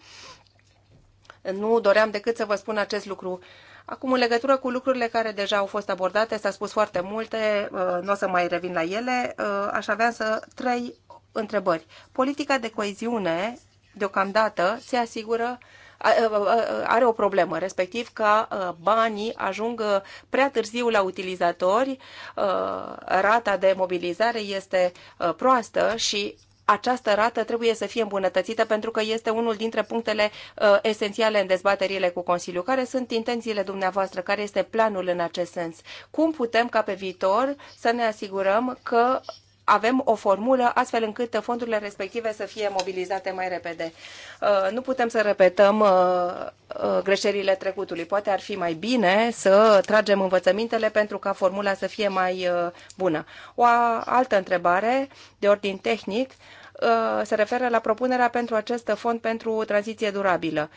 Nu doream decât să vă spun acest lucru. Acum, în legătură cu lucrurile care deja au fost abordate, s-a spus foarte multe, nu o să mai revin la ele, aș avea să trei întrebări. Politica de coeziune, deocamdată, se asigură are o problemă, respectiv că banii ajung prea târziu la utilizatori, rata de mobilizare este proastă și această rată trebuie să fie îmbunătățită pentru că este unul dintre punctele esențiale în dezbaterile cu Consiliul. Care sunt intențiile dumneavoastră? Care este planul în acest sens? Cum putem ca pe viitor să ne asigurăm că avem o formulă astfel încât fondurile respective să fie mobilizate mai repede. Uh, nu putem să repetăm uh, uh, greșelile trecutului. Poate ar fi mai bine să tragem învățămintele pentru ca formula să fie mai bună. O altă întrebare de ordin tehnic se referă la propunerea pentru acest fond pentru tranziție durabilă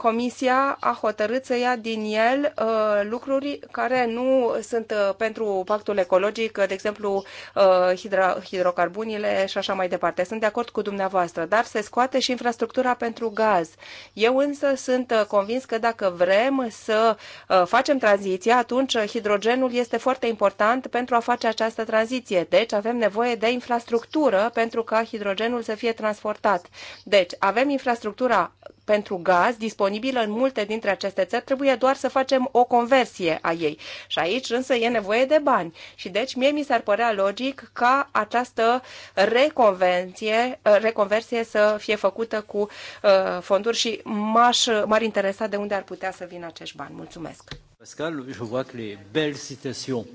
Comisia a hotărât să ia din el uh, lucruri care nu sunt uh, pentru pactul ecologic, de exemplu uh, hidro, hidrocarbunile și așa mai departe. Sunt de acord cu dumneavoastră, dar se scoate și infrastructura pentru gaz. Eu însă sunt uh, convins că dacă vrem să uh, facem tranziția, atunci hidrogenul este foarte important pentru a face această tranziție. Deci avem nevoie de infrastructură pentru ca hidrogenul să fie transportat. Deci avem infrastructura pentru gaz disponibilă în multe dintre aceste țări, trebuie doar să facem o conversie a ei. Și aici însă e nevoie de bani. Și deci mie mi s-ar părea logic ca această reconvenție, uh, reconversie să fie făcută cu uh, fonduri și m-aș, m-ar interesa de unde ar putea să vină acești bani. Mulțumesc! Pascal, je vois que les belles citations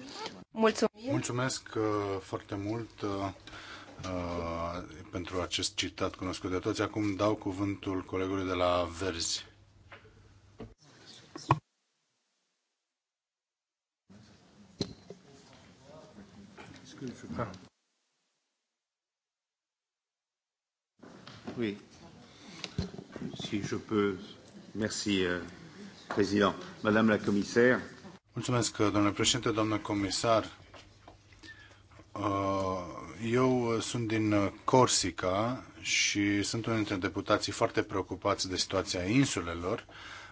Mulțumim. Mulțumesc uh, foarte mult. Uh, pentru acest citat cunoscut de toți. Acum dau cuvântul colegului de la Verzi. Oui. Si je peux. Merci, euh, Président. Madame la Commissaire. Mulțumesc, domnule președinte, doamnă comisar. Uh, eu uh, sunt din uh, Corsica și sunt unul dintre deputații foarte preocupați de situația insulelor.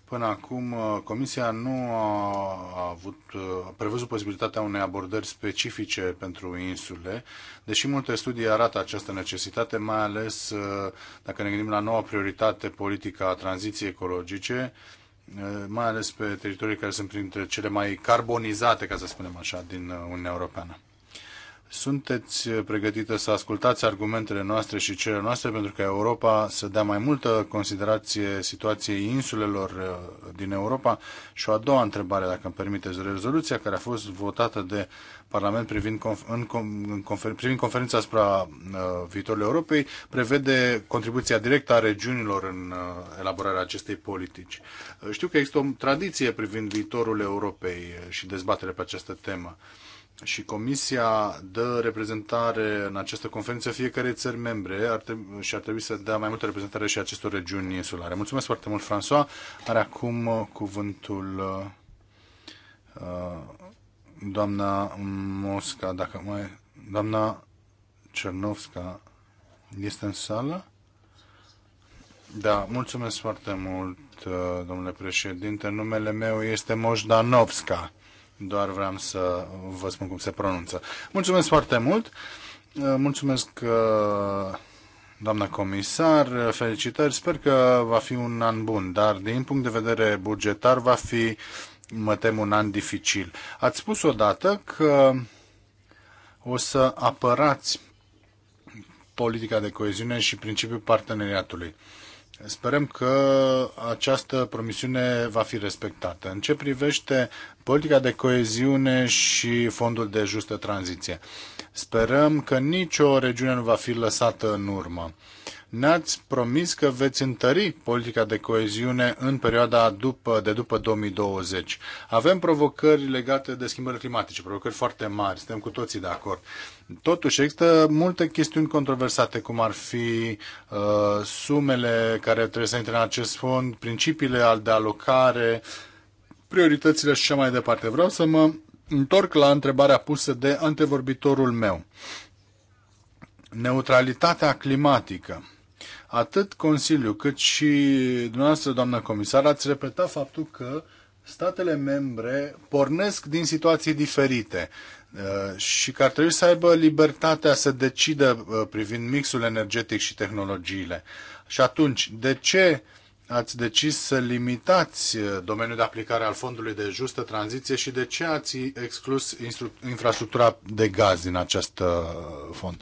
Până acum, Comisia nu a, avut, a prevăzut posibilitatea unei abordări specifice pentru insule, deși multe studii arată această necesitate, mai ales dacă ne gândim la noua prioritate politică a tranziției ecologice, mai ales pe teritorii care sunt printre cele mai carbonizate, ca să spunem așa, din Uniunea Europeană. Sunteți pregătită să ascultați argumentele noastre și cele noastre pentru ca Europa să dea mai multă considerație situației insulelor uh, din Europa? Și o a doua întrebare, dacă îmi permiteți, rezoluția care a fost votată de Parlament privind, conf- în, în confer- privind conferința asupra uh, viitorului Europei prevede contribuția directă a regiunilor în uh, elaborarea acestei politici. Uh, știu că există o tradiție privind viitorul Europei uh, și dezbatere pe această temă. Uh, și Comisia dă reprezentare în această conferință fiecare țări membre ar trebui, și ar trebui să dea mai multă reprezentare și acestor regiuni insulare. Mulțumesc foarte mult, François. Are acum uh, cuvântul uh, uh, doamna Mosca, dacă mai... Doamna Cernovska este în sală? Da, mulțumesc foarte mult, uh, domnule președinte. Numele meu este Moșdanovska doar vreau să vă spun cum se pronunță. Mulțumesc foarte mult! Mulțumesc, uh, doamna comisar, felicitări. Sper că va fi un an bun, dar din punct de vedere bugetar va fi, mă tem, un an dificil. Ați spus odată că o să apărați politica de coeziune și principiul parteneriatului. Sperăm că această promisiune va fi respectată. În ce privește politica de coeziune și fondul de justă tranziție, sperăm că nicio regiune nu va fi lăsată în urmă ne-ați promis că veți întări politica de coeziune în perioada după, de după 2020. Avem provocări legate de schimbări climatice, provocări foarte mari, suntem cu toții de acord. Totuși, există multe chestiuni controversate, cum ar fi uh, sumele care trebuie să intre în acest fond, principiile de alocare, prioritățile și așa mai departe. Vreau să mă întorc la întrebarea pusă de antevorbitorul meu. Neutralitatea climatică atât Consiliul cât și dumneavoastră, doamna comisar, ați repetat faptul că statele membre pornesc din situații diferite uh, și că ar trebui să aibă libertatea să decidă uh, privind mixul energetic și tehnologiile. Și atunci, de ce ați decis să limitați uh, domeniul de aplicare al fondului de justă tranziție și de ce ați exclus infrastructura de gaz din acest fond?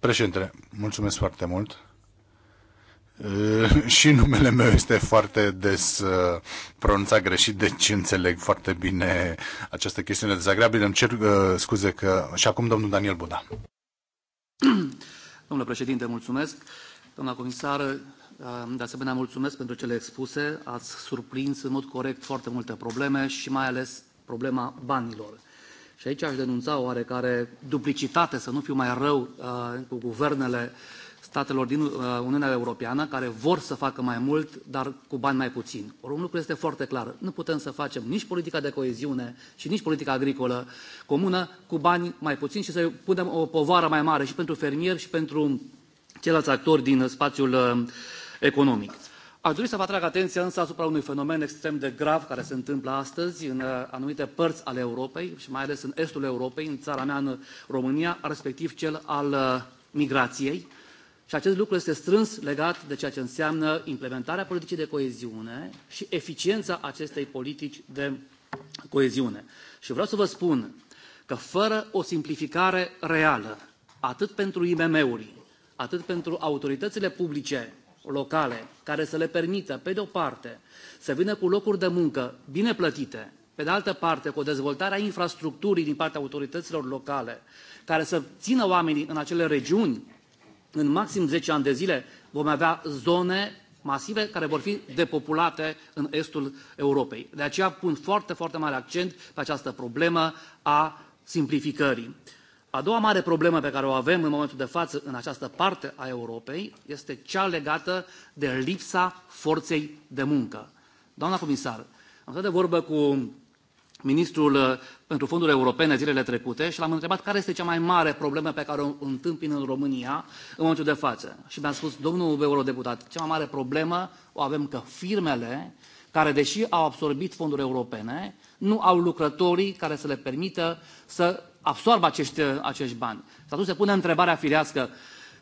Președinte, mulțumesc foarte mult. Eh, și numele meu este foarte des eh, pronunțat greșit, deci înțeleg foarte bine această chestiune dezagreabilă. Îmi cer eh, scuze că... Și acum domnul Daniel Buda. Domnule președinte, mulțumesc. Doamna comisară, de asemenea mulțumesc pentru cele expuse. Ați surprins în mod corect foarte multe probleme și mai ales problema banilor. Și aici aș denunța oarecare duplicitate, să nu fiu mai rău cu guvernele uh, statelor din uh, Uniunea Europeană care vor să facă mai mult, dar cu bani mai puțin. Ori un lucru este foarte clar. Nu putem să facem nici politica de coeziune și nici politica agricolă comună cu bani mai puțin și să punem o povară mai mare și pentru fermieri și pentru ceilalți actori din spațiul uh, economic. Aș dori să vă atrag atenția însă asupra unui fenomen extrem de grav care se întâmplă astăzi în uh, anumite părți ale Europei și mai ales în estul Europei, în țara mea, în România, respectiv cel al migrației și acest lucru este strâns legat de ceea ce înseamnă implementarea politicii de coeziune și eficiența acestei politici de coeziune. Și vreau să vă spun că fără o simplificare reală, atât pentru IMM-uri, atât pentru autoritățile publice locale, care să le permită, pe de-o parte, să vină cu locuri de muncă bine plătite, pe de altă parte, cu dezvoltarea infrastructurii din partea autorităților locale, care să țină oamenii în acele regiuni în maxim zece ani de zile vom avea zone masive care vor fi depopulate în estul Europei. De aceea pun foarte, foarte mare accent pe această problemă a simplificării. A doua mare problemă pe care o avem în momentul de față în această parte a Europei este cea legată de lipsa forței de muncă. Doamna comisar, am stat de vorbă cu ministrul uh, pentru fonduri europene zilele trecute și l-am întrebat care este cea mai mare problemă pe care o întâmpină în România în momentul de față. Și mi-a spus, domnul eurodeputat, cea mai mare problemă o avem că firmele care, deși au absorbit fonduri europene, nu au lucrătorii care să le permită să absorbă acești, uh, acești bani. Și atunci se pune întrebarea firească,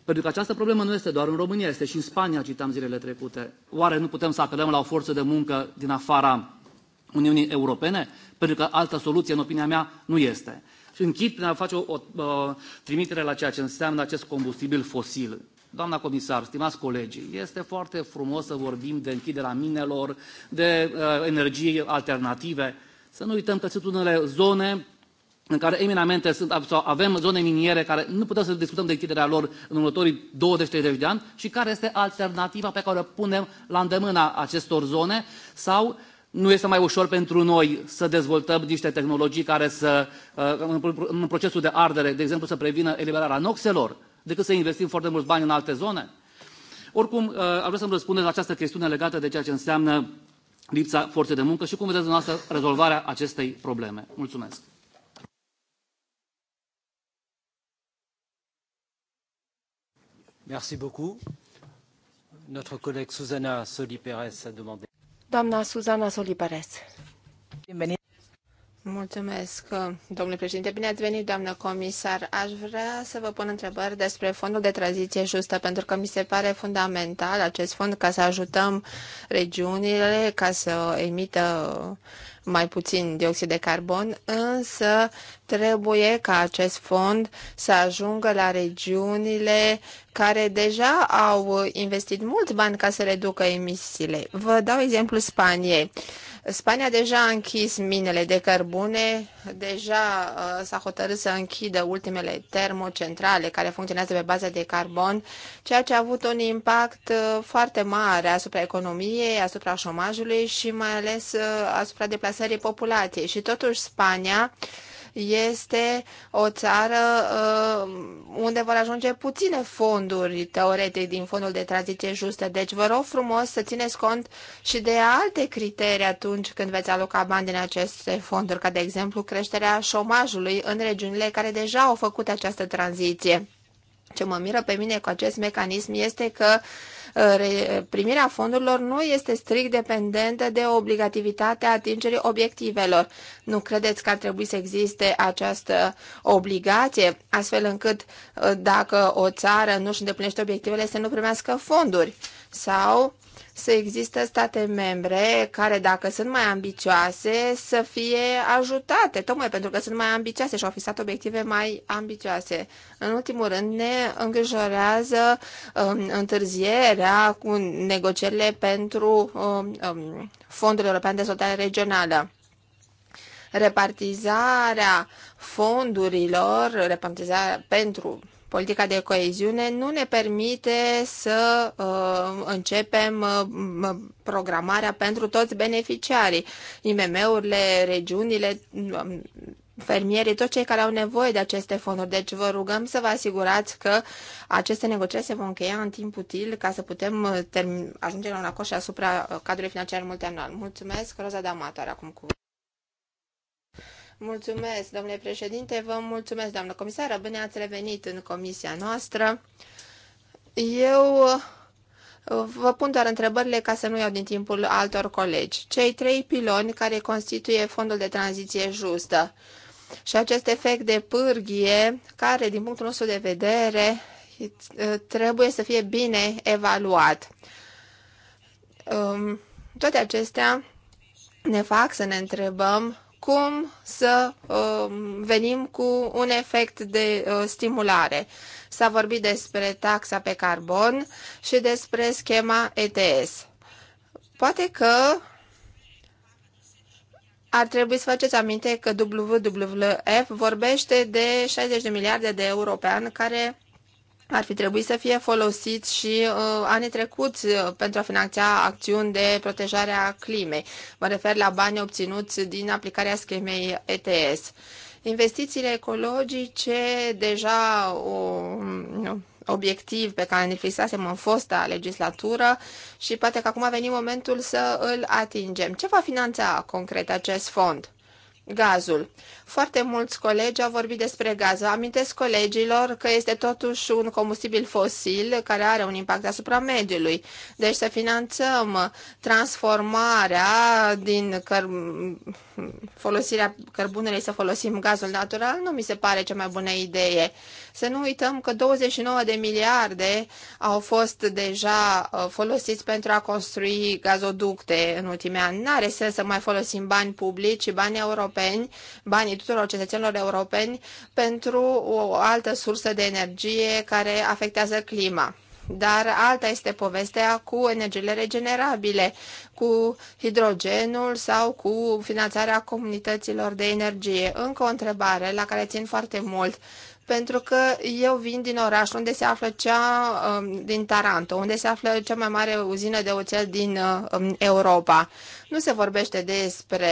pentru că această problemă nu este doar în România, este și în Spania, citam zilele trecute. Oare nu putem să apelăm la o forță de muncă din afara Uniunii Europene, pentru că altă soluție, în opinia mea, nu este. Și închid prin a face o, o, o trimitere la ceea ce înseamnă acest combustibil fosil. Doamna comisar, stimați colegii, este foarte frumos să vorbim de închiderea minelor, de uh, energii alternative. Să nu uităm că sunt unele zone în care eminamente sunt, sau avem zone miniere care nu putem să discutăm de închiderea lor în următorii 20-30 de ani și care este alternativa pe care o punem la îndemâna acestor zone sau nu este mai ușor pentru noi să dezvoltăm niște tehnologii care să, uh, în procesul de ardere, de exemplu, să prevină eliberarea noxelor, decât să investim foarte mulți bani în alte zone? Oricum, uh, ar vrea să-mi răspundeți la această chestiune legată de ceea ce înseamnă lipsa forței de muncă și cum vedeți dumneavoastră rezolvarea acestei probleme. Mulțumesc! Merci beaucoup. Notre collègue Susana Soli-Pérez a demandé. Doamna Suzana Soliperes. Bienvenit. Mulțumesc, domnule președinte. Bine ați venit, doamnă comisar. Aș vrea să vă pun întrebări despre fondul de tranziție justă, pentru că mi se pare fundamental acest fond ca să ajutăm regiunile ca să emită mai puțin dioxid de carbon, însă Trebuie ca acest fond să ajungă la regiunile care deja au investit mult bani ca să reducă emisiile. Vă dau exemplu Spaniei. Spania deja a închis minele de cărbune, deja uh, s-a hotărât să închidă ultimele termocentrale care funcționează pe bază de carbon, ceea ce a avut un impact uh, foarte mare asupra economiei, asupra șomajului și mai ales uh, asupra deplasării populației. Și totuși Spania uh, este o țară uh, unde vor ajunge puține fonduri, teoretic, din fondul de tranziție justă. Deci vă rog frumos să țineți cont și de alte criterii atunci când veți aloca bani din aceste fonduri, ca de exemplu creșterea șomajului în regiunile care deja au făcut această tranziție. Ce mă miră pe mine cu acest mecanism este că uh, primirea fondurilor nu este strict dependentă de obligativitatea atingerii obiectivelor. Nu credeți că ar trebui să existe această obligație, astfel încât uh, dacă o țară nu își îndeplinește obiectivele să nu primească fonduri? Sau să există state membre care, dacă sunt mai ambicioase, să fie ajutate, tocmai pentru că sunt mai ambicioase și au fixat obiective mai ambicioase. În ultimul rând, ne îngrijorează um, întârzierea cu negocierile pentru um, um, Fondul European de Dezvoltare Regională repartizarea fondurilor repartizarea pentru politica de coeziune nu ne permite să uh, începem uh, uh programarea pentru toți beneficiarii, IMM-urile, regiunile, um, fermierii, toți cei care au nevoie de aceste fonduri. Deci vă rugăm să vă asigurați că aceste negocieri se vor încheia în timp util ca să putem uh, ajunge la un acord și asupra uh, cadrului financiar multianual. Mulțumesc, Roza D'Amato, acum cu Mulțumesc, domnule președinte, vă mulțumesc, doamnă comisară, bine ați revenit în comisia noastră. Eu uh, vă pun doar întrebările ca să nu iau din timpul altor colegi. Cei trei piloni care constituie fondul de tranziție justă și acest efect de pârghie care, din punctul nostru de vedere, uh, trebuie să fie bine evaluat. Um, toate acestea ne fac să ne întrebăm cum să uh, venim cu un efect de uh, stimulare. S-a vorbit despre taxa pe carbon și despre schema ETS. Poate că ar trebui să faceți aminte că WWF vorbește de 60 de miliarde de euro pe an care ar fi trebuit să fie folosit și uh, anii trecuți uh, pentru a finanța acțiuni de protejare a climei. Mă refer la bani obținuți din aplicarea schemei ETS. Investițiile ecologice, deja un obiectiv pe care ne fixasem în fosta legislatură și poate că acum a venit momentul să îl atingem. Ce va finanța concret acest fond? gazul. Foarte mulți colegi au vorbit despre gaz. Amintesc colegilor că este totuși un combustibil fosil care are un impact asupra mediului. Deci să finanțăm transformarea din căr- folosirea cărbunelui să folosim gazul natural nu mi se pare cea mai bună idee. Să nu uităm că 29 de miliarde au fost deja uh, folosiți pentru a construi gazoducte în ultimii ani. N-are sens să mai folosim bani publici, bani europeni, banii tuturor cetățenilor europeni pentru o altă sursă de energie care afectează clima. Dar alta este povestea cu energiile regenerabile, cu hidrogenul sau cu finanțarea comunităților de energie. Încă o întrebare la care țin foarte mult pentru că eu vin din oraș unde se află cea um, din Taranto, unde se află cea mai mare uzină de oțel din um, Europa. Nu se vorbește despre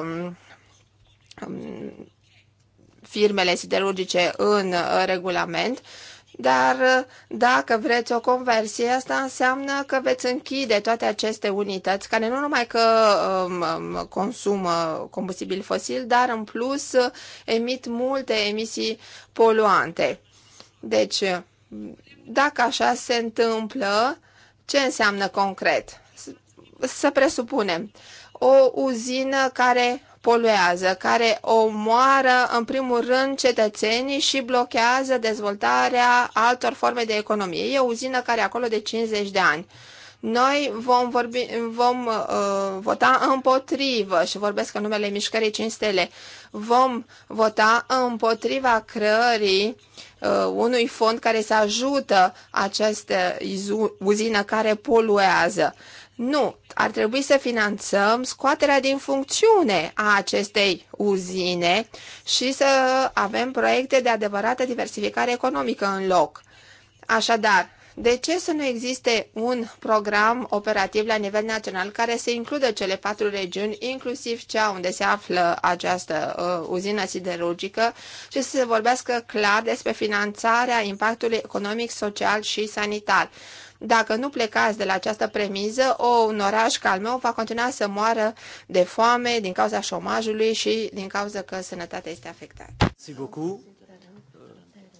um, um firmele siderurgice în uh, regulament, dar uh, dacă vreți o conversie, asta înseamnă că veți închide toate aceste unități, care nu numai că um, um consumă combustibil fosil, dar în plus uh, emit multe emisii poluante. Deci, uh, dacă așa se întâmplă, ce înseamnă concret? Să presupunem o uzină care poluează, care omoară în primul rând cetățenii și blochează dezvoltarea altor forme de economie. E o uzină care e acolo de 50 de ani. Noi vom, vorbi, vom uh, vota împotrivă și vorbesc în numele Mișcării 5 Stele. Vom vota împotriva creării uh, unui fond care să ajută această uzină care poluează. Uh, nu, ar trebui să finanțăm scoaterea din funcțiune a acestei uzine și să avem proiecte de adevărată diversificare economică în loc. Așadar, de ce să nu existe un program operativ la nivel național care să includă cele patru regiuni, inclusiv cea unde se află această uh, uzină siderurgică, și să se vorbească clar despre finanțarea impactului economic, social și sanitar? Dacă nu plecați de la această premiză, o, un oraș ca al meu va continua să moară de foame din cauza șomajului și din cauza că sănătatea este afectată. Merci beaucoup.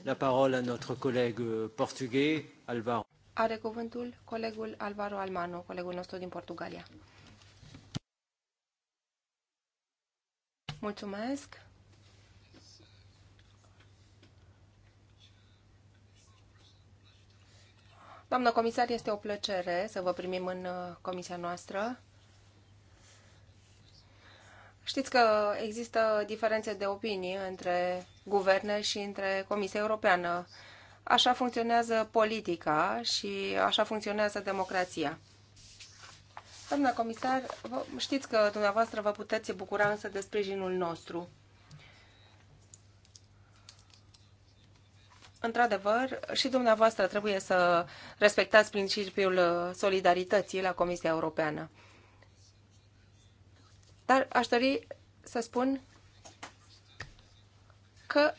La parole à notre collègue euh, portugais, Alvaro. Are cuvântul colegul Alvaro Almano, colegul nostru din Portugalia. Mulțumesc. Doamnă comisar, este o plăcere să vă primim în uh, comisia noastră. Știți că există diferențe de opinii între guverne și între Comisia Europeană. Așa funcționează politica și așa funcționează democrația. Doamna comisar, știți că dumneavoastră vă puteți bucura însă de sprijinul nostru. într-adevăr, și dumneavoastră trebuie să respectați principiul solidarității la Comisia Europeană. Dar aș dori să spun că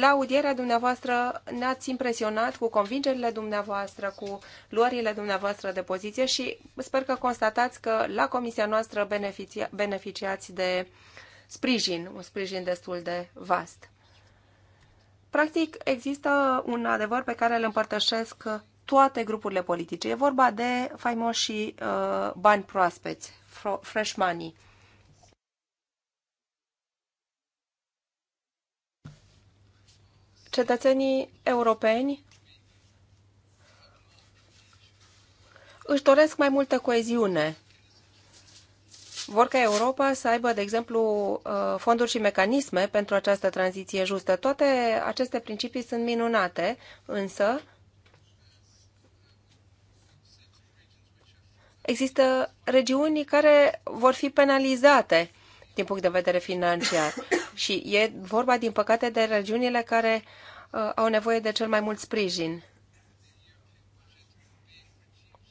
la audierea dumneavoastră ne-ați impresionat cu convingerile dumneavoastră, cu luările dumneavoastră de poziție și sper că constatați că la comisia noastră beneficia, beneficiați de sprijin, un sprijin destul de vast. Practic, există un adevăr pe care îl împărtășesc toate grupurile politice. E vorba de faimoșii uh, bani proaspeți, fresh money. Cetățenii europeni își doresc mai multă coeziune vor ca Europa să aibă, de exemplu, uh, fonduri și mecanisme pentru această tranziție justă. Toate aceste principii sunt minunate, însă există regiuni care vor fi penalizate din punct de vedere financiar. Și e vorba, din păcate, de regiunile care uh, au nevoie de cel mai mult sprijin.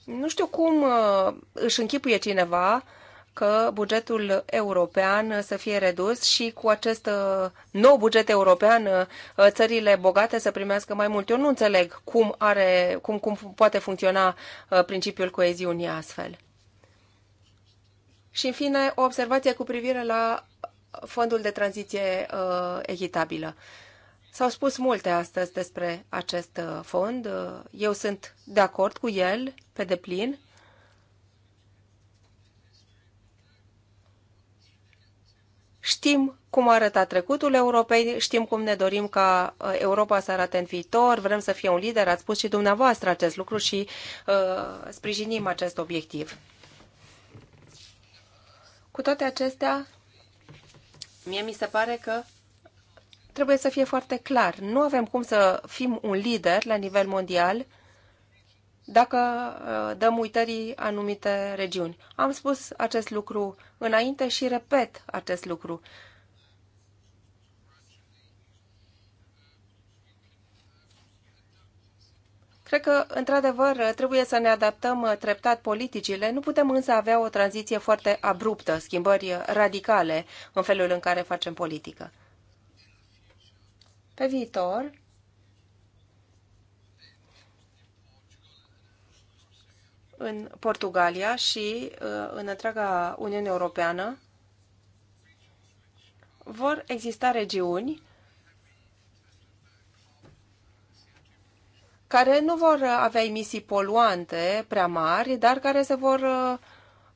Nu știu cum uh, își închipuie cineva că bugetul european să fie redus și cu acest uh, nou buget european uh, țările bogate să primească mai mult. Eu nu înțeleg cum, are, cum, cum poate funcționa uh, principiul coeziunii astfel. Și, în fine, o observație cu privire la fondul de tranziție uh, echitabilă. S-au spus multe astăzi despre acest fond. Eu sunt de acord cu el pe deplin. Știm cum arăta trecutul Europei, știm cum ne dorim ca uh, Europa să arate în viitor, vrem să fie un lider, ați spus și dumneavoastră acest lucru și uh, sprijinim acest obiectiv. Cu toate acestea, mie mi se pare că trebuie să fie foarte clar. Nu avem cum să fim un lider la nivel mondial uh, dacă uh, dăm uitării anumite regiuni. Am spus acest lucru înainte și repet acest lucru. Cred că, într-adevăr, trebuie să ne adaptăm uh, treptat politicile. Nu putem însă avea o tranziție foarte abruptă, schimbări uh, radicale în felul în care facem politică. Pe viitor, în Portugalia și uh, în întreaga Uniune Europeană vor exista regiuni care nu vor avea emisii poluante prea mari, dar care se vor uh,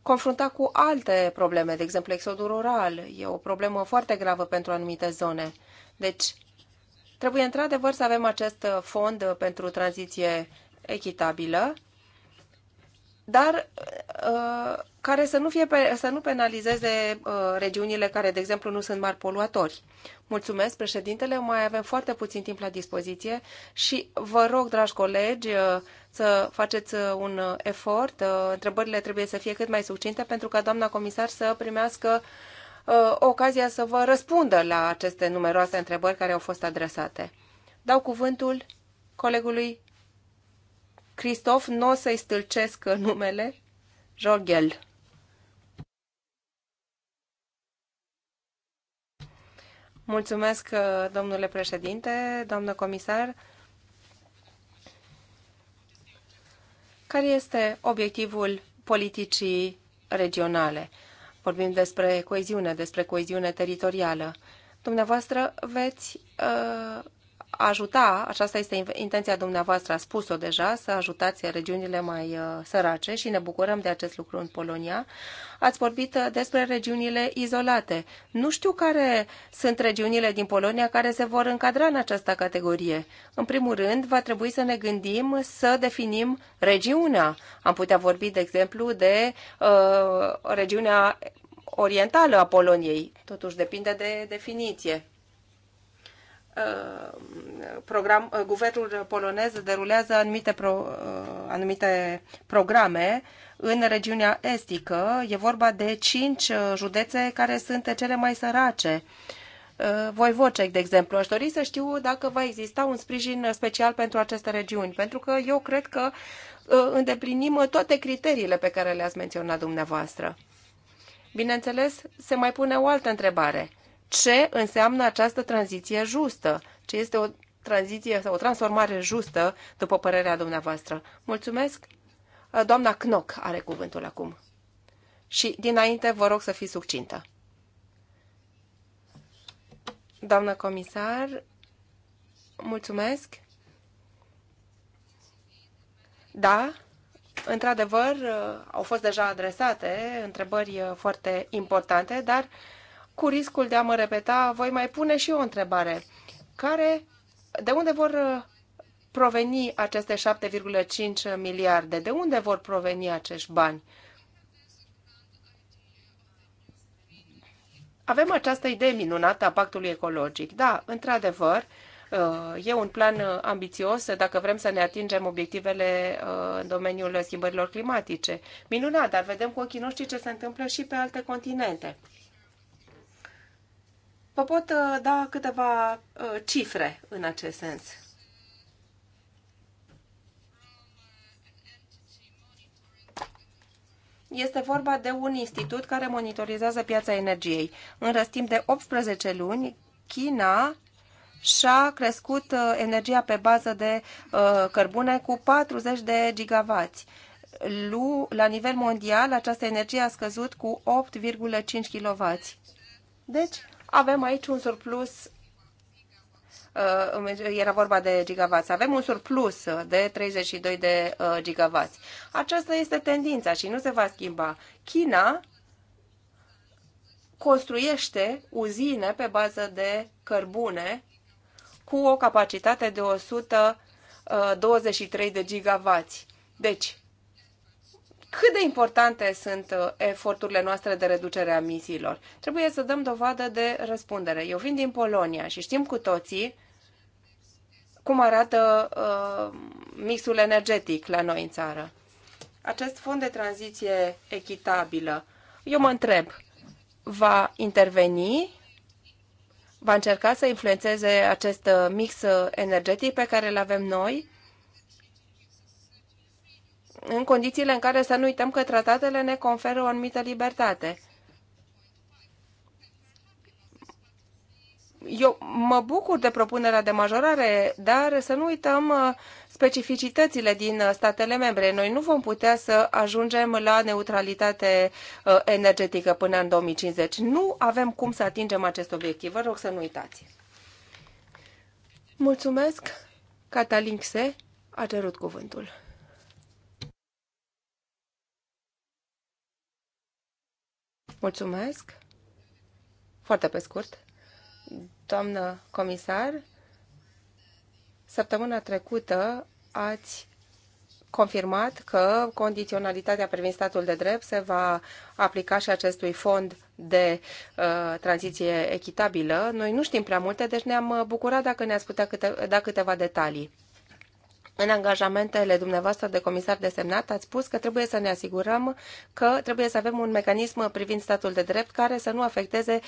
confrunta cu alte probleme, de exemplu exodul rural. E o problemă foarte gravă pentru anumite zone. Deci, trebuie într-adevăr să avem acest fond pentru tranziție echitabilă dar uh, care să nu, fie pe, să nu penalizeze uh, regiunile care, de exemplu, nu sunt mari poluatori. Mulțumesc, președintele, mai avem foarte puțin timp la dispoziție și vă rog, dragi colegi, uh, să faceți uh, un uh, efort. Uh, întrebările trebuie să fie cât mai succinte pentru ca doamna comisar să primească uh, ocazia să vă răspundă la aceste numeroase întrebări care au fost adresate. Dau cuvântul colegului Cristof, nu o să-i stâlcesc numele, Jorgel. Mulțumesc, uh, domnule președinte, doamnă comisar. Care este obiectivul politicii regionale? Vorbim despre coeziune, despre coeziune teritorială. Dumneavoastră veți uh, ajuta, aceasta este intenția dumneavoastră, a spus-o deja, să ajutați regiunile mai uh, sărace și ne bucurăm de acest lucru în Polonia. Ați vorbit uh, despre regiunile izolate. Nu știu care sunt regiunile din Polonia care se vor încadra în această categorie. În primul rând, va trebui să ne gândim să definim regiunea. Am putea vorbi, de exemplu, de uh, regiunea orientală a Poloniei. Totuși, depinde de definiție. Uh, program, uh, guvernul polonez derulează anumite, pro, uh, anumite programe în regiunea estică. E vorba de cinci județe care sunt cele mai sărace. Voivocec, de exemplu. Aș dori să știu dacă va exista un sprijin special pentru aceste regiuni, pentru că eu cred că îndeplinim toate criteriile pe care le-ați menționat dumneavoastră. Bineînțeles, se mai pune o altă întrebare – ce înseamnă această tranziție justă, ce este o tranziție sau o transformare justă, după părerea dumneavoastră. Mulțumesc! Uh, doamna Knock are cuvântul acum. Și dinainte vă rog să fiți succintă. Doamnă comisar, mulțumesc. Da, într-adevăr, uh, au fost deja adresate întrebări uh, foarte importante, dar cu riscul de a mă repeta, voi mai pune și o întrebare. Care, de unde vor uh, proveni aceste 7,5 miliarde? De unde vor proveni acești bani? Avem această idee minunată a pactului ecologic. Da, într-adevăr, uh, e un plan uh, ambițios dacă vrem să ne atingem obiectivele în domeniul schimbărilor climatice. Minunat, dar vedem cu ochii noștri ce se întâmplă și pe alte continente. Vă pot uh, da câteva uh, cifre în acest sens. Este vorba de un institut care monitorizează piața energiei. În răstimp de 18 luni, China și-a crescut uh, energia pe bază de uh, cărbune cu 40 de gigavați. La nivel mondial, această energie a scăzut cu 8,5 kW. Deci, avem aici un surplus uh, era vorba de gigavați. Avem un surplus de 32 de uh, gigavați. Aceasta este tendința și nu se va schimba. China construiește uzine pe bază de cărbune cu o capacitate de 123 uh, de gigavați. Deci, cât de importante sunt uh, eforturile noastre de reducere a misiilor? Trebuie să dăm dovadă de răspundere. Eu vin din Polonia și știm cu toții cum arată uh, mixul energetic la noi în țară. Acest fond de tranziție echitabilă, eu mă întreb, va interveni, va încerca să influențeze acest uh, mix uh, energetic pe care îl avem noi? în condițiile în care să nu uităm că tratatele ne conferă o anumită libertate. Eu mă bucur de propunerea de majorare, dar să nu uităm uh, specificitățile din uh, statele membre. Noi nu vom putea să ajungem la neutralitate uh, energetică până în 2050. Nu avem cum să atingem acest obiectiv. Vă rog să nu uitați. Mulțumesc. Catalinxe a cerut cuvântul. Mulțumesc. Foarte pe scurt. Doamnă comisar, săptămâna trecută ați confirmat că condiționalitatea privind statul de drept se va aplica și acestui fond de uh, tranziție echitabilă. Noi nu știm prea multe, deci ne-am uh, bucurat dacă ne-ați putea câte, da câteva detalii. În angajamentele dumneavoastră de comisar desemnat ați spus că trebuie să ne asigurăm că trebuie să avem un mecanism privind statul de drept care să nu afecteze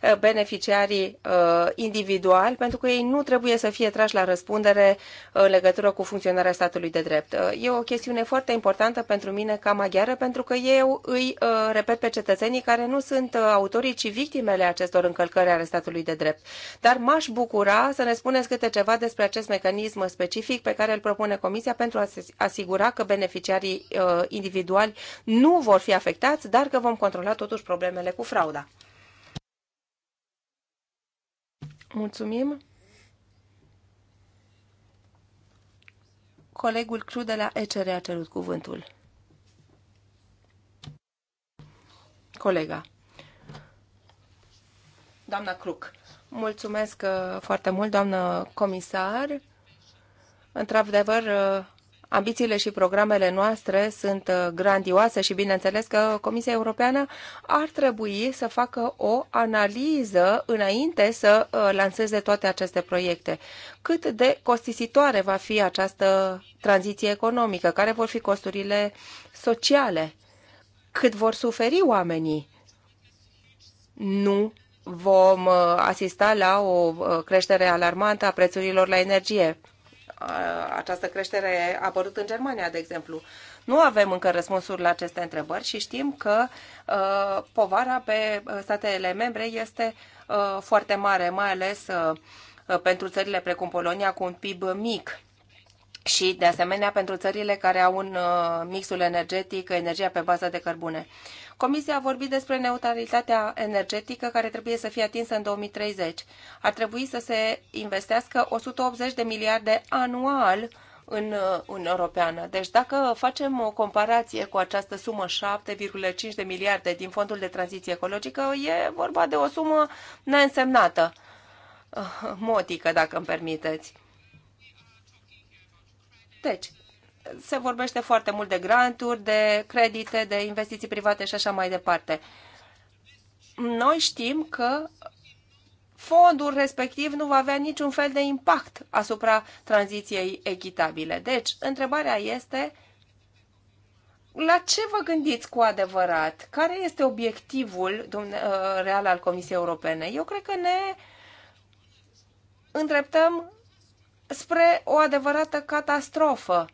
eh, beneficiarii eh, individual, pentru că ei nu trebuie să fie trași la răspundere eh, în legătură cu funcționarea statului de drept. E o chestiune foarte importantă pentru mine ca maghiară, pentru că eu îi repet pe cetățenii care nu sunt autorii, ci victimele acestor încălcări ale statului de drept. Dar m-aș bucura să ne spuneți câte ceva despre acest mecanism specific pe care îl propune Comisia pentru a se asigura că beneficiarii uh, individuali nu vor fi afectați, dar că vom controla totuși problemele cu frauda. Mulțumim. Colegul Cru de la ECR a cerut cuvântul. Colega. Doamna Cruc. Mulțumesc uh, foarte mult, doamnă comisar. Într-adevăr, uh, ambițiile și programele noastre sunt uh, grandioase și bineînțeles că Comisia Europeană ar trebui să facă o analiză înainte să uh, lanseze toate aceste proiecte. Cât de costisitoare va fi această tranziție economică? Care vor fi costurile sociale? Cât vor suferi oamenii? Nu vom asista la o creștere alarmantă a prețurilor la energie această creștere a apărut în Germania, de exemplu. Nu avem încă răspunsuri la aceste întrebări și știm că uh, povara pe statele membre este uh, foarte mare, mai ales uh, pentru țările precum Polonia cu un PIB mic și, de asemenea, pentru țările care au un uh, mixul energetic, energia pe bază de cărbune. Comisia a vorbit despre neutralitatea energetică care trebuie să fie atinsă în 2030. Ar trebui să se investească 180 de miliarde anual în uh, Uniunea Europeană. Deci dacă facem o comparație cu această sumă 7,5 de miliarde din fondul de tranziție ecologică, e vorba de o sumă neînsemnată, uh, motică, dacă îmi permiteți. Deci, se vorbește foarte mult de granturi, de credite, de investiții private și așa mai departe. Noi știm că fondul respectiv nu va avea niciun fel de impact asupra tranziției echitabile. Deci, întrebarea este la ce vă gândiți cu adevărat? Care este obiectivul uh, real al Comisiei Europene? Eu cred că ne îndreptăm spre o adevărată catastrofă.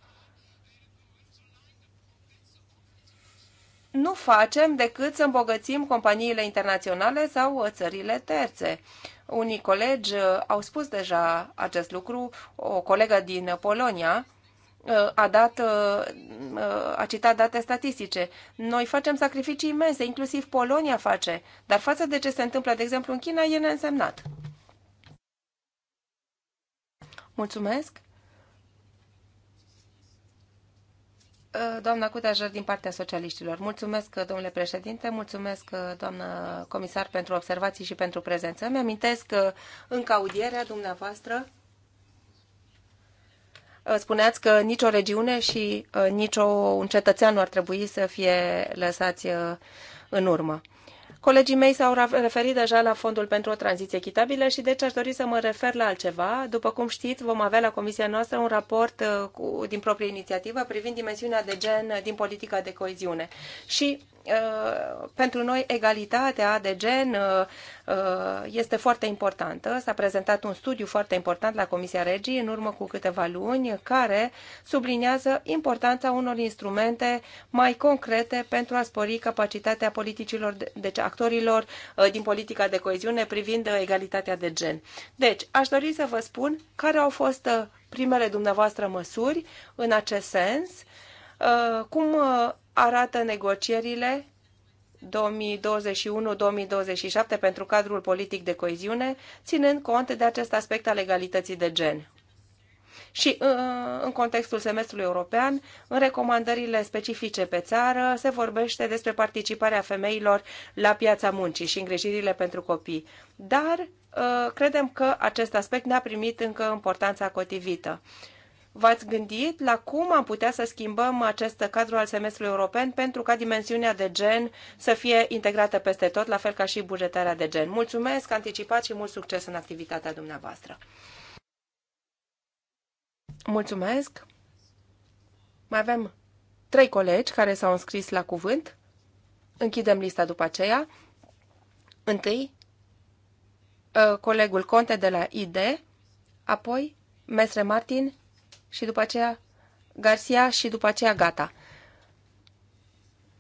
Nu facem decât să îmbogățim companiile internaționale sau țările terțe. Unii colegi uh, au spus deja acest lucru, o colegă din Polonia, uh, a dat, uh, a citat date statistice. Noi facem sacrificii imense, inclusiv Polonia face, dar față de ce se întâmplă, de exemplu, în China, e neînsemnat. Mulțumesc. Uh, doamna Cutajer din partea socialiștilor. Mulțumesc, uh, domnule președinte, mulțumesc, uh, doamnă comisar, pentru observații și pentru prezență. Îmi amintesc că în audierea dumneavoastră spuneați că nicio regiune și nicio un cetățean nu ar trebui să fie lăsați în urmă. Colegii mei s-au referit deja la Fondul pentru o tranziție echitabilă și deci aș dori să mă refer la altceva. După cum știți, vom avea la comisia noastră un raport uh, cu, din proprie inițiativă privind dimensiunea de gen uh, din politica de coeziune. Și Uh, pentru noi egalitatea de gen uh, uh, este foarte importantă. S-a prezentat un studiu foarte important la Comisia Regii în urmă cu câteva luni care subliniază importanța unor instrumente mai concrete pentru a spori capacitatea politicilor, deci actorilor din politica de coeziune privind egalitatea de gen. Deci, aș dori să vă spun care au fost primele dumneavoastră măsuri în acest sens, cum arată negocierile 2021-2027 pentru cadrul politic de coeziune, ținând cont de acest aspect al legalității de gen. Și uh, în contextul semestrului european, în recomandările specifice pe țară, se vorbește despre participarea femeilor la piața muncii și îngrijirile pentru copii. Dar uh, credem că acest aspect n-a primit încă importanța cotivită. V-ați gândit la cum am putea să schimbăm acest cadru al semestrului european pentru ca dimensiunea de gen să fie integrată peste tot, la fel ca și bugetarea de gen. Mulțumesc anticipat și mult succes în activitatea dumneavoastră. Mulțumesc. Mai avem trei colegi care s-au înscris la cuvânt. Închidem lista după aceea. Întâi, uh, colegul Conte de la ID, apoi Mestre Martin și după aceea Garcia și după aceea gata.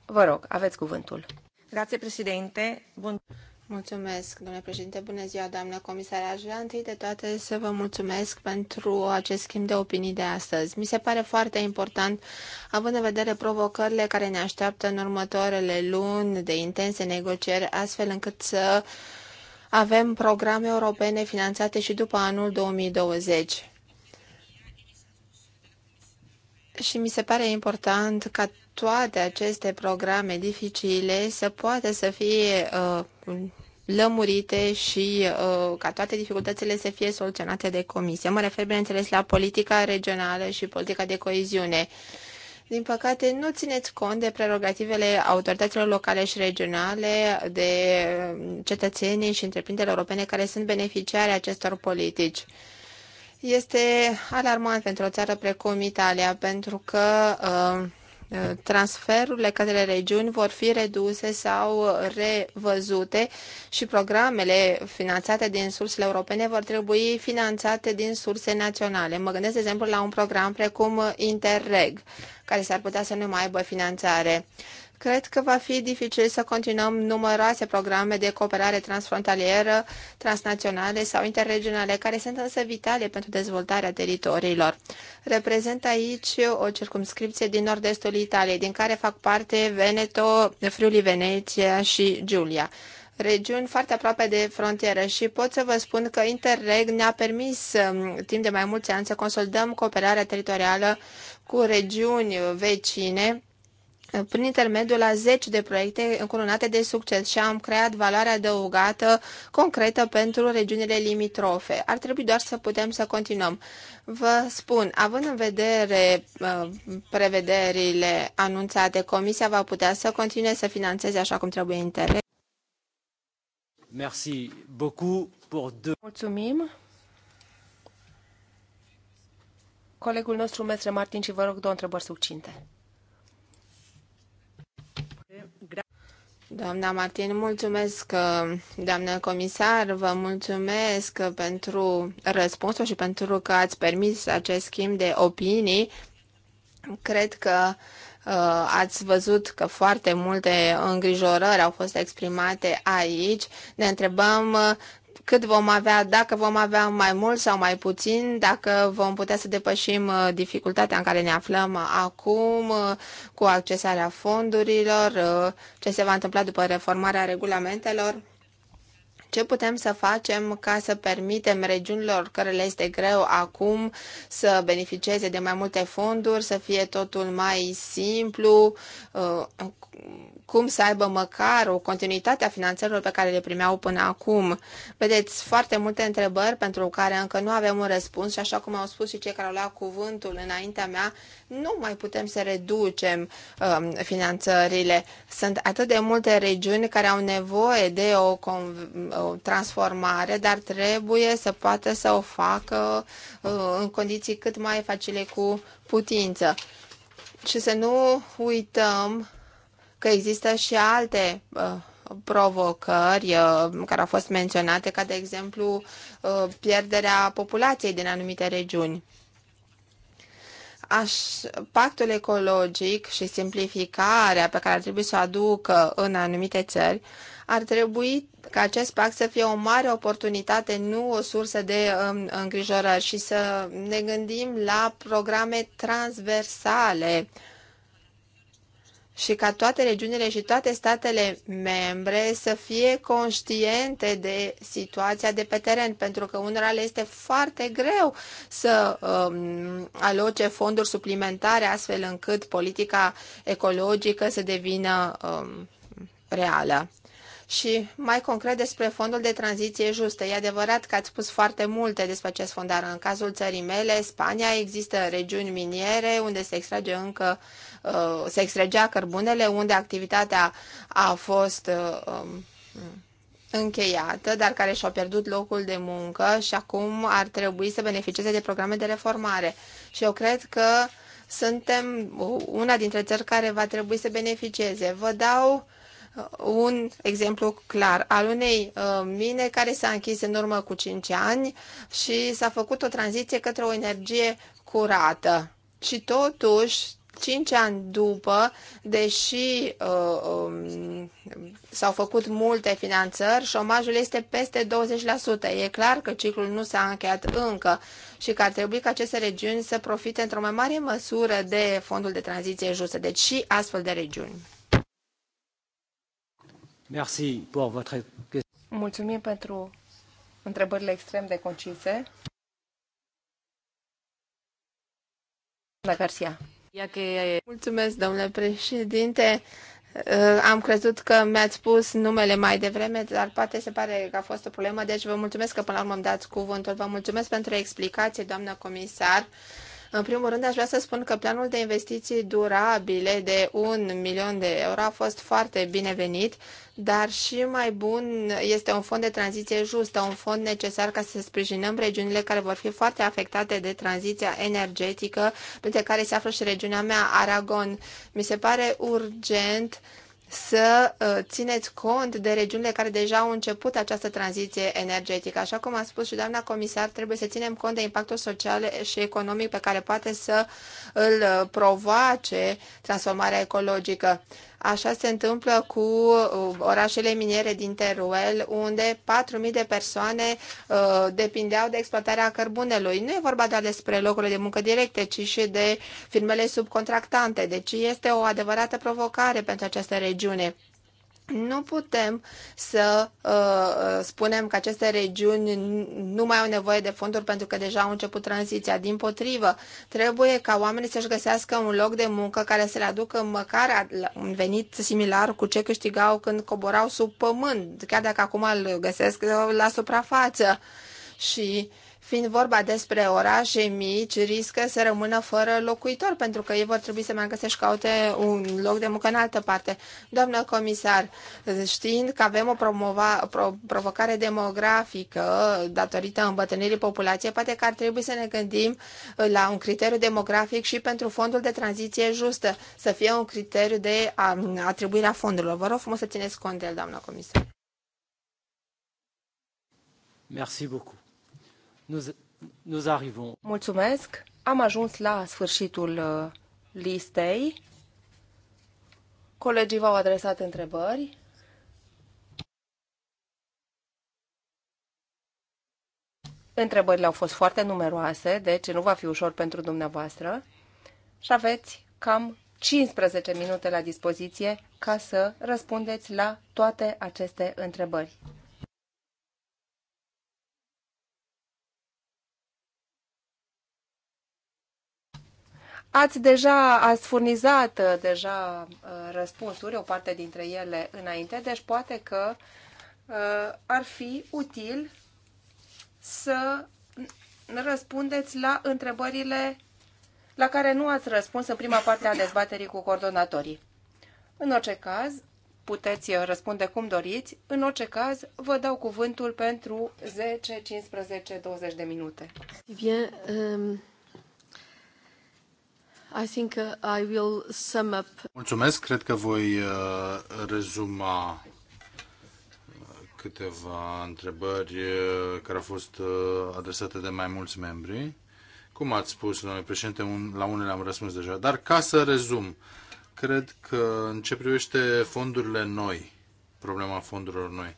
Vă rog, aveți cuvântul. Grație, președinte. Bun. Mulțumesc, domnule președinte. Bună ziua, doamnă comisar. Aș vrea întâi de toate să vă mulțumesc pentru acest schimb de opinii de astăzi. Mi se pare foarte important, având în vedere provocările care ne așteaptă în următoarele luni de intense negocieri, astfel încât să avem programe europene finanțate și după anul 2020. Și mi se pare important ca toate aceste programe dificile să poată să fie uh, lămurite și uh, ca toate dificultățile să fie soluționate de comisie. Mă refer, bineînțeles, la politica regională și politica de coeziune. Din păcate, nu țineți cont de prerogativele autorităților locale și regionale, de uh, cetățenii și întreprinderile europene care sunt beneficiari acestor politici este alarmant pentru o țară precum Italia, pentru că uh, uh, transferurile către regiuni vor fi reduse sau revăzute și programele finanțate din sursele europene vor trebui finanțate din surse naționale. Mă gândesc, de exemplu, la un program precum Interreg, care s-ar putea să nu mai aibă finanțare. Cred că va fi dificil să continuăm numeroase programe de cooperare transfrontalieră, transnaționale sau interregionale, care sunt însă vitale pentru dezvoltarea teritoriilor. Reprezent aici o circumscripție din nord-estul Italiei, din care fac parte Veneto, Friuli Veneția și Giulia regiuni foarte aproape de frontieră și pot să vă spun că Interreg ne-a permis um, timp de mai mulți ani să consolidăm cooperarea teritorială cu regiuni vecine prin intermediul a 10 de proiecte încoronate de succes și am creat valoare adăugată concretă pentru regiunile limitrofe. Ar trebui doar să putem să continuăm. Vă spun, având în vedere uh, prevederile anunțate, Comisia va putea să continue să financeze așa cum trebuie interes. Merci beaucoup pour deux... Mulțumim. Colegul nostru, Mestre Martin, și vă rog două întrebări succinte. Doamna Martin, mulțumesc, uh, doamnă comisar, vă mulțumesc pentru răspunsul și pentru că ați permis acest schimb de opinii. Cred că uh, ați văzut că foarte multe îngrijorări au fost exprimate aici. Ne întrebăm cât vom avea, dacă vom avea mai mult sau mai puțin, dacă vom putea să depășim uh, dificultatea în care ne aflăm acum uh, cu accesarea fondurilor, uh, ce se va întâmpla după reformarea regulamentelor. Ce putem să facem ca să permitem regiunilor care le este greu acum să beneficieze de mai multe fonduri, să fie totul mai simplu, cum să aibă măcar o continuitate a finanțărilor pe care le primeau până acum. Vedeți foarte multe întrebări pentru care încă nu avem un răspuns și așa cum au spus și cei care au luat cuvântul înaintea mea, nu mai putem să reducem um, finanțările. Sunt atât de multe regiuni care au nevoie de o, o transformare, dar trebuie să poată să o facă uh, în condiții cât mai facile cu putință. Și să nu uităm că există și alte uh, provocări uh, care au fost menționate, ca de exemplu uh, pierderea populației din anumite regiuni. Aș, pactul ecologic și simplificarea pe care ar trebui să o aducă în anumite țări, ar trebui ca acest pact să fie o mare oportunitate, nu o sursă de um, îngrijorări și să ne gândim la programe transversale și ca toate regiunile și toate statele membre să fie conștiente de situația de pe teren, pentru că unora le este foarte greu să um, aloce fonduri suplimentare astfel încât politica ecologică să devină um, reală. Și mai concret despre fondul de tranziție justă. E adevărat că ați spus foarte multe despre acest fond, dar în cazul țării mele, Spania, există regiuni miniere unde se extrage încă, uh, se extragea cărbunele, unde activitatea a fost uh, um, încheiată, dar care și-au pierdut locul de muncă și acum ar trebui să beneficieze de programe de reformare. Și eu cred că suntem una dintre țări care va trebui să beneficieze. Vă dau Uh, un exemplu clar al unei uh, mine care s-a închis în urmă cu 5 ani și s-a făcut o tranziție către o energie curată. Și totuși, 5 ani după, deși uh, um, s-au făcut multe finanțări, șomajul este peste 20%. E clar că ciclul nu s-a încheiat încă și că ar trebui ca aceste regiuni să profite într-o mai mare măsură de fondul de tranziție justă, deci și astfel de regiuni. Mulțumim pentru întrebările extrem de concise. Garcia. Mulțumesc, domnule președinte. Uh, am crezut că mi-ați spus numele mai devreme, dar poate se pare că a fost o problemă, deci vă mulțumesc că până la urmă îmi dați cuvântul. Vă mulțumesc pentru explicație, doamnă comisar. În primul rând, aș vrea să spun că planul de investiții durabile de un milion de euro a fost foarte binevenit, dar și mai bun este un fond de tranziție justă, un fond necesar ca să sprijinăm regiunile care vor fi foarte afectate de tranziția energetică, printre care se află și regiunea mea, Aragon. Mi se pare urgent să uh, țineți cont de regiunile care deja au început această tranziție energetică. Așa cum a spus și doamna comisar, trebuie să ținem cont de impactul social și economic pe care poate să îl uh, provoace transformarea ecologică. Așa se întâmplă cu uh, orașele miniere din Teruel, unde 4.000 de persoane uh, depindeau de exploatarea cărbunelui. Nu e vorba doar despre locurile de muncă directe, ci și de firmele subcontractante. Deci este o adevărată provocare pentru această regiune. Nu putem să uh, uh, spunem că aceste regiuni nu mai au nevoie de fonduri pentru că deja au început tranziția. Din potrivă, trebuie ca oamenii să-și găsească un loc de muncă care să le aducă măcar un venit similar cu ce câștigau când coborau sub pământ, chiar dacă acum îl găsesc uh, la suprafață. Și uh, fiind vorba despre orașe mici, riscă să rămână fără locuitor, pentru că ei vor trebui să mai găsești caute un loc de muncă în altă parte. Doamnă comisar, știind că avem o promova, pro, provocare demografică datorită îmbătrânirii populației, poate că ar trebui să ne gândim la un criteriu demografic și pentru fondul de tranziție justă, să fie un criteriu de atribuire a fondurilor. Vă rog frumos să țineți cont de el, doamnă comisar. Merci beaucoup. Nous, nous arrivons. Mulțumesc. Am ajuns la sfârșitul uh, listei. Colegii v-au adresat întrebări. Întrebările au fost foarte numeroase, deci nu va fi ușor pentru dumneavoastră. Și aveți cam 15 minute la dispoziție ca să răspundeți la toate aceste întrebări. Ați deja, ați furnizat uh, deja uh, răspunsuri, o parte dintre ele înainte, deci poate că uh, ar fi util să răspundeți la întrebările la care nu ați răspuns în prima parte a dezbaterii cu coordonatorii. În orice caz, puteți răspunde cum doriți. În orice caz, vă dau cuvântul pentru 10, 15, 20 de minute. Eh Bine, euh, um... I think uh, I will sum up. Mulțumesc, cred că voi uh, rezuma uh, câteva întrebări care au fost adresate de mai mulți membri. Cum ați spus, domnule președinte, un, la unele am răspuns deja, dar ca să rezum, cred că în ce privește fondurile noi, problema fondurilor noi,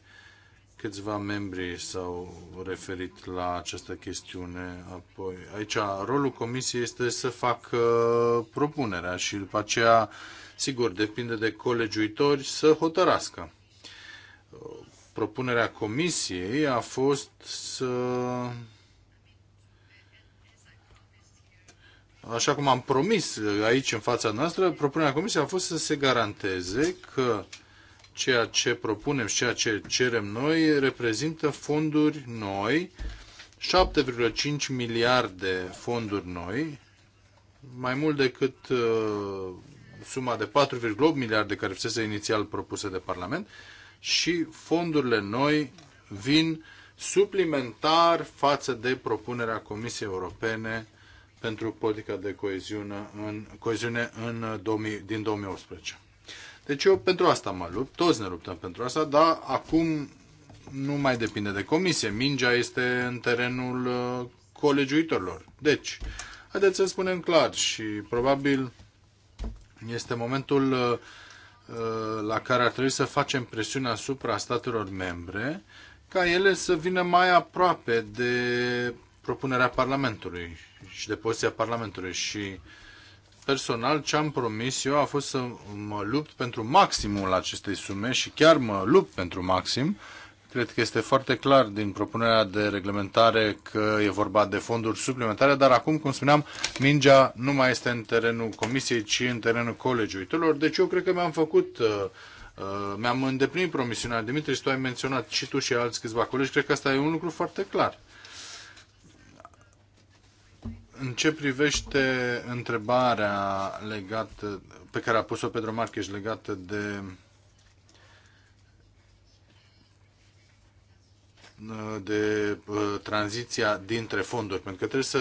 Câțiva membri s-au referit la această chestiune. Apoi, aici, rolul comisiei este să facă uh, propunerea și după aceea, sigur, depinde de colegiuitori să hotărască. Uh, propunerea comisiei a fost să așa cum am promis aici în fața noastră, propunerea Comisiei a fost să se garanteze că ceea ce propunem și ceea ce cerem noi reprezintă fonduri noi, 7,5 miliarde fonduri noi, mai mult decât uh, suma de 4,8 miliarde care fusese inițial propuse de Parlament și fondurile noi vin suplimentar față de propunerea Comisiei Europene pentru politica de coeziune în, coeziune în 2000, uh, din 2018. Deci eu pentru asta mă lupt, toți ne luptăm pentru asta, dar acum nu mai depinde de comisie. Mingea este în terenul uh, colegiuitorilor. Deci, haideți să spunem clar și probabil este momentul uh, uh, la care ar trebui să facem presiune asupra statelor membre ca ele să vină mai aproape de propunerea Parlamentului și de poziția Parlamentului și personal, ce am promis eu a fost să mă lupt pentru maximul acestei sume și chiar mă lupt pentru maxim. Cred că este foarte clar din propunerea de reglementare că e vorba de fonduri suplimentare, dar acum, cum spuneam, mingea nu mai este în terenul comisiei, ci în terenul colegiuitorilor. Deci eu cred că mi-am făcut, uh, uh, mi-am îndeplinit promisiunea. Dimitri, tu ai menționat și tu și alți câțiva colegi, cred că asta e un lucru foarte clar. În ce privește întrebarea legată, pe care a pus-o Pedro Marques legată de de uh, tranziția dintre fonduri, pentru că trebuie să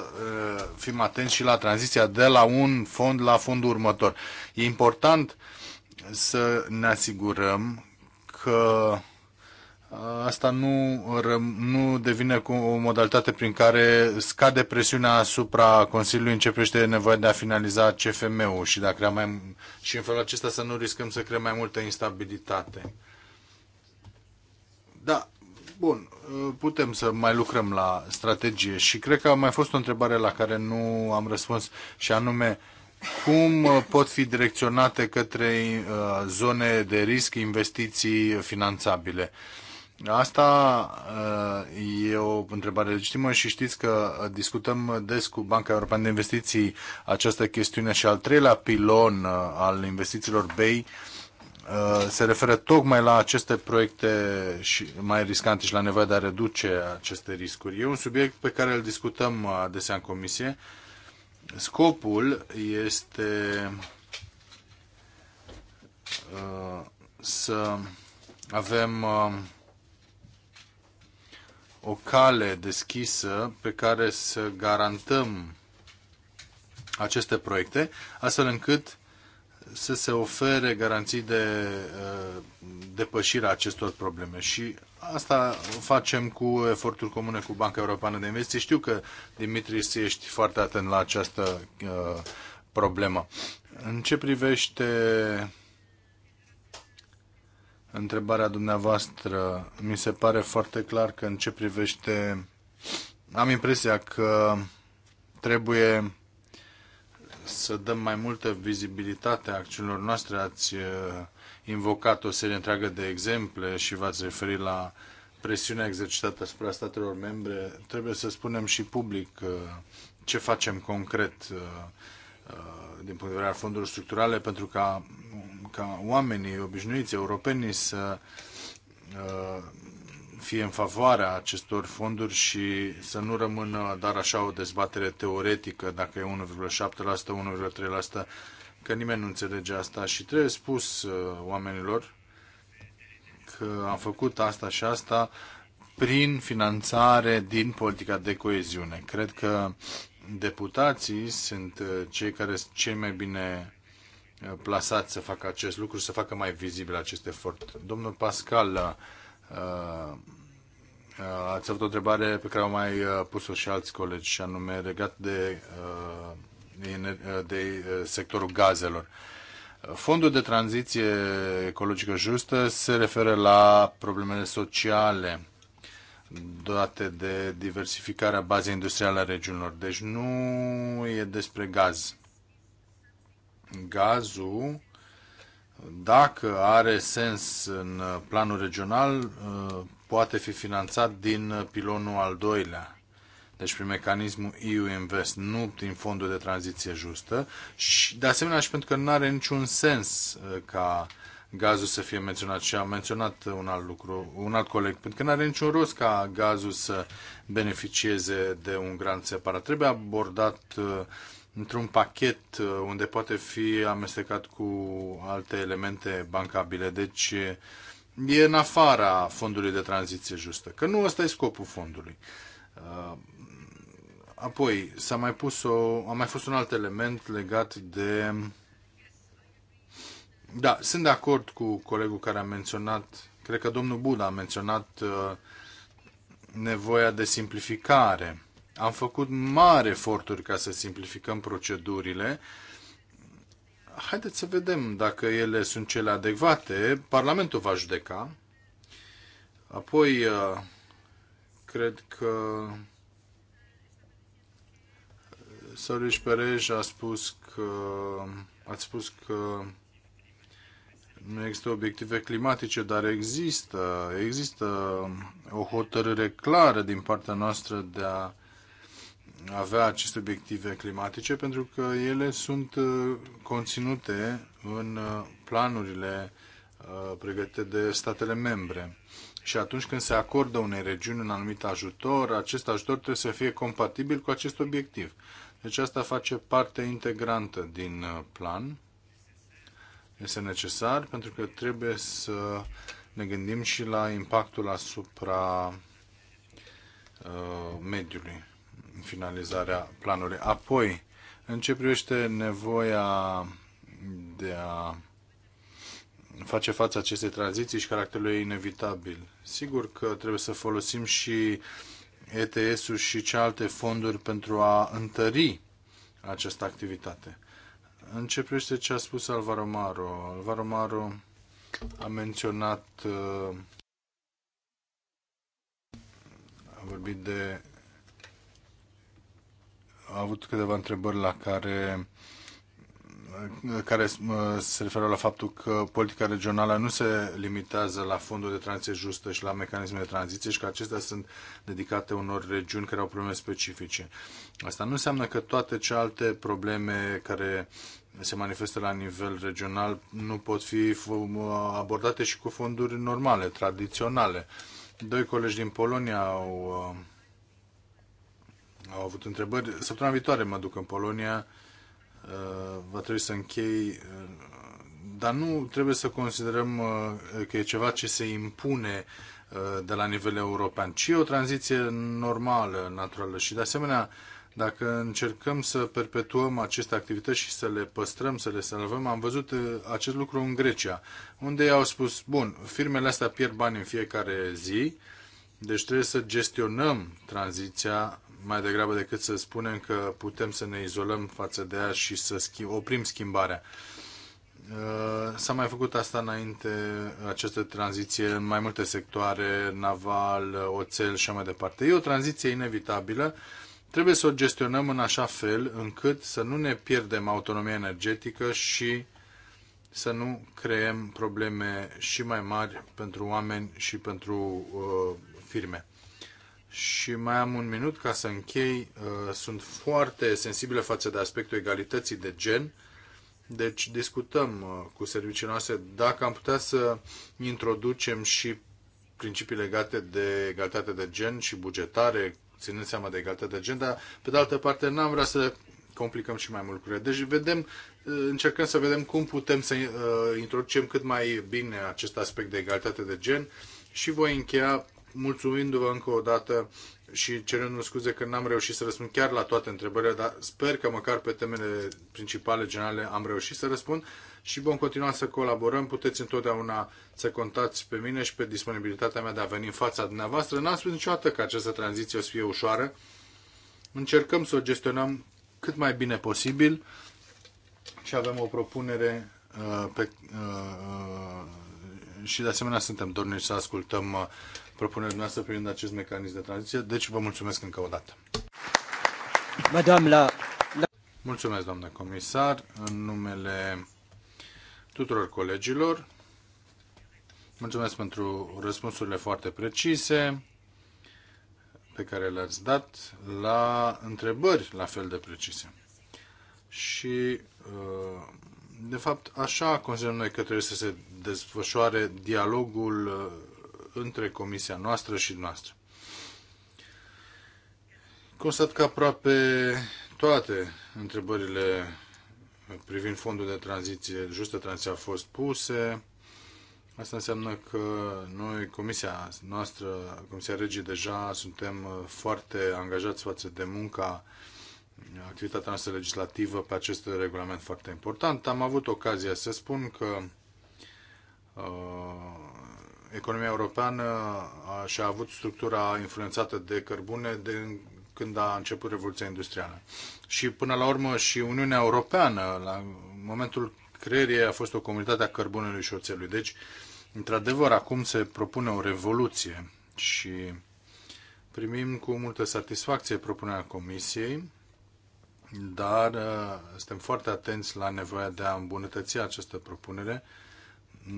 uh, fim atenți și la tranziția de la un fond la fondul următor. E important să ne asigurăm că asta nu, nu devine cu o modalitate prin care scade presiunea asupra Consiliului începește nevoia de a finaliza CFM-ul și, dacă crea mai, și în felul acesta să nu riscăm să creăm mai multă instabilitate. Da, bun, uh, putem să mai lucrăm la strategie și cred că a mai fost o întrebare la care nu am răspuns și anume cum uh, pot fi direcționate către uh, zone de risc investiții finanțabile. Uh, Asta uh, e o întrebare legitimă și știți că discutăm des cu Banca Europeană de Investiții această chestiune și al treilea pilon uh, al investițiilor BEI uh, se referă tocmai la aceste proiecte și mai riscante și la nevoia de a reduce aceste riscuri. E un subiect pe care îl discutăm adesea în comisie. Scopul este să avem o cale deschisă pe care să garantăm aceste proiecte, astfel încât să se ofere garanții de uh, a acestor probleme. Și asta facem cu eforturi comune cu Banca Europeană de Investiții. Știu că, Dimitris, ești foarte atent la această uh, problemă. În ce privește întrebarea dumneavoastră. Mi se pare foarte clar că în ce privește... Am impresia că trebuie să dăm mai multă vizibilitate a acțiunilor noastre. Ați uh, invocat o serie întreagă de exemple și v-ați referit la presiunea exercitată asupra statelor membre. Trebuie să spunem și public uh, ce facem concret uh, din punct de vedere al fondurilor structurale pentru ca ca oamenii obișnuiți europenii să uh, fie în favoarea acestor fonduri și să nu rămână dar așa o dezbatere teoretică dacă e 1,7%, 1,3%, că nimeni nu înțelege asta și trebuie spus uh, oamenilor că am făcut asta și asta prin finanțare din politica de coeziune. Cred că deputații sunt uh, cei care sunt cei mai bine plasat să facă acest lucru, să facă mai vizibil acest efort. Domnul Pascal, uh, uh, ați avut o întrebare pe care au mai uh, pus-o și alți colegi, și anume legat de, de sectorul gazelor. Fondul de tranziție ecologică justă se referă la problemele sociale date de diversificarea bazei industriale a regiunilor. Deci nu e despre gaz gazul, dacă are sens în planul regional, uh, poate fi finanțat din pilonul al doilea, deci prin mecanismul EU Invest, nu din fondul de tranziție justă și de asemenea și pentru că nu are niciun sens uh, ca gazul să fie menționat și am menționat un alt lucru, un alt coleg, pentru că nu are niciun rost ca gazul să beneficieze de un grant separat. Trebuie abordat uh, într-un pachet uh, unde poate fi amestecat cu alte elemente bancabile. Deci e în afara fondului de tranziție justă. Că nu ăsta e scopul fondului. Uh, apoi, s-a mai pus o, a mai fost un alt element legat de... Da, sunt de acord cu colegul care a menționat, cred că domnul Buda a menționat uh, nevoia de simplificare am făcut mari eforturi ca să simplificăm procedurile. Haideți să vedem dacă ele sunt cele adecvate. Parlamentul va judeca. Apoi, uh, cred că Săriș Perej a spus că ați spus că nu există obiective climatice, dar există, există o hotărâre clară din partea noastră de a avea aceste obiective climatice pentru că ele sunt uh, conținute în uh, planurile uh, pregătite de statele membre. Și atunci când se acordă unei regiuni un anumit ajutor, acest ajutor trebuie să fie compatibil cu acest obiectiv. Deci asta face parte integrantă din plan. Este necesar pentru că trebuie să ne gândim și la impactul asupra uh, mediului finalizarea planului. Apoi, în ce privește nevoia de a face față acestei tranziții și caracterul ei inevitabil. Sigur că trebuie să folosim și ETS-ul și cealaltă fonduri pentru a întări această activitate. În ce privește ce a spus Alvaro Maro? Alvaro Maro a menționat, uh, a vorbit de avut câteva întrebări la care care uh, se referă la faptul că politica regională nu se limitează la fondul de tranziție justă și la mecanisme de tranziție și că acestea sunt dedicate unor regiuni care au probleme specifice. Asta nu înseamnă că toate celelalte probleme care se manifestă la nivel regional nu pot fi uh, abordate și cu fonduri normale, tradiționale. Doi colegi din Polonia au uh, au avut întrebări. Săptămâna viitoare mă duc în Polonia. Uh, va trebui să închei. Uh, dar nu trebuie să considerăm uh, că e ceva ce se impune de la nivel european, ci e o tranziție normală, naturală. Și de asemenea, dacă încercăm să perpetuăm aceste activități și să le păstrăm, să le salvăm, am văzut acest lucru în Grecia, unde au spus, bun, firmele astea pierd bani în fiecare zi, deci trebuie să gestionăm tranziția mai degrabă decât să spunem că putem să ne izolăm față de ea și să schim- oprim schimbarea. Uh, s-a mai făcut asta înainte, această tranziție în mai multe sectoare, naval, oțel și mai departe. E o tranziție inevitabilă. Trebuie să o gestionăm în așa fel încât să nu ne pierdem autonomia energetică și să nu creăm probleme și mai mari pentru oameni și pentru uh, firme și mai am un minut ca să închei. Uh, sunt foarte sensibile față de aspectul egalității de gen. Deci discutăm uh, cu serviciile noastre dacă am putea să introducem și principii legate de egalitate de gen și bugetare, ținând seama de egalitate de gen, dar pe de altă parte n-am vrea să complicăm și mai mult lucrurile. Deci vedem, uh, încercăm să vedem cum putem să introducem cât mai bine acest aspect de egalitate de gen și voi încheia mulțumindu-vă încă o dată și cerându-mi scuze că n-am reușit să răspund chiar la toate întrebările, dar sper că măcar pe temele principale, generale, am reușit să răspund și vom continua să colaborăm. Puteți întotdeauna să contați pe mine și pe disponibilitatea mea de a veni în fața dumneavoastră. N-am spus niciodată că această tranziție o să fie ușoară. Încercăm să o gestionăm cât mai bine posibil și avem o propunere uh, pe, uh, uh și de asemenea suntem dornici să ascultăm uh, propunerile noastre privind acest mecanism de tranziție. Deci vă mulțumesc încă o dată. Madame la... la... Mulțumesc, doamnă comisar, în numele tuturor colegilor. Mulțumesc pentru răspunsurile foarte precise pe care le-ați dat la întrebări la fel de precise. Și, uh, de fapt, așa considerăm noi că trebuie să se desfășoare dialogul uh, între comisia noastră și noastră. Constat că aproape toate întrebările privind fondul de tranziție, justă tranziție, au fost puse. Asta înseamnă că noi, comisia noastră, Comisia Regii, deja suntem uh, foarte angajați față de munca, uh, activitatea noastră legislativă pe acest regulament foarte important. Am avut ocazia să spun că uh, economia europeană și-a avut structura influențată de cărbune de când a început Revoluția Industrială. Și până la urmă și Uniunea Europeană, la momentul creierii, a fost o comunitate a cărbunelui și oțelului. Deci, într-adevăr, acum se propune o revoluție și primim cu multă satisfacție propunerea Comisiei, dar uh, suntem foarte atenți la nevoia de a îmbunătăți această propunere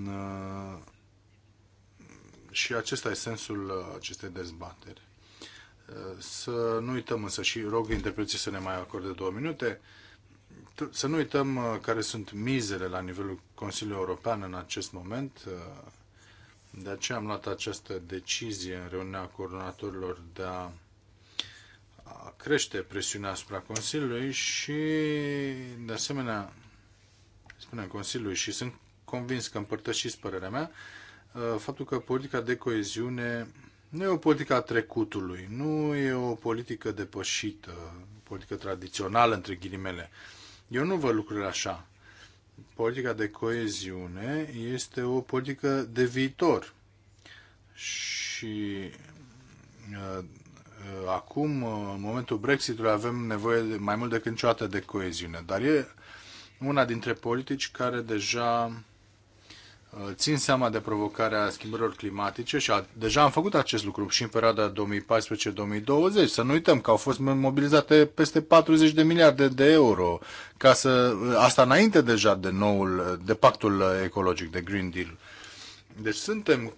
uh, și acesta e sensul acestei dezbateri. Să nu uităm însă și rog interpreții să ne mai acorde două minute. Să nu uităm uh, care sunt mizele la nivelul Consiliului European în acest moment. Uh, de aceea am luat această decizie în reuniunea coordonatorilor de a crește presiunea asupra Consiliului și, de asemenea, spunem Consiliului și sunt convins că împărtășiți părerea mea, Uh, faptul că politica de coeziune nu e o politică a trecutului, nu e o politică depășită, o politică tradițională, între ghilimele. Eu nu văd lucrurile așa. Politica de coeziune este o politică de viitor. Și uh, uh acum, uh, în momentul Brexitului, avem nevoie de, mai mult decât niciodată de coeziune. Dar e una dintre politici care deja Uh, țin seama de provocarea schimbărilor climatice și a, deja am făcut acest lucru și în perioada 2014-2020. Să nu uităm că au fost mobilizate peste 40 de miliarde de euro ca să, uh, asta înainte deja de noul, uh, de pactul ecologic, de Green Deal. Deci suntem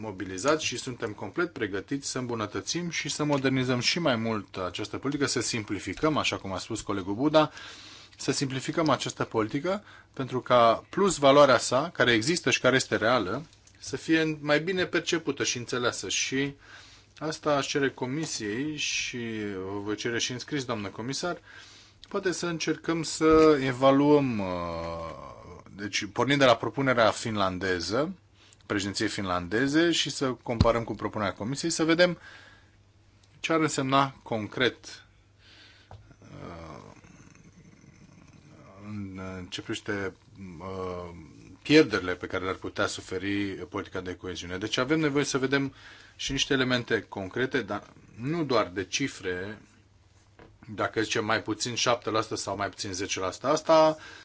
mobilizați și suntem complet pregătiți să îmbunătățim și să modernizăm și mai mult această politică, să simplificăm, așa cum a spus colegul Buda, să simplificăm această politică pentru ca plus valoarea sa, care există și care este reală, să fie mai bine percepută și înțeleasă. Și asta aș cere comisiei și vă cere și înscris, doamnă comisar, poate să încercăm să evaluăm, uh, deci pornind de la propunerea finlandeză, președinției finlandeze și să comparăm cu propunerea comisiei, să vedem ce ar însemna concret în ce privește uh, pierderile pe care le-ar putea suferi politica de coeziune. Deci avem nevoie să vedem și niște elemente concrete, dar nu doar de cifre, dacă zicem mai puțin 7% sau mai puțin 10%. Asta